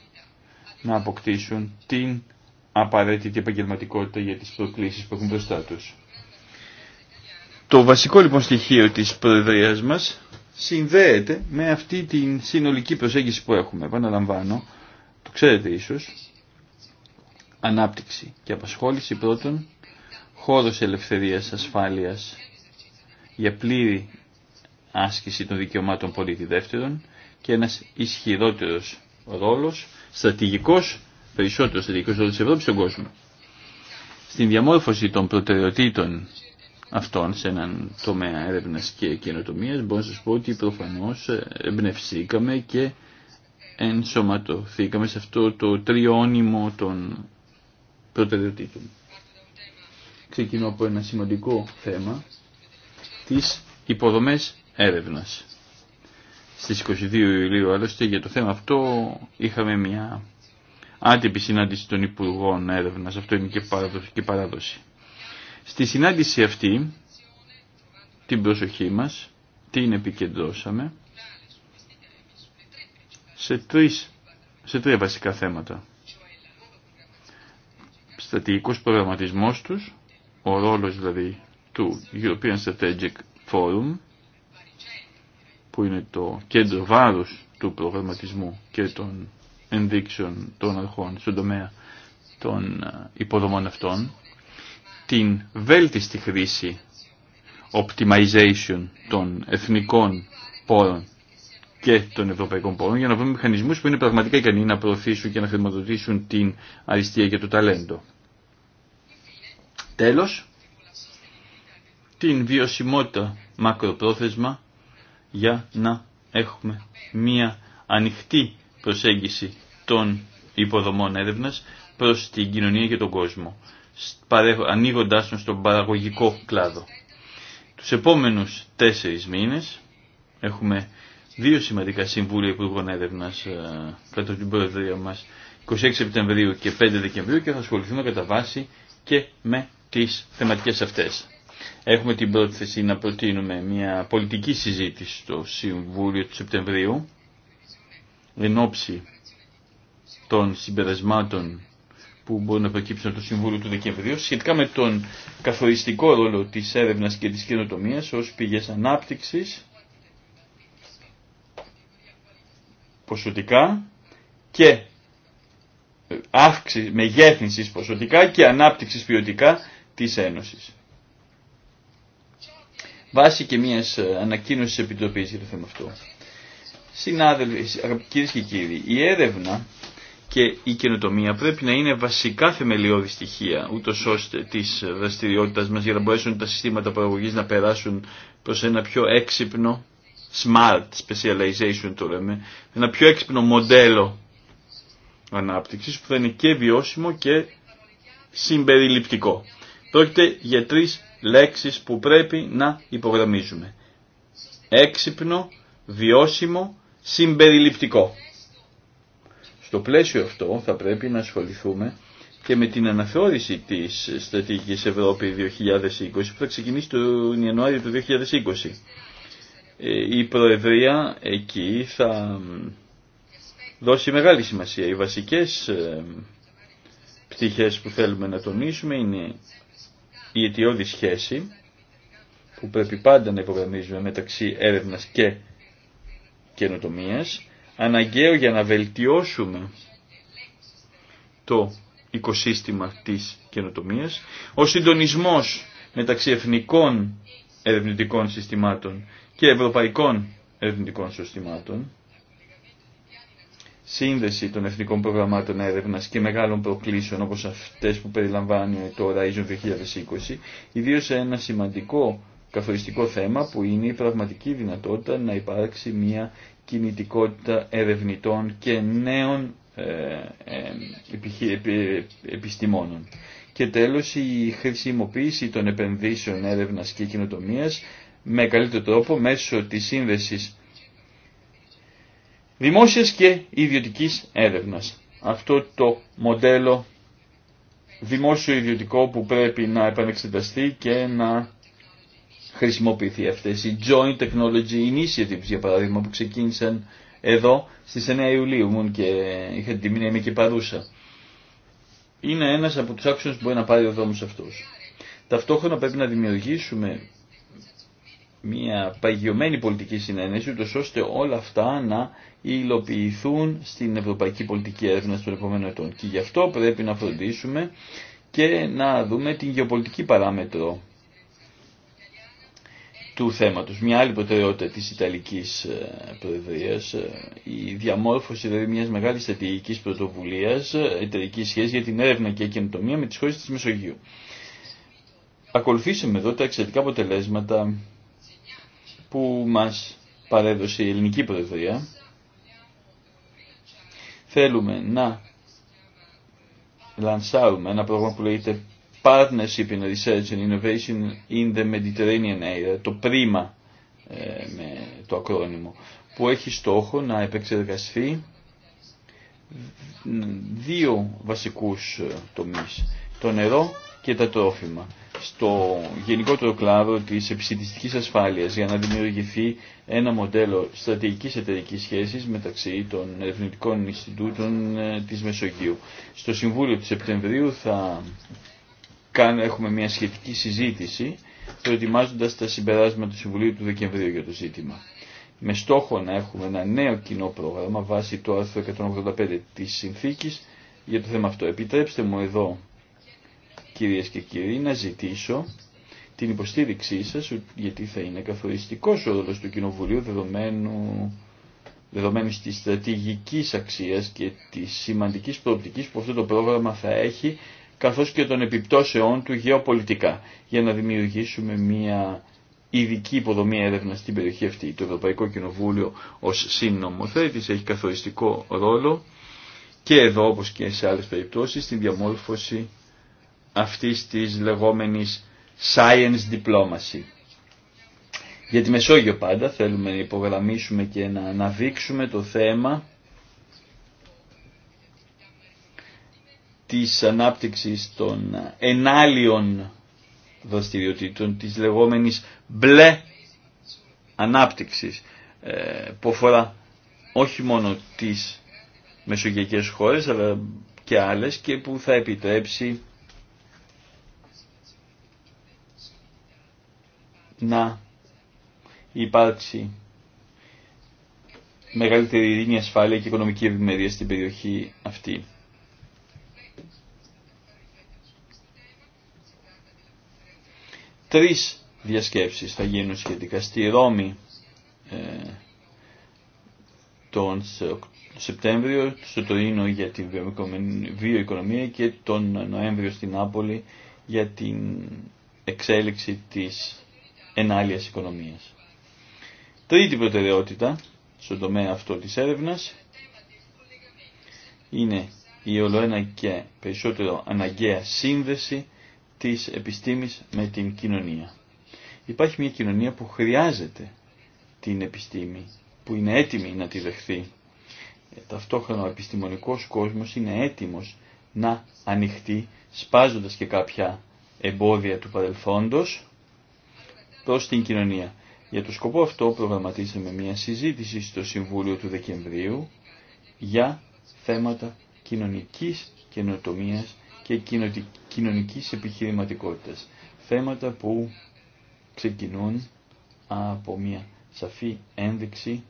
να αποκτήσουν την απαραίτητη επαγγελματικότητα για τις προκλήσεις που έχουν μπροστά τους. Το βασικό λοιπόν στοιχείο της προεδρίας μας συνδέεται με αυτή την συνολική προσέγγιση που έχουμε. Επαναλαμβάνω ξέρετε ίσως, ανάπτυξη και απασχόληση πρώτον, χώρος ελευθερίας ασφάλειας για πλήρη άσκηση των δικαιωμάτων πολίτη δεύτερον και ένας ισχυρότερος ρόλος, στρατηγικός, περισσότερο στρατηγικός ρόλος της Ευρώπης στον κόσμο. Στην διαμόρφωση των προτεραιοτήτων αυτών σε έναν τομέα έρευνας και καινοτομίας μπορώ να σα πω ότι προφανώ εμπνευσήκαμε και ενσωματωθήκαμε σε αυτό το τριώνυμο των προτεραιοτήτων. Ξεκινώ από ένα σημαντικό θέμα, τις υποδομές έρευνας. Στις 22 Ιουλίου άλλωστε για το θέμα αυτό είχαμε μια άτυπη συνάντηση των Υπουργών Έρευνας, αυτό είναι και παράδοση. Και παράδοση. Στη συνάντηση αυτή την προσοχή μας, την επικεντρώσαμε σε, τρεις, σε τρία βασικά θέματα. Στρατηγικός προγραμματισμός τους, ο ρόλος δηλαδή του European Strategic Forum, που είναι το κέντρο βάρους του προγραμματισμού και των ενδείξεων των αρχών στον τομέα των ε, υποδομών αυτών, την βέλτιστη χρήση optimization των εθνικών πόρων και των ευρωπαϊκών πόρων για να βρούμε μηχανισμούς που είναι πραγματικά ικανοί να προωθήσουν και να χρηματοδοτήσουν την αριστεία και το ταλέντο. Τέλος, την βιωσιμότητα μακροπρόθεσμα για να έχουμε μία ανοιχτή προσέγγιση των υποδομών έρευνας προς την κοινωνία και τον κόσμο, ανοίγοντάς τον στον παραγωγικό κλάδο. Τους επόμενους τέσσερις μήνες έχουμε δύο σημαντικά συμβούλια υπουργών έρευνα κατά ε, την προεδρία μα 26 Σεπτεμβρίου και 5 Δεκεμβρίου και θα ασχοληθούμε κατά βάση και με τι θεματικέ αυτέ. Έχουμε την πρόθεση να προτείνουμε μια πολιτική συζήτηση στο Συμβούλιο του Σεπτεμβρίου εν ώψη των συμπερασμάτων που μπορούν να προκύψουν από το Συμβούλιο του Δεκεμβρίου σχετικά με τον καθοριστικό ρόλο της έρευνας και της καινοτομίας ως πηγές ανάπτυξης ποσοτικά και ε, αύξηση μεγέθυνσης ποσοτικά και ανάπτυξης ποιοτικά της Ένωσης. Βάση και μιας ε, ανακοίνωσης επιτροπής για το θέμα αυτό. Συνάδελφοι, κυρίε και κύριοι, η έρευνα και η καινοτομία πρέπει να είναι βασικά θεμελιώδη στοιχεία, ούτω ώστε τη δραστηριότητα μα για να μπορέσουν τα συστήματα παραγωγή να περάσουν προ ένα πιο έξυπνο smart specialization το λέμε, ένα πιο έξυπνο μοντέλο ανάπτυξης που θα είναι και βιώσιμο και συμπεριληπτικό. Πρόκειται για τρεις λέξεις που πρέπει να υπογραμμίζουμε. Έξυπνο, βιώσιμο, συμπεριληπτικό. Στο πλαίσιο αυτό θα πρέπει να ασχοληθούμε και με την αναθεώρηση της Στρατηγικής Ευρώπη 2020 που θα ξεκινήσει τον Ιανουάριο του 2020. Ε, η Προεδρία εκεί θα δώσει μεγάλη σημασία. Οι βασικές ε, πτυχές που θέλουμε να τονίσουμε είναι η αιτιώδη σχέση που πρέπει πάντα να υπογραμμίζουμε μεταξύ έρευνας και καινοτομίας, αναγκαίο για να βελτιώσουμε το οικοσύστημα της καινοτομίας, ο συντονισμός μεταξύ εθνικών ερευνητικών συστημάτων και ευρωπαϊκών ερευνητικών συστημάτων, σύνδεση των εθνικών προγραμμάτων έρευνα και μεγάλων προκλήσεων όπως αυτές που περιλαμβάνει το Horizon 2020, ιδίως ένα σημαντικό καθοριστικό θέμα που είναι η πραγματική δυνατότητα να υπάρξει μια κινητικότητα ερευνητών και νέων ε, ε, επιστημόνων. Και τέλος η χρησιμοποίηση των επενδύσεων έρευνας και κοινοτομίας με καλύτερο τρόπο μέσω της σύνδεσης δημόσιας και ιδιωτικής έρευνας. Αυτό το μοντέλο δημόσιο-ιδιωτικό που πρέπει να επανεξεταστεί και να χρησιμοποιηθεί αυτές. Οι Joint Technology Initiatives, για παράδειγμα, που ξεκίνησαν εδώ στις 9 Ιουλίου, μου... και είχα την τιμή να είμαι και παρούσα. Είναι ένας από τους άξονες που μπορεί να πάρει ο δρόμος αυτός. Ταυτόχρονα πρέπει να δημιουργήσουμε μια παγιωμένη πολιτική συνένεση, ούτω ώστε όλα αυτά να υλοποιηθούν στην ευρωπαϊκή πολιτική έρευνα των επόμενων ετών. Και γι' αυτό πρέπει να φροντίσουμε και να δούμε την γεωπολιτική παράμετρο του θέματος. Μια άλλη προτεραιότητα της Ιταλικής ε, Προεδρίας, ε, η διαμόρφωση δηλαδή μιας μεγάλης στρατηγικής πρωτοβουλίας, ε, εταιρικής σχέσης για την έρευνα και καινοτομία με τις χώρες της Μεσογείου. Ακολουθήσαμε εδώ τα εξαιρετικά αποτελέσματα που μας παρέδωσε η ελληνική προεδρία. Θέλουμε να λανσάρουμε ένα πρόγραμμα που λέγεται Partnership in Research and Innovation in the Mediterranean Area, το πρίμα ε, με το ακρόνιμο, που έχει στόχο να επεξεργαστεί δύο βασικούς ε, τομείς, το νερό και τα τρόφιμα στο γενικότερο κλάδο της επιστημιστικής ασφάλειας για να δημιουργηθεί ένα μοντέλο στρατηγικής εταιρικής σχέσης μεταξύ των ερευνητικών Ινστιτούτων ε, της Μεσογείου. Στο Συμβούλιο του Σεπτεμβρίου θα έχουμε μια σχετική συζήτηση προετοιμάζοντας τα συμπεράσματα του Συμβουλίου του Δεκεμβρίου για το ζήτημα. Με στόχο να έχουμε ένα νέο κοινό πρόγραμμα βάσει το άρθρο 185 τη συνθήκη για το θέμα αυτό. Επιτρέψτε μου εδώ κυρίες και κύριοι, να ζητήσω την υποστήριξή σας, γιατί θα είναι καθοριστικός ο ρόλος του Κοινοβουλίου δεδομένου, δεδομένης της στρατηγικής αξίας και της σημαντικής προοπτικής που αυτό το πρόγραμμα θα έχει, καθώς και των επιπτώσεών του γεωπολιτικά, για να δημιουργήσουμε μια ειδική υποδομή έρευνα στην περιοχή αυτή. Το Ευρωπαϊκό Κοινοβούλιο ως συνομοθέτης έχει καθοριστικό ρόλο και εδώ όπως και σε άλλες περιπτώσεις στην διαμόρφωση αυτής της λεγόμενης science diplomacy. Για τη Μεσόγειο πάντα θέλουμε να υπογραμμίσουμε και να αναδείξουμε το θέμα της ανάπτυξης των ενάλιων δραστηριοτήτων, της λεγόμενης μπλε ανάπτυξης ε, που αφορά όχι μόνο τις μεσογειακές χώρες αλλά και άλλες και που θα επιτρέψει να υπάρξει μεγαλύτερη ειρήνη, ασφάλεια και οικονομική ευημερία στην περιοχή αυτή. Τρεις διασκέψεις θα γίνουν σχετικά στη Ρώμη ε, τον Σεπτέμβριο, στο Τωρίνο για την βιοοικονομία και τον Νοέμβριο στην Νάπολη για την εξέλιξη της ενάλλειας οικονομίας. Τρίτη προτεραιότητα στον τομέα αυτό της έρευνας είναι η ολοένα και περισσότερο αναγκαία σύνδεση της επιστήμης με την κοινωνία. Υπάρχει μια κοινωνία που χρειάζεται την επιστήμη, που είναι έτοιμη να τη δεχθεί. Ταυτόχρονα ο επιστημονικός κόσμος είναι έτοιμος να ανοιχτεί, σπάζοντας και κάποια εμπόδια του παρελθόντος, προς την κοινωνία. Για το σκοπό αυτό προγραμματίσαμε μια συζήτηση στο Συμβούλιο του Δεκεμβρίου για θέματα κοινωνικής καινοτομίας και κοινωνικής επιχειρηματικότητας. Θέματα που ξεκινούν από μια σαφή ένδειξη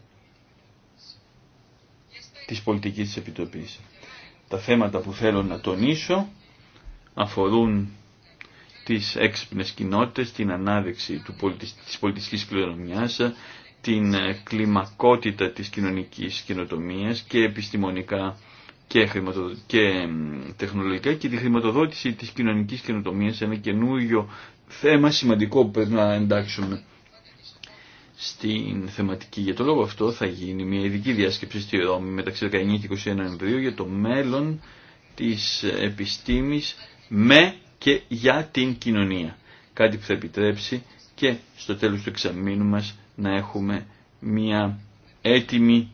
της πολιτικής της Επιτροπής. Τα θέματα που θέλω να τονίσω αφορούν τις έξυπνες κοινότητες, την ανάδειξη του της πολιτιστικής κληρονομιάς, την ε, κλιμακότητα της κοινωνικής κοινοτομίας και επιστημονικά και, χρηματοδο... και τεχνολογικά και τη χρηματοδότηση της κοινωνικής κοινοτομίας, ένα καινούριο θέμα σημαντικό που πρέπει να εντάξουμε στην θεματική. Για το λόγο αυτό θα γίνει μια ειδική διάσκεψη στη Ρώμη μεταξύ 19 και 21 Νοεμβρίου για το μέλλον της επιστήμης με και για την κοινωνία. Κάτι που θα επιτρέψει και στο τέλος του εξαμήνου μας να έχουμε μια έτοιμη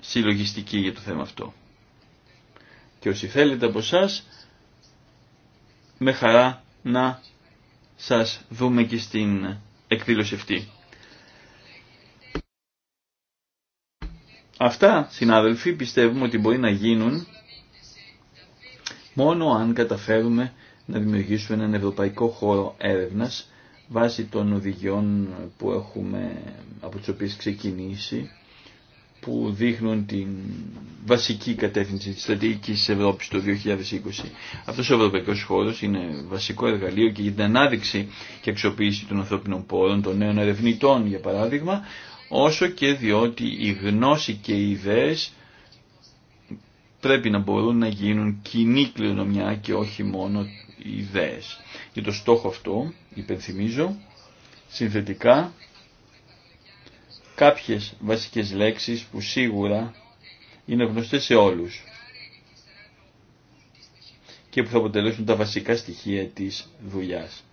συλλογιστική για το θέμα αυτό. Και όσοι θέλετε από εσά, με χαρά να σας δούμε και στην εκδήλωση αυτή. Αυτά, συνάδελφοι, πιστεύουμε ότι μπορεί να γίνουν μόνο αν καταφέρουμε να δημιουργήσουμε έναν ευρωπαϊκό χώρο έρευνας βάσει των οδηγιών που έχουμε, από τις οποίες ξεκινήσει, που δείχνουν την βασική κατεύθυνση της στρατηγικής Ευρώπης το 2020. Αυτός ο ευρωπαϊκός χώρος είναι βασικό εργαλείο και για την ανάδειξη και αξιοποίηση των ανθρώπινων πόρων, των νέων ερευνητών για παράδειγμα, όσο και διότι η γνώση και οι ιδέες πρέπει να μπορούν να γίνουν κοινή κληρονομιά και όχι μόνο ιδέες. Για το στόχο αυτό, υπενθυμίζω, συνθετικά κάποιες βασικές λέξεις που σίγουρα είναι γνωστές σε όλους και που θα αποτελέσουν τα βασικά στοιχεία της δουλειάς.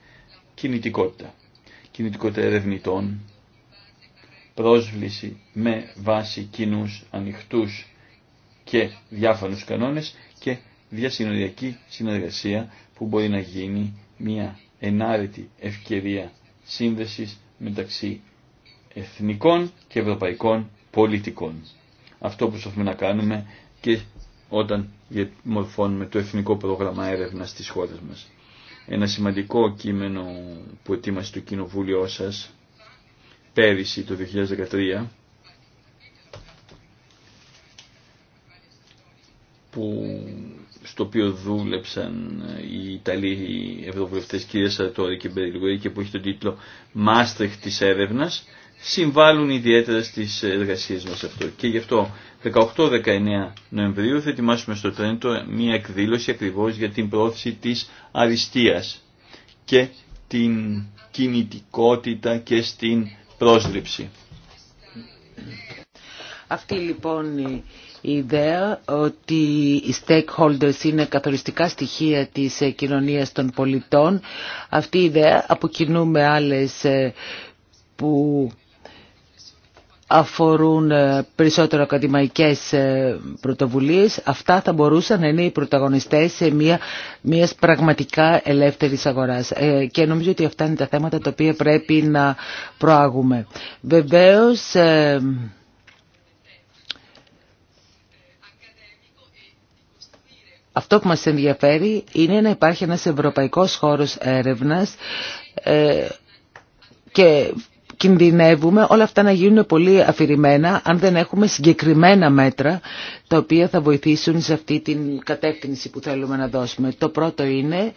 Κινητικότητα. Κινητικότητα ερευνητών, πρόσβληση με βάση κοινού ανοιχτούς και διάφανους κανόνες και διασυνοριακή συνεργασία που μπορεί να γίνει μια ενάρετη ευκαιρία σύνδεσης μεταξύ εθνικών και ευρωπαϊκών πολιτικών. Αυτό που προσπαθούμε να κάνουμε και όταν μορφώνουμε το εθνικό πρόγραμμα έρευνας στις χώρες μας. Ένα σημαντικό κείμενο που ετοίμασε το κοινοβούλιο σας πέρυσι το 2013 που στο οποίο δούλεψαν οι Ιταλοί ευρωβουλευτές κυρία Σαρτόρη και Μπεριλγορή και που έχει τον τίτλο «Μάστρεχ της έρευνας» συμβάλλουν ιδιαίτερα στις εργασίες μας αυτό. Και γι' αυτό 18-19 Νοεμβρίου θα ετοιμάσουμε στο Τρέντο μία εκδήλωση ακριβώς για την πρόθεση της αριστείας και την κινητικότητα και στην πρόσληψη. Αυτή λοιπόν η ιδέα ότι οι stakeholders είναι καθοριστικά στοιχεία της ε, κοινωνίας των πολιτών. Αυτή η ιδέα με άλλες ε, που αφορούν ε, περισσότερο ακαδημαϊκές πρωτοβουλίες. Αυτά θα μπορούσαν να είναι οι πρωταγωνιστές σε μια, μιας πραγματικά ελεύθερης αγοράς. Και νομίζω ότι αυτά είναι τα θέματα τα οποία πρέπει να προάγουμε. Βεβαίως... Αυτό που μας ενδιαφέρει είναι να υπάρχει ένας ευρωπαϊκός χώρος έρευνας ε, και κινδυνεύουμε όλα αυτά να γίνουν πολύ αφηρημένα αν δεν έχουμε συγκεκριμένα μέτρα τα οποία θα βοηθήσουν σε αυτή την κατεύθυνση που θέλουμε να δώσουμε. Το πρώτο είναι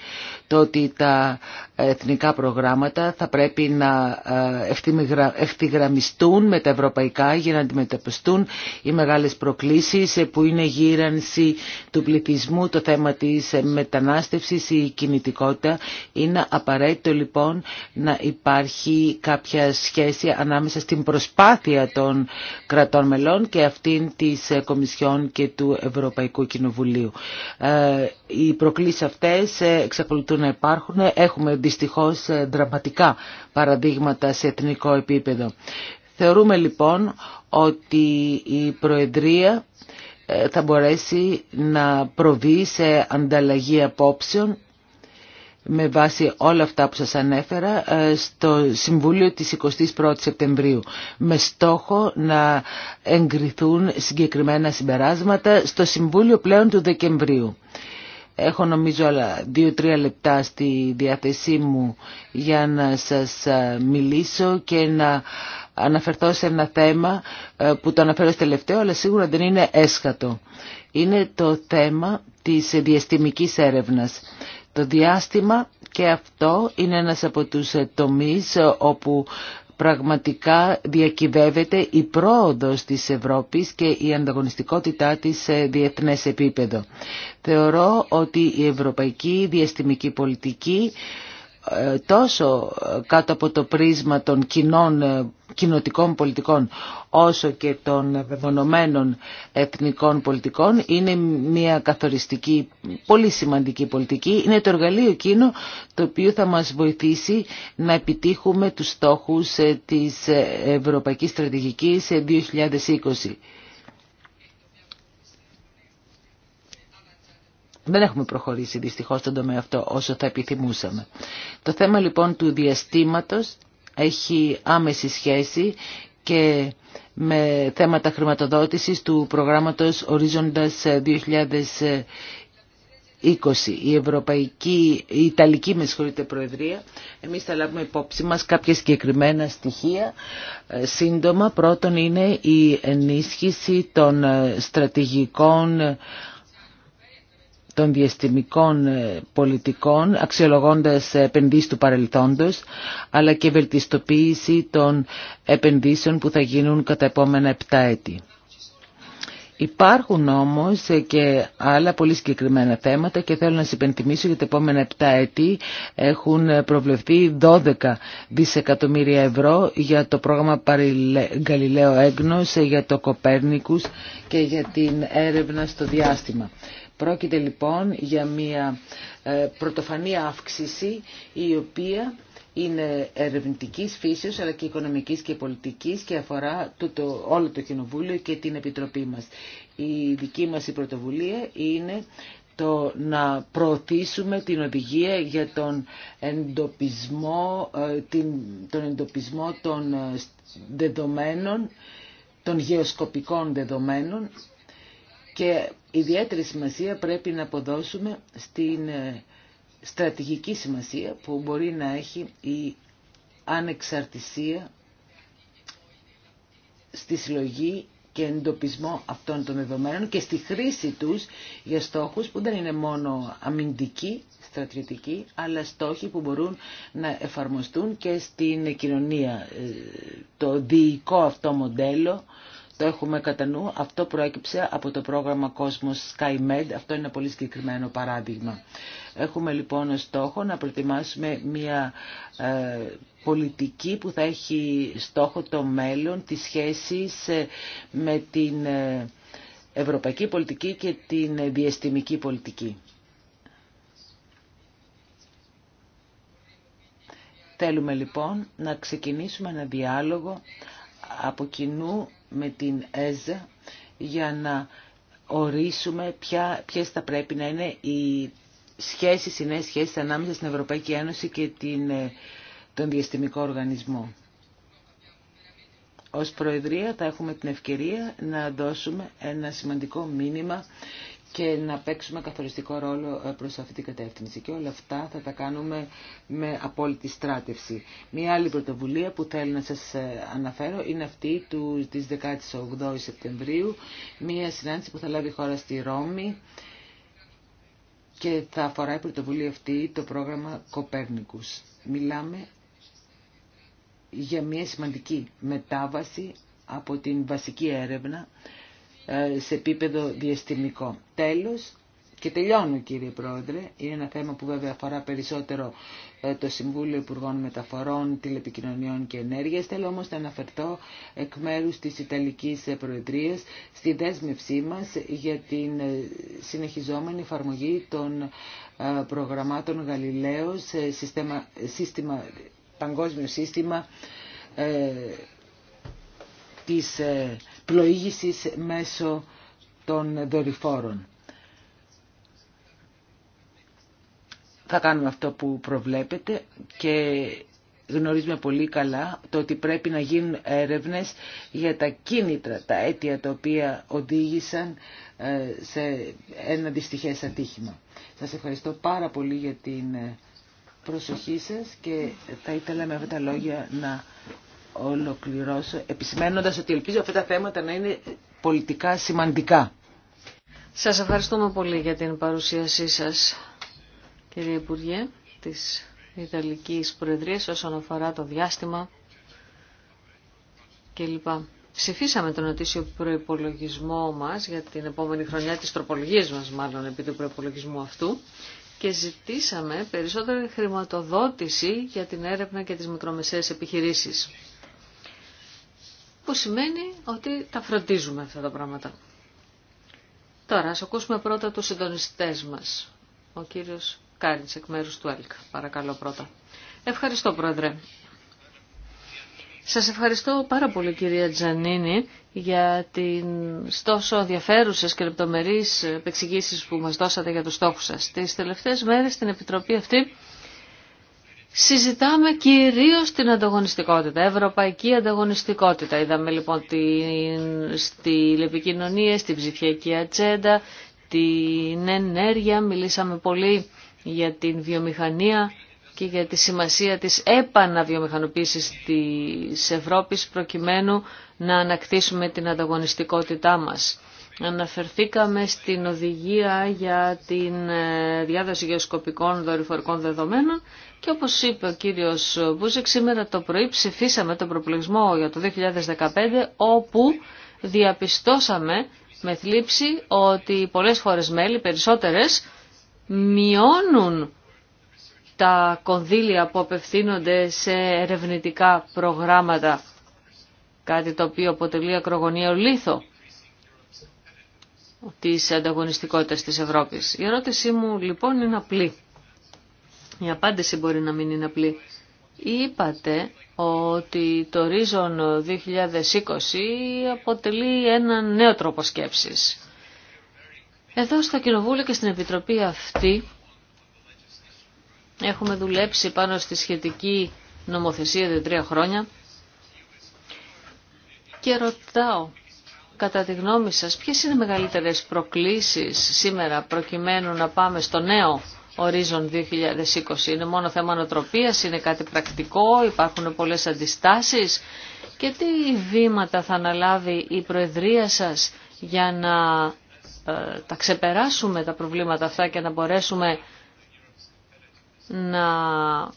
το ότι τα εθνικά προγράμματα θα πρέπει να ε, ευθυγραμμιστούν με τα ευρωπαϊκά για να αντιμετωπιστούν οι μεγάλες προκλήσεις ε, που είναι γύρανση του πληθυσμού, το θέμα της ε, μετανάστευσης, η κινητικότητα. Είναι απαραίτητο λοιπόν να υπάρχει κάποια σχέση σχέση ανάμεσα στην προσπάθεια των κρατών μελών και αυτήν της Κομισιόν και του Ευρωπαϊκού Κοινοβουλίου. Ε, οι προκλήσεις αυτές εξακολουθούν να υπάρχουν. Έχουμε δυστυχώς δραματικά παραδείγματα σε εθνικό επίπεδο. Θεωρούμε λοιπόν ότι η Προεδρία ε, θα μπορέσει να προβεί σε ανταλλαγή απόψεων με βάση όλα αυτά που σας ανέφερα ε, στο Συμβούλιο της 21ης Σεπτεμβρίου με στόχο να εγκριθούν συγκεκριμένα συμπεράσματα στο Συμβούλιο πλέον του Δεκεμβρίου. Έχω νομίζω άλλα δύο-τρία λεπτά στη διάθεσή μου για να σας ε, μιλήσω και να αναφερθώ σε ένα θέμα ε, που το αναφέρω στο τελευταίο αλλά σίγουρα δεν είναι έσχατο. Είναι το θέμα της διαστημικής έρευνας. Το διάστημα και αυτό είναι ένας από τους ε, τομείς ε, όπου πραγματικά διακυβεύεται η πρόοδος της Ευρώπης και η ανταγωνιστικότητά της σε διεθνές επίπεδο. Θεωρώ ότι η ευρωπαϊκή διαστημική πολιτική ε, τόσο κάτω από το πρίσμα των κοινών, κοινοτικών πολιτικών όσο και των βεβαιωμένων εθνικών πολιτικών είναι μια καθοριστική, πολύ σημαντική πολιτική. Είναι το εργαλείο εκείνο το οποίο θα μας βοηθήσει να επιτύχουμε τους στόχους ε, της Ευρωπαϊκής Στρατηγικής 2020. Ε, Δεν έχουμε προχωρήσει δυστυχώς στον τομέα αυτό όσο θα επιθυμούσαμε. Το θέμα λοιπόν του διαστήματος έχει άμεση σχέση και με θέματα χρηματοδότησης του προγράμματος Ορίζοντας 2020. Ε, η Ευρωπαϊκή, η Ιταλική με Προεδρία, εμείς θα λάβουμε υπόψη μας κάποια συγκεκριμένα στοιχεία. Ε, σύντομα, πρώτον είναι η ενίσχυση των ε, στρατηγικών των διαστημικών ε, πολιτικών, αξιολογώντας επενδύσεις του παρελθόντος, αλλά και βελτιστοποίηση των επενδύσεων που θα γίνουν κατά επόμενα 7 έτη. Υπάρχουν όμως και άλλα πολύ συγκεκριμένα θέματα και θέλω να σας υπενθυμίσω για τα επόμενα 7 έτη έχουν προβλεφθεί 12 δισεκατομμύρια ευρώ για το πρόγραμμα Γαλιλαίο Έγνος, για το Κοπέρνικους και για την έρευνα στο διάστημα. Πρόκειται λοιπόν για μια ε, πρωτοφανή αύξηση η οποία είναι ερευνητικής φύσεως αλλά και οικονομικής και πολιτικής και αφορά το, όλο το Κοινοβούλιο και την Επιτροπή μας. Η δική μας η πρωτοβουλία είναι το να προωθήσουμε την οδηγία για τον εντοπισμό, ε, την, τον εντοπισμό των ε, δεδομένων, των γεωσκοπικών δεδομένων και ιδιαίτερη σημασία πρέπει να αποδώσουμε στην ε, στρατηγική σημασία που μπορεί να έχει η ανεξαρτησία στη συλλογή και εντοπισμό αυτών των δεδομένων και στη χρήση τους για στόχους που δεν είναι μόνο αμυντικοί, στρατιωτικοί, αλλά στόχοι που μπορούν να εφαρμοστούν και στην κοινωνία. Ε, το διοικό αυτό μοντέλο το έχουμε κατά νου. Αυτό προέκυψε από το πρόγραμμα Cosmos SkyMed. Αυτό είναι ένα πολύ συγκεκριμένο παράδειγμα. Έχουμε λοιπόν ως στόχο να προετοιμάσουμε μια ε, πολιτική που θα έχει στόχο το μέλλον της σχέσης ε, με την ε, ευρωπαϊκή πολιτική και την διαστημική πολιτική. Θέλουμε λοιπόν να ξεκινήσουμε ένα διάλογο από κοινού με την ΕΖΑ για να ορίσουμε ποια, ποιες θα πρέπει να είναι οι σχέσεις, οι νέες σχέσεις ανάμεσα στην Ευρωπαϊκή Ένωση και την, ε, τον Διαστημικό Οργανισμό. Ως Προεδρία θα έχουμε την ευκαιρία να δώσουμε ένα σημαντικό μήνυμα και να παίξουμε καθοριστικό ρόλο ε, προς αυτή την κατεύθυνση. Και όλα αυτά θα τα κάνουμε με απόλυτη στράτευση. Μία άλλη πρωτοβουλία που θέλω να σας ε, αναφέρω είναι αυτή του, της 18 Σεπτεμβρίου, μία συνάντηση που θα λάβει η χώρα στη Ρώμη και θα αφορά η πρωτοβουλία αυτή το πρόγραμμα Κοπέρνικους. Μιλάμε για μία σημαντική μετάβαση από την βασική έρευνα ε, σε επίπεδο διαστημικό. Τέλος, και τελειώνω κύριε Πρόεδρε, είναι ένα θέμα που βέβαια αφορά περισσότερο ε, το Συμβούλιο Υπουργών Μεταφορών, Τηλεπικοινωνιών και Ενέργειας. Θέλω όμως να αναφερθώ εκ μέρους της Ιταλικής Προεδρίας στη δέσμευσή μας για την ε, συνεχιζόμενη εφαρμογή των προγραμμάτων Γαλιλαίος σε σύστημα, σύστημα, παγκόσμιο σύστημα ε, πλοήγησης μέσω των δορυφόρων. Θα κάνουμε αυτό που προβλέπετε και γνωρίζουμε πολύ καλά το ότι πρέπει να γίνουν έρευνες για τα κίνητρα, τα αίτια τα οποία οδήγησαν ε, σε ένα δυστυχές ατύχημα. Σας ευχαριστώ πάρα πολύ για την ε, προσοχή σας και θα ήθελα με αυτά τα λόγια να ολοκληρώσω επισημένοντας ότι ελπίζω αυτά τα θέματα να είναι πολιτικά σημαντικά. Σας ευχαριστούμε πολύ για την παρουσίασή σας, κύριε Υπουργέ της Ιταλικής Προεδρίας όσον αφορά το διάστημα κλπ. Ψηφίσαμε τον ετήσιο προπολογισμό μας για την επόμενη χρονιά της τροπολογίας μας μάλλον επί του προπολογισμού αυτού και ζητήσαμε περισσότερη χρηματοδότηση για την έρευνα και τις μικρομεσαίες επιχειρήσεις που σημαίνει ότι τα φροντίζουμε αυτά τα πράγματα. Τώρα, ας ακούσουμε πρώτα τους συντονιστές μας. Ο κύριος Κάριντς, εκ μέρους του ΕΛΚ. Παρακαλώ πρώτα. Ευχαριστώ, Πρόεδρε. Σας ευχαριστώ πάρα πολύ, κυρία Τζανίνη, για την τόσο ενδιαφέρουσες και λεπτομερείς επεξηγήσεις που μας δώσατε για τους στόχους σας. Τις τελευταίες μέρες στην Επιτροπή αυτή Συζητάμε κυρίως την ανταγωνιστικότητα, ευρωπαϊκή ανταγωνιστικότητα. Είδαμε λοιπόν την, στη τη στην ψηφιακή ατζέντα, την ενέργεια, μιλήσαμε πολύ για την βιομηχανία και για τη σημασία της επαναβιομηχανοποίησης της Ευρώπης προκειμένου να ανακτήσουμε την ανταγωνιστικότητά μας. Αναφερθήκαμε στην οδηγία για την ε, διάδοση γεωσκοπικών δορυφορικών δεδομένων και όπως είπε ο κύριος Μπούζεκ, σήμερα το πρωί ψηφίσαμε τον προπλησμό για το 2015, όπου διαπιστώσαμε με θλίψη ότι πολλές φορές μέλη, περισσότερες, μειώνουν τα κονδύλια που απευθύνονται σε ερευνητικά προγράμματα, κάτι το οποίο αποτελεί ακρογωνία λίθο της ανταγωνιστικότητας της Ευρώπης. Η ερώτησή μου λοιπόν είναι απλή. Η απάντηση μπορεί να μην είναι απλή. Είπατε ότι το ρίζων 2020 αποτελεί έναν νέο τρόπο σκέψης. Εδώ στο Κοινοβούλιο και στην Επιτροπή αυτή έχουμε δουλέψει πάνω στη σχετική νομοθεσία για τρία χρόνια και ρωτάω κατά τη γνώμη σας ποιες είναι οι μεγαλύτερες προκλήσεις σήμερα προκειμένου να πάμε στο νέο Ορίζον 2020. Είναι μόνο θέμα νοτροπίας, είναι κάτι πρακτικό, υπάρχουν πολλές αντιστάσεις. Και τι βήματα θα αναλάβει η Προεδρία σας για να ε, τα ξεπεράσουμε τα προβλήματα αυτά και να μπορέσουμε να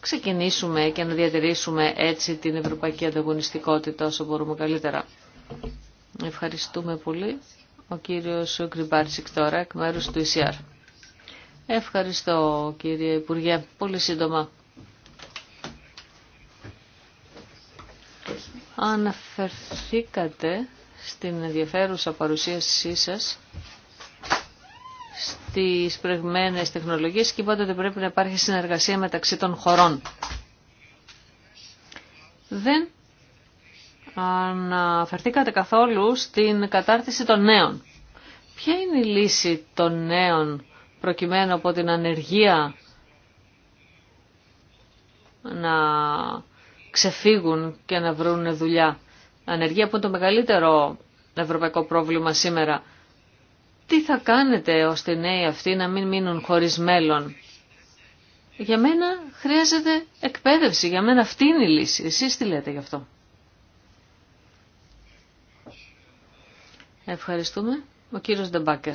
ξεκινήσουμε και να διατηρήσουμε έτσι την ευρωπαϊκή ανταγωνιστικότητα όσο μπορούμε καλύτερα. Ευχαριστούμε πολύ. Ο κύριος Κρυμπάρισικ τώρα εκ μέρους του ECR. Ευχαριστώ κύριε Υπουργέ. Πολύ σύντομα. Αναφερθήκατε στην ενδιαφέρουσα παρουσίασή σας στις προηγμένες τεχνολογίες και είπατε ότι πρέπει να υπάρχει συνεργασία μεταξύ των χωρών. Δεν αναφερθήκατε καθόλου στην κατάρτιση των νέων. Ποια είναι η λύση των νέων προκειμένου από την ανεργία να ξεφύγουν και να βρουν δουλειά. Ανεργία που είναι το μεγαλύτερο ευρωπαϊκό πρόβλημα σήμερα. Τι θα κάνετε ώστε οι νέοι αυτοί να μην μείνουν χωρίς μέλλον. Για μένα χρειάζεται εκπαίδευση, για μένα αυτή είναι η λύση. Εσείς τι λέτε γι' αυτό. Ευχαριστούμε. Ο κύριος Ντεμπάκερ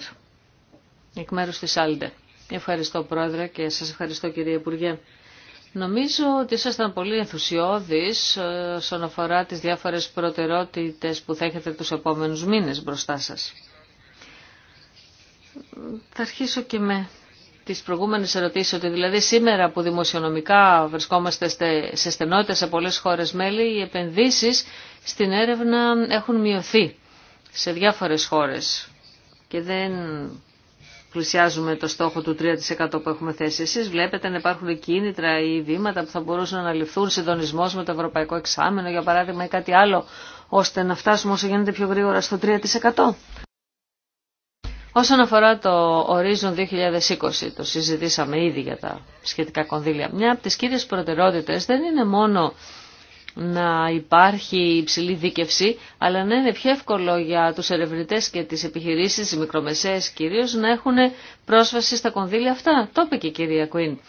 εκ μέρους της Άλντε. Ευχαριστώ Πρόεδρε και σας ευχαριστώ κύριε Υπουργέ. Νομίζω ότι ήσασταν πολύ ενθουσιώδης ε, όσον αφορά τις διάφορες προτεραιότητες που θα έχετε τους επόμενους μήνες μπροστά σας. Θα αρχίσω και με τις προηγούμενες ερωτήσεις, ότι δηλαδή σήμερα που δημοσιονομικά βρισκόμαστε σε στενότητα σε πολλές χώρες μέλη, οι επενδύσεις στην έρευνα έχουν μειωθεί σε διάφορες χώρες και δεν πλησιάζουμε το στόχο του 3% που έχουμε θέσει. Εσείς βλέπετε να υπάρχουν κίνητρα ή βήματα που θα μπορούσαν να ληφθούν, συντονισμό με το Ευρωπαϊκό Εξάμενο για παράδειγμα ή κάτι άλλο, ώστε να φτάσουμε όσο γίνεται πιο γρήγορα στο 3%. Όσον αφορά το Horizon 2020, το συζητήσαμε ήδη για τα σχετικά κονδύλια, μια από τις κύριες προτεραιότητες δεν είναι μόνο να υπάρχει υψηλή δίκευση, αλλά να είναι πιο εύκολο για τους ερευνητές και τις επιχειρήσεις, οι μικρομεσαίες κυρίως, να έχουν πρόσβαση στα κονδύλια αυτά. Το είπε και η κυρία Κουίν.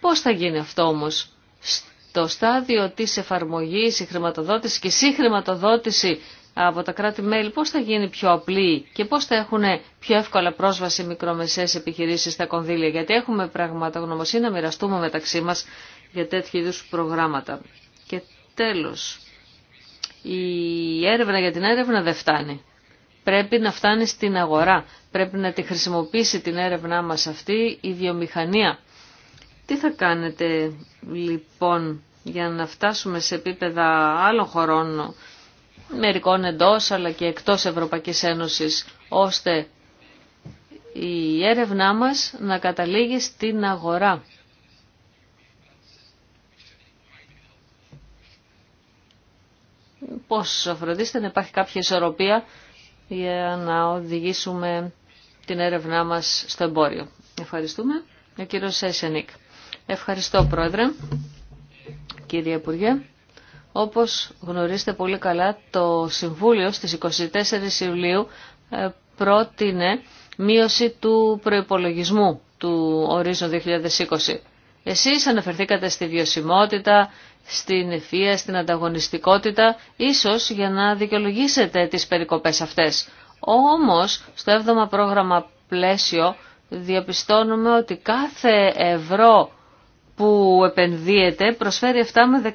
Πώς θα γίνει αυτό όμως στο στάδιο της εφαρμογής, η χρηματοδότηση και η συγχρηματοδότηση από τα κράτη-μέλη, πώς θα γίνει πιο απλή και πώς θα έχουν πιο εύκολα πρόσβαση μικρομεσαίες επιχειρήσεις στα κονδύλια, γιατί έχουμε πραγματογνωμοσύνη να μοιραστούμε μεταξύ μας για τέτοιου είδου προγράμματα. Και Τέλος, η έρευνα για την έρευνα δεν φτάνει. Πρέπει να φτάνει στην αγορά. Πρέπει να τη χρησιμοποιήσει την έρευνά μας αυτή η βιομηχανία. Τι θα κάνετε λοιπόν για να φτάσουμε σε επίπεδα άλλων χωρών, μερικών εντός αλλά και εκτός Ευρωπαϊκής Ένωσης, ώστε η έρευνά μας να καταλήγει στην αγορά πώς φροντίστε να υπάρχει κάποια ισορροπία για να οδηγήσουμε την έρευνά μας στο εμπόριο. Ευχαριστούμε. Ο κύριος Σέσενικ. Ευχαριστώ Πρόεδρε, κύριε Υπουργέ. Όπως γνωρίζετε πολύ καλά, το Συμβούλιο στις 24 Ιουλίου ε, πρότεινε μείωση του προϋπολογισμού του ορίζον 2020. Εσείς αναφερθήκατε στη βιωσιμότητα, στην ευφία, στην ανταγωνιστικότητα, ίσως για να δικαιολογήσετε τις περικοπές αυτές. Όμως, στο 7ο πρόγραμμα πλαίσιο διαπιστώνουμε ότι κάθε ευρώ που επενδύεται προσφέρει 7 με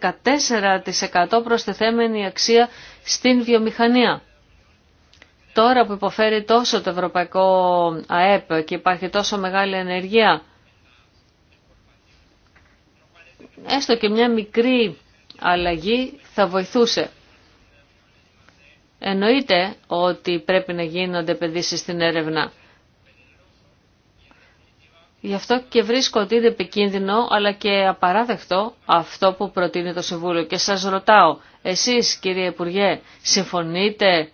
14% προσθεθέμενη αξία στην βιομηχανία. Τώρα που υποφέρει τόσο το ευρωπαϊκό ΑΕΠ και υπάρχει τόσο μεγάλη ενεργεία, έστω και μια μικρή αλλαγή θα βοηθούσε. Εννοείται ότι πρέπει να γίνονται επενδύσεις στην έρευνα. Γι' αυτό και βρίσκω ότι είναι επικίνδυνο αλλά και απαράδεκτο αυτό που προτείνει το Συμβούλιο. Και σας ρωτάω, εσείς κύριε Υπουργέ, συμφωνείτε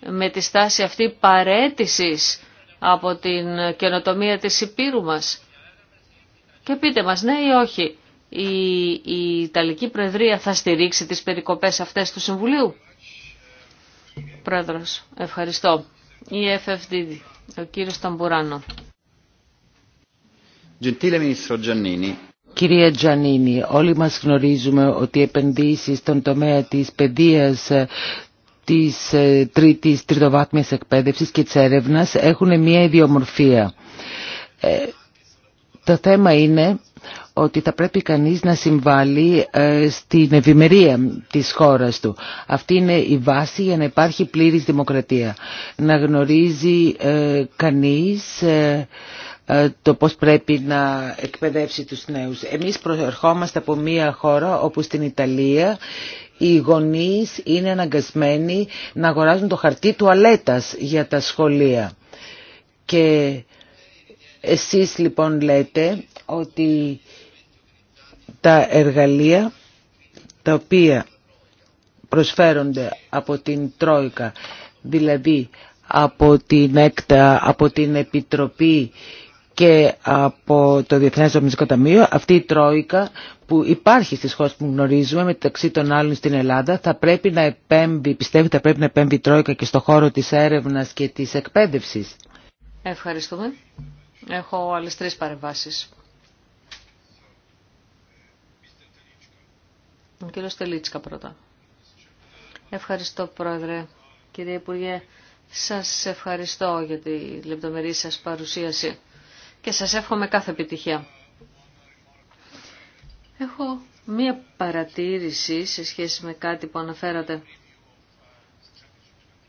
με τη στάση αυτή παρέτησης από την καινοτομία της Υπήρου μας. Και πείτε μας ναι ή όχι, η, Ιταλική Προεδρία θα στηρίξει τις περικοπές αυτές του Συμβουλίου. Πρόεδρος, ευχαριστώ. Η FFDD, ο κύριος Ταμπουράνο. Κυρία Τζανίνη, όλοι μας γνωρίζουμε ότι οι επενδύσεις στον τομέα της παιδείας, της ε, τρίτης τριτοβάθμιας εκπαίδευσης και της έρευνας έχουν μια ιδιομορφία. Ε, το θέμα είναι ότι θα πρέπει κανείς να συμβάλλει ε, στην ευημερία της χώρας του. Αυτή είναι η βάση για να υπάρχει πλήρης δημοκρατία. Να γνωρίζει ε, κανείς ε, το πώς πρέπει να εκπαιδεύσει τους νέους. Εμείς προερχόμαστε από μια χώρα όπου στην Ιταλία οι γονείς είναι αναγκασμένοι να αγοράζουν το χαρτί τουαλέτας για τα σχολεία. Και εσείς λοιπόν λέτε ότι τα εργαλεία τα οποία προσφέρονται από την Τρόικα, δηλαδή από την ΕΚΤΑ, από την Επιτροπή και από το Διεθνές Δομιστικό Ταμείο, αυτή η Τρόικα που υπάρχει στις χώρες που γνωρίζουμε μεταξύ των άλλων στην Ελλάδα θα πρέπει να επέμβει, πιστεύετε θα πρέπει να επέμβει η Τρόικα και στο χώρο της έρευνας και της εκπαίδευσης. Ευχαριστούμε. Έχω άλλες τρεις παρεμβάσεις. Ο κύριος Τελίτσκα πρώτα. Ευχαριστώ πρόεδρε. Κύριε Υπουργέ, σας ευχαριστώ για τη λεπτομερή σας παρουσίαση και σας εύχομαι κάθε επιτυχία. Έχω μία παρατήρηση σε σχέση με κάτι που αναφέρατε.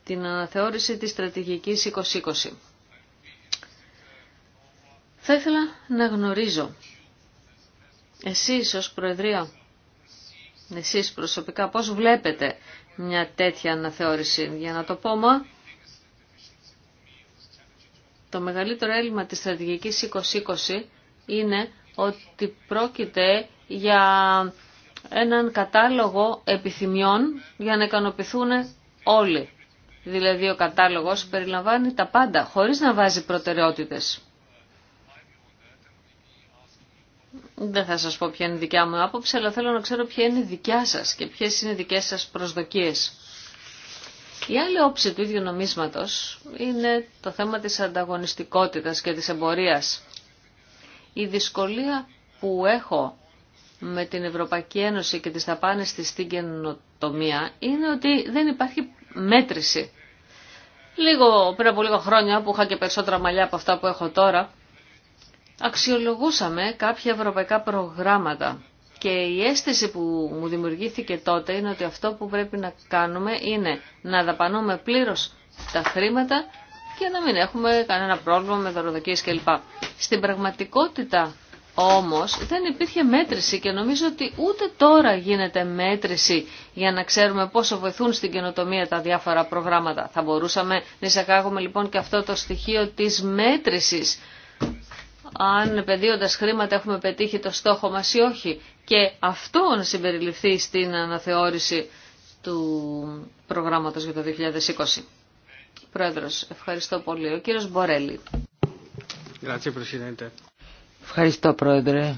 Την αναθεώρηση της στρατηγικής 2020. Θα ήθελα να γνωρίζω εσείς ως Προεδρία, εσείς προσωπικά πώς βλέπετε μια τέτοια αναθεώρηση. Για να το πω μα, το μεγαλύτερο έλλειμμα της στρατηγικής 2020 είναι ότι πρόκειται για έναν κατάλογο επιθυμιών για να ικανοποιηθούν όλοι. Δηλαδή ο κατάλογος περιλαμβάνει τα πάντα, χωρίς να βάζει προτεραιότητες. Δεν θα σας πω ποια είναι η δικιά μου άποψη, αλλά θέλω να ξέρω ποια είναι η δικιά σας και ποιες είναι οι δικές σας προσδοκίες. Η άλλη όψη του ίδιου νομίσματος είναι το θέμα της ανταγωνιστικότητας και της εμπορίας. Η δυσκολία που έχω με την Ευρωπαϊκή Ένωση και τις ταπάνες της στην καινοτομία είναι ότι δεν υπάρχει μέτρηση. Λίγο πριν από λίγο χρόνια που είχα και περισσότερα μαλλιά από αυτά που έχω τώρα, αξιολογούσαμε κάποια ευρωπαϊκά προγράμματα και η αίσθηση που μου δημιουργήθηκε τότε είναι ότι αυτό που πρέπει να κάνουμε είναι να δαπανούμε πλήρως τα χρήματα και να μην έχουμε κανένα πρόβλημα με δωροδοκίες κλπ. Στην πραγματικότητα όμως δεν υπήρχε μέτρηση και νομίζω ότι ούτε τώρα γίνεται μέτρηση για να ξέρουμε πόσο βοηθούν στην καινοτομία τα διάφορα προγράμματα. Θα μπορούσαμε να εισακάγουμε λοιπόν και αυτό το στοιχείο της μέτρησης αν επενδύοντας χρήματα έχουμε πετύχει το στόχο μας ή όχι. Και αυτό να συμπεριληφθεί στην αναθεώρηση του προγράμματος για το 2020. Πρόεδρος, ευχαριστώ πολύ. Ο κύριος Μπορέλη. Ευχαριστώ Πρόεδρε.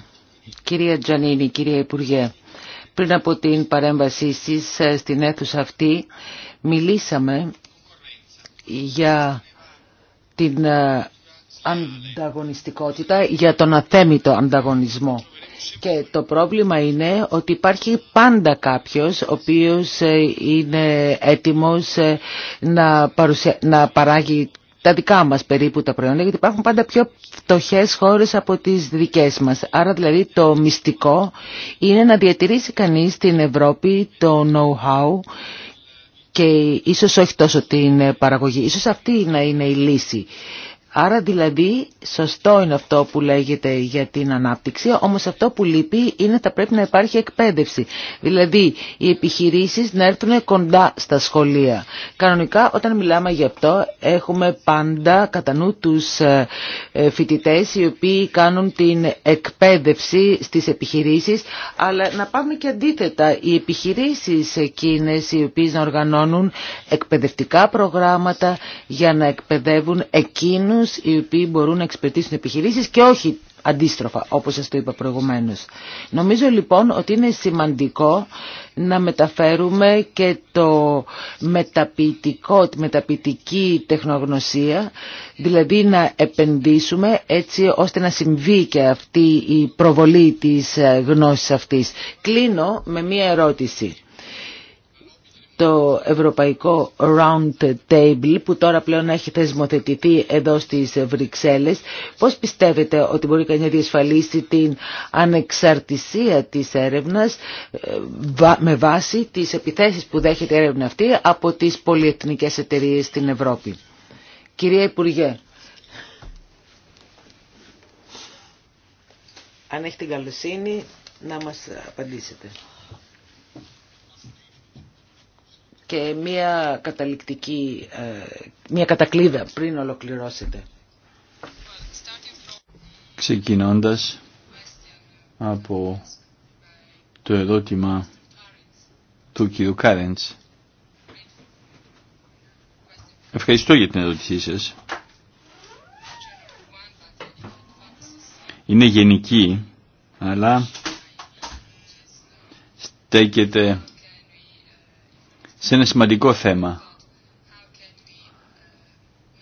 Κυρία Τζανίνη, κυρία Υπουργέ, πριν από την παρέμβασή σας στην αίθουσα αυτή μιλήσαμε για την ε, ανταγωνιστικότητα, για τον αθέμητο ανταγωνισμό. Και το πρόβλημα είναι ότι υπάρχει πάντα κάποιος ο οποίος ε, είναι έτοιμος ε, να, να παράγει τα δικά μας περίπου τα προϊόντα, γιατί υπάρχουν πάντα πιο φτωχές χώρες από τις δικές μας. Άρα δηλαδή το μυστικό είναι να διατηρήσει κανείς στην Ευρώπη το know-how και ίσως όχι τόσο την παραγωγή. Ίσως αυτή να είναι η λύση. Άρα δηλαδή σωστό είναι αυτό που λέγεται για την ανάπτυξη, όμως αυτό που λείπει είναι ότι πρέπει να υπάρχει εκπαίδευση. Δηλαδή οι επιχειρήσεις να έρθουν κοντά στα σχολεία. Κανονικά όταν μιλάμε για αυτό έχουμε πάντα κατά νου τους ε, ε, φοιτητές οι οποίοι κάνουν την εκπαίδευση στις επιχειρήσεις, αλλά να πάμε και αντίθετα. Οι επιχειρήσεις εκείνες οι οποίες να οργανώνουν εκπαιδευτικά προγράμματα για να εκπαιδεύουν εκείνους οι οποίοι μπορούν να εξυπηρετήσουν επιχειρήσεις και όχι αντίστροφα όπως σας το είπα προηγουμένως. Νομίζω λοιπόν ότι είναι σημαντικό να μεταφέρουμε και το μεταποιητικό, τη μεταποιητική τεχνογνωσία, δηλαδή να επενδύσουμε έτσι ώστε να συμβεί και αυτή η προβολή της γνώσης αυτής. Κλείνω με μία ερώτηση το ευρωπαϊκό round table που τώρα πλέον έχει θεσμοθετηθεί εδώ στις Βρυξέλλες. Πώς πιστεύετε ότι μπορεί κανείς να διασφαλίσει την ανεξαρτησία της έρευνας ε, με βάση τις επιθέσεις που δέχεται η έρευνα αυτή από τις πολυεθνικές εταιρείες στην Ευρώπη. Κυρία Υπουργέ, αν έχει την καλοσύνη να μας απαντήσετε. και μία καταληκτική, ε, μία κατακλίδα πριν ολοκληρώσετε. Ξεκινώντας από το ερώτημα του κύριου Κάρεντς. Ευχαριστώ για την ερώτησή σας. Είναι γενική, αλλά στέκεται σε ένα σημαντικό θέμα.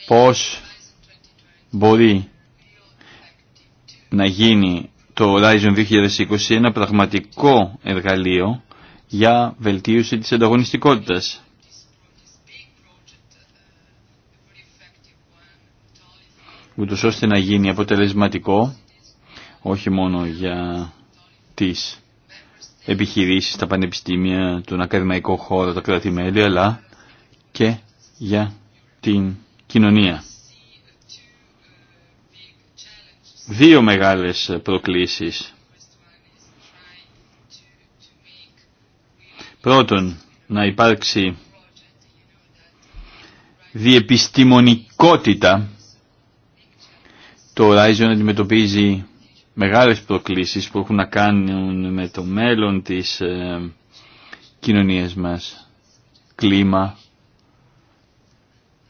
Πώς μπορεί να γίνει το Horizon 2020 ένα πραγματικό εργαλείο για βελτίωση της ανταγωνιστικότητας. ούτως ώστε να γίνει αποτελεσματικό όχι μόνο για τις επιχειρήσεις, τα πανεπιστήμια, τον ακαδημαϊκό χώρο, τα κρατη αλλά και για την κοινωνία. Δύο μεγάλες προκλήσεις. Πρώτον, να υπάρξει διεπιστημονικότητα. Το Horizon αντιμετωπίζει μεγάλες προκλήσεις που έχουν να κάνουν με το μέλλον της ε, κοινωνίας μας. Κλίμα,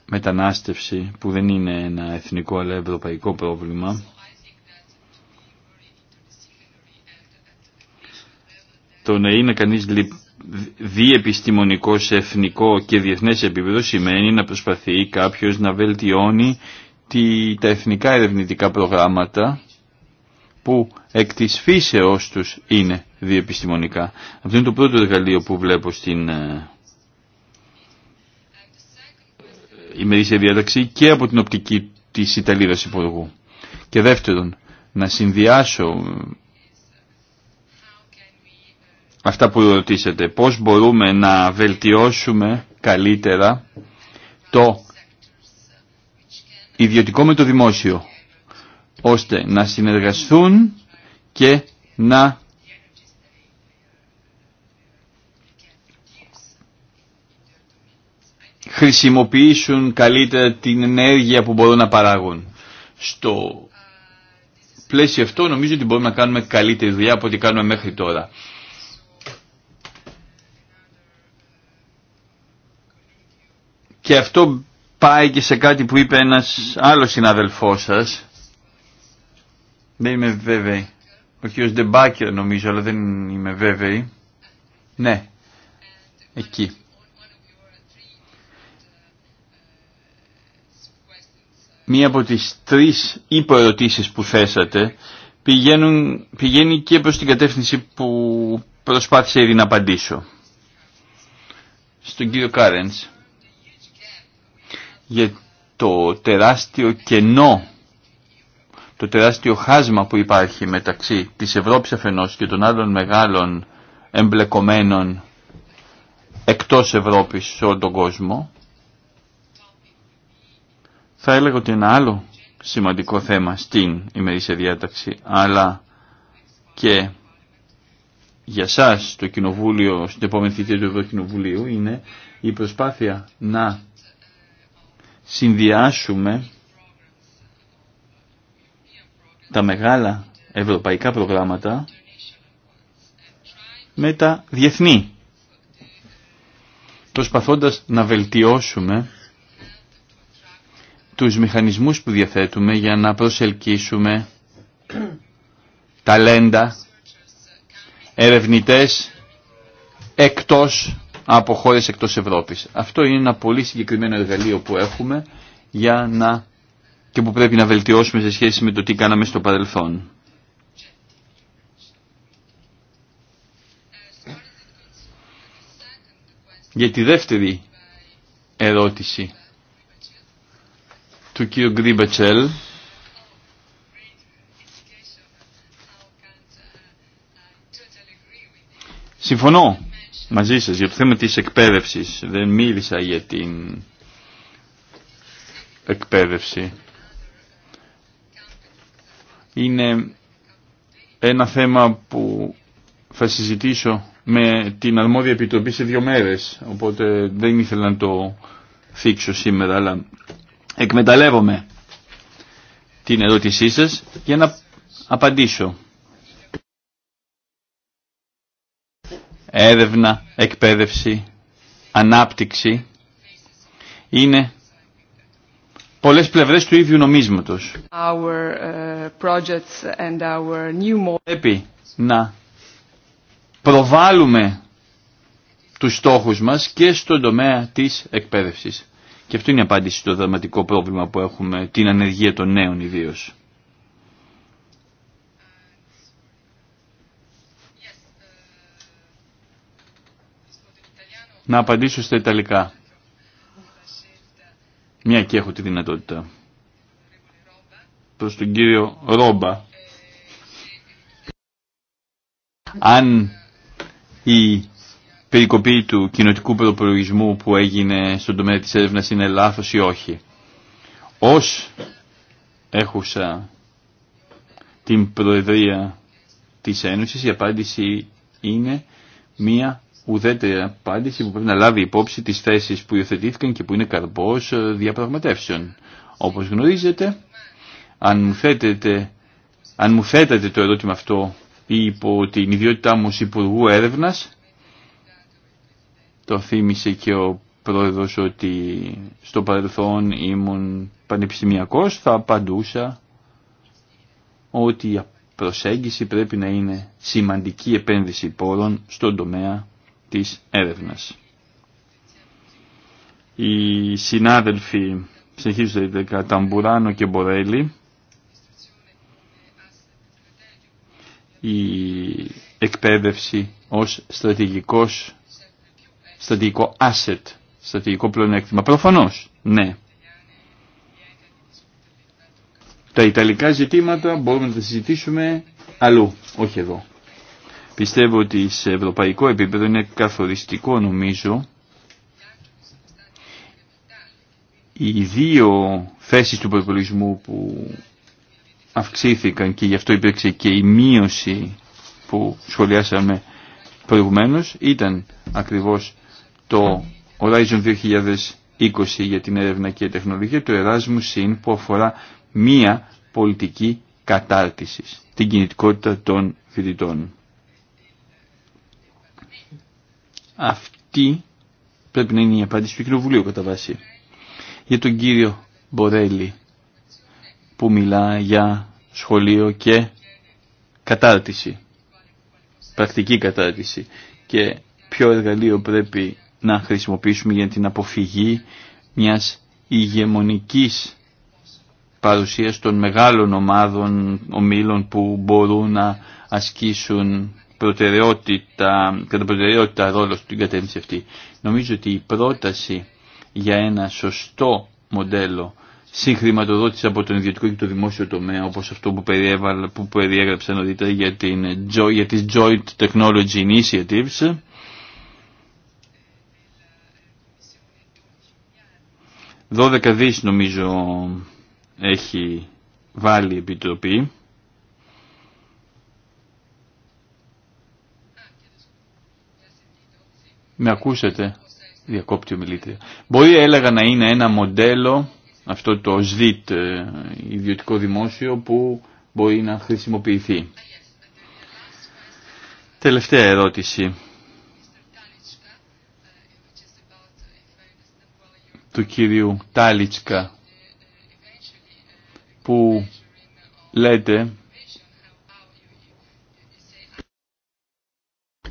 μετανάστευση που δεν είναι ένα εθνικό αλλά ευρωπαϊκό πρόβλημα. Το να είναι κανείς διεπιστημονικό σε εθνικό και διεθνές επίπεδο σημαίνει να προσπαθεί κάποιος να βελτιώνει τα εθνικά ερευνητικά προγράμματα που εκ της φύσεώς τους είναι διεπιστημονικά. Αυτό είναι το πρώτο εργαλείο που βλέπω στην ε, ε, ημερήσια διάταξη και από την οπτική της Ιταλίδας Υπουργού. Και δεύτερον, να συνδυάσω ε, αυτά που ρωτήσατε, πώς μπορούμε να βελτιώσουμε καλύτερα το ιδιωτικό με το δημόσιο ώστε να συνεργαστούν και να χρησιμοποιήσουν καλύτερα την ενέργεια που μπορούν να παράγουν. Στο πλαίσιο αυτό νομίζω ότι μπορούμε να κάνουμε καλύτερη δουλειά από ό,τι κάνουμε μέχρι τώρα. Και αυτό πάει και σε κάτι που είπε ένας άλλος συναδελφός σας, δεν είμαι βέβαιη. Ο κύριο Ντεμπάκερ νομίζω, αλλά δεν είμαι βέβαιη. Ναι, εκεί. Μία από τις τρεις υποερωτήσεις που θέσατε πηγαίνουν, πηγαίνει και προς την κατεύθυνση που προσπάθησε ήδη να απαντήσω. Στον κύριο Κάρενς για το τεράστιο κενό το τεράστιο χάσμα που υπάρχει μεταξύ της Ευρώπης αφενός και των άλλων μεγάλων εμπλεκομένων εκτός Ευρώπης σε όλο τον κόσμο, θα έλεγα ότι ένα άλλο σημαντικό θέμα στην ημερήσια διάταξη, αλλά και για σας το Κοινοβούλιο, στην επόμενη θητεία του Ευρωκοινοβουλίου, είναι η προσπάθεια να συνδυάσουμε τα μεγάλα ευρωπαϊκά προγράμματα με τα διεθνή, προσπαθώντας να βελτιώσουμε τους μηχανισμούς που διαθέτουμε για να προσελκύσουμε ταλέντα, ερευνητές εκτός από χώρες εκτός Ευρώπης. Αυτό είναι ένα πολύ συγκεκριμένο εργαλείο που έχουμε για να και που πρέπει να βελτιώσουμε σε σχέση με το τι κάναμε στο παρελθόν. Για τη δεύτερη ερώτηση του κ. Γκρίμπατσελ Συμφωνώ μαζί σας για το θέμα της εκπαίδευσης. Δεν μίλησα για την εκπαίδευση είναι ένα θέμα που θα συζητήσω με την αρμόδια επιτροπή σε δύο μέρες, οπότε δεν ήθελα να το θίξω σήμερα, αλλά εκμεταλλεύομαι την ερώτησή σας για να απαντήσω. Έρευνα, εκπαίδευση, ανάπτυξη είναι πολλές πλευρές του ίδιου νομίσματος. Our, ε, and our new... Πρέπει να προβάλλουμε τους στόχους μας και στον τομέα της εκπαίδευσης. Και αυτό είναι η απάντηση στο δραματικό πρόβλημα που έχουμε, την ανεργία των νέων ιδίω. Να απαντήσω στα Ιταλικά μια και έχω τη δυνατότητα. Προς τον κύριο Ρόμπα. Αν η περικοπή του κοινοτικού προπολογισμού που έγινε στον τομέα της έρευνας είναι λάθος ή όχι. Ως έχουσα την Προεδρία της Ένωσης η απάντηση είναι μία ουδέτερη απάντηση που πρέπει να λάβει υπόψη τις θέσεις που υιοθετήθηκαν και που είναι καρπός ε, διαπραγματεύσεων. Όπως γνωρίζετε, αν μου, θέτετε, αν θέτατε το ερώτημα αυτό υπό την ιδιότητά μου ως Υπουργού Έρευνας, το θύμισε και ο Πρόεδρος ότι στο παρελθόν ήμουν πανεπιστημιακός, θα απαντούσα ότι η προσέγγιση πρέπει να είναι σημαντική επένδυση πόρων στον τομέα της έρευνας. Οι συνάδελφοι τα Μπουράνο και Μπορέλη. Η εκπαίδευση ως στρατηγικός, στρατηγικό asset, στρατηγικό πλεονέκτημα. Προφανώς, ναι. Τα ιταλικά ζητήματα μπορούμε να τα συζητήσουμε αλλού, όχι εδώ. Πιστεύω ότι σε ευρωπαϊκό επίπεδο είναι καθοριστικό νομίζω οι δύο θέσεις του προπολογισμού που αυξήθηκαν και γι' αυτό υπήρξε και η μείωση που σχολιάσαμε προηγουμένως ήταν ακριβώς το Horizon 2020 για την έρευνα και τεχνολογία του Erasmus Sin που αφορά μία πολιτική κατάρτισης, την κινητικότητα των φοιτητών. Αυτή πρέπει να είναι η απάντηση του Κοινοβουλίου κατά βάση. Για τον κύριο Μπορέλη που μιλά για σχολείο και κατάρτιση, πρακτική κατάρτιση και ποιο εργαλείο πρέπει να χρησιμοποιήσουμε για την αποφυγή μιας ηγεμονικής παρουσίας των μεγάλων ομάδων ομίλων που μπορούν να ασκήσουν προτεραιότητα, κατά προτεραιότητα ρόλο στην κατεύθυνση αυτή. Νομίζω ότι η πρόταση για ένα σωστό μοντέλο συγχρηματοδότηση από τον ιδιωτικό και το δημόσιο τομέα, όπως αυτό που, περιέβαλα, που περιέγραψα νωρίτερα για, την, για τις Joint Technology Initiatives, Δώδεκα δις νομίζω έχει βάλει η Επιτροπή Με ακούσατε, διακόπτει ο μιλήτρια. Μπορεί έλεγα να είναι ένα μοντέλο, αυτό το ΣΔΙΤ, ε, ιδιωτικό δημόσιο, που μπορεί να χρησιμοποιηθεί. Τελευταία ερώτηση. του κύριου Τάλιτσκα που λέτε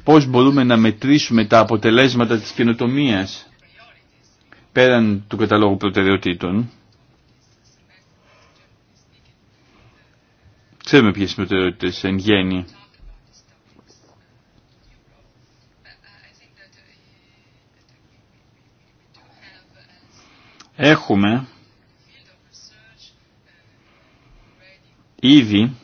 πώς μπορούμε να μετρήσουμε τα αποτελέσματα της καινοτομία πέραν του καταλόγου προτεραιοτήτων. Ξέρουμε ποιες προτεραιότητες εν γέννη. Έχουμε ήδη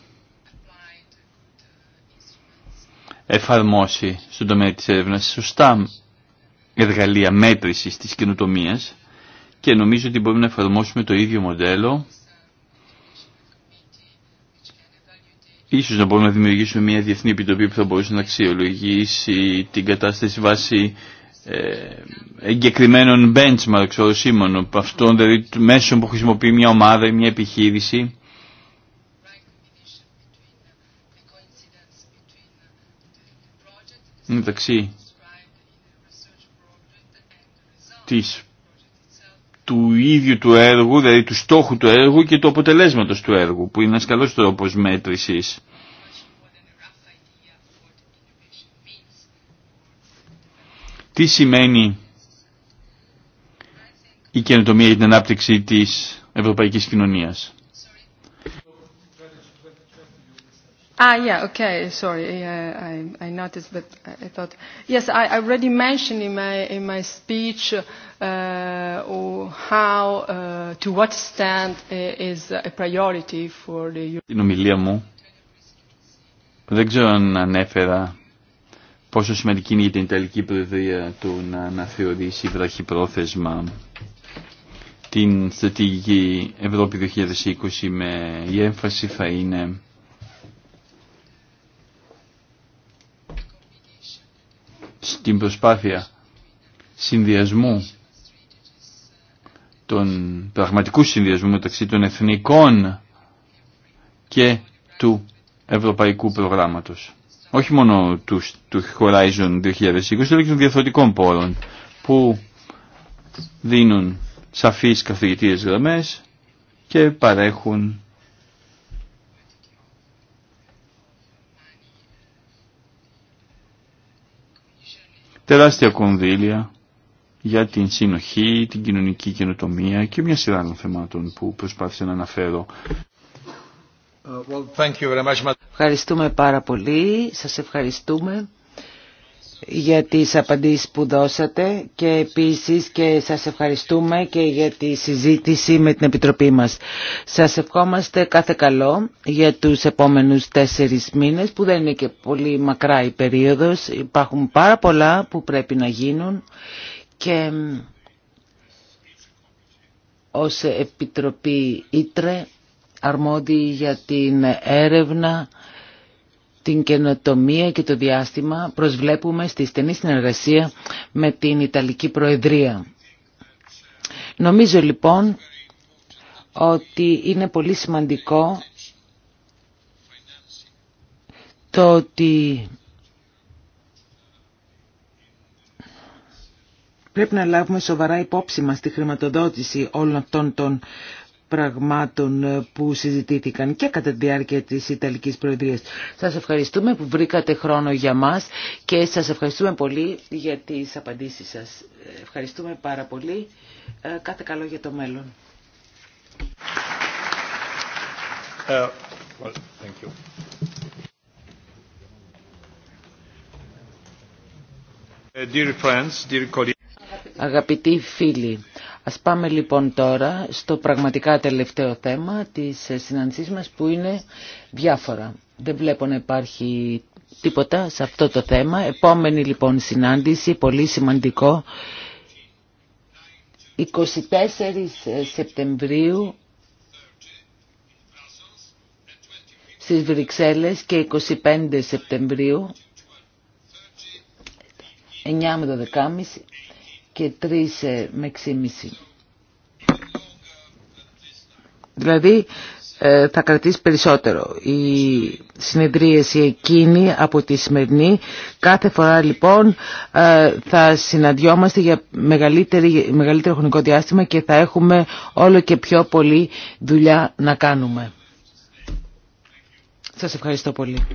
εφαρμόσει στον τομέα της έρευνας σωστά εργαλεία μέτρησης της καινοτομία και νομίζω ότι μπορούμε να εφαρμόσουμε το ίδιο μοντέλο Ίσως να μπορούμε να δημιουργήσουμε μια διεθνή επιτροπή που θα μπορούσε να αξιολογήσει την κατάσταση βάσει ε, εγκεκριμένων benchmarks οροσίμων, αυτών δηλαδή μέσων που χρησιμοποιεί μια ομάδα ή μια επιχείρηση μεταξύ της, του ίδιου του έργου, δηλαδή του στόχου του έργου και του αποτελέσματος του έργου, που είναι ένας καλός τρόπος μέτρησης. Τι σημαίνει η καινοτομία για την ανάπτυξη της ευρωπαϊκής κοινωνίας. Ah, yeah, yes, I already my, speech uh, how, uh, to what is a priority for Την ομιλία μου δεν ξέρω αν ανέφερα πόσο σημαντική είναι για την Ιταλική Προεδρία του να αναθεωρήσει βραχυπρόθεσμα την στρατηγική Ευρώπη 2020 με η έμφαση θα είναι στην προσπάθεια συνδυασμού των πραγματικού συνδυασμού μεταξύ των εθνικών και του ευρωπαϊκού προγράμματος. Όχι μόνο του, του Horizon 2020, αλλά και των διαφορετικών πόρων που δίνουν σαφείς καθηγητήρες γραμμές και παρέχουν τεράστια κονδύλια για την συνοχή, την κοινωνική καινοτομία και μια σειρά άλλων θεμάτων που προσπάθησα να αναφέρω. Ευχαριστούμε πάρα πολύ. Σας ευχαριστούμε για τις απαντήσεις που δώσατε και επίσης και σας ευχαριστούμε και για τη συζήτηση με την Επιτροπή μας. Σας ευχόμαστε κάθε καλό για τους επόμενους τέσσερις μήνες που δεν είναι και πολύ μακρά η περίοδος. Υπάρχουν πάρα πολλά που πρέπει να γίνουν και ως Επιτροπή Ήτρε αρμόδιοι για την έρευνα την καινοτομία και το διάστημα προσβλέπουμε στη στενή συνεργασία με την Ιταλική Προεδρία. Νομίζω λοιπόν ότι είναι πολύ σημαντικό το ότι πρέπει να λάβουμε σοβαρά υπόψη μας τη χρηματοδότηση όλων αυτών των πραγμάτων ε, που συζητήθηκαν και κατά τη διάρκεια τη Ιταλικής Προεδρίας. Σας ευχαριστούμε που βρήκατε χρόνο για μας και σας ευχαριστούμε πολύ για τις απαντήσεις σας. Ευχαριστούμε πάρα πολύ. Ε, κάθε καλό για το μέλλον. Ε, well, thank you. Dear friends, dear Αγαπητοί φίλοι, ας πάμε λοιπόν τώρα στο πραγματικά τελευταίο θέμα της συναντησής μας που είναι διάφορα. Δεν βλέπω να υπάρχει τίποτα σε αυτό το θέμα. Επόμενη λοιπόν συνάντηση, πολύ σημαντικό, 24 Σεπτεμβρίου στις Βρυξέλλες και 25 Σεπτεμβρίου 9 με 12.30 και τρεις ε, με 6,5. Δηλαδή ε, θα κρατήσει περισσότερο η συνεδρίαση εκείνη από τη σημερινή. Κάθε φορά λοιπόν ε, θα συναντιόμαστε για μεγαλύτερο χρονικό διάστημα και θα έχουμε όλο και πιο πολύ δουλειά να κάνουμε. Σας ευχαριστώ πολύ.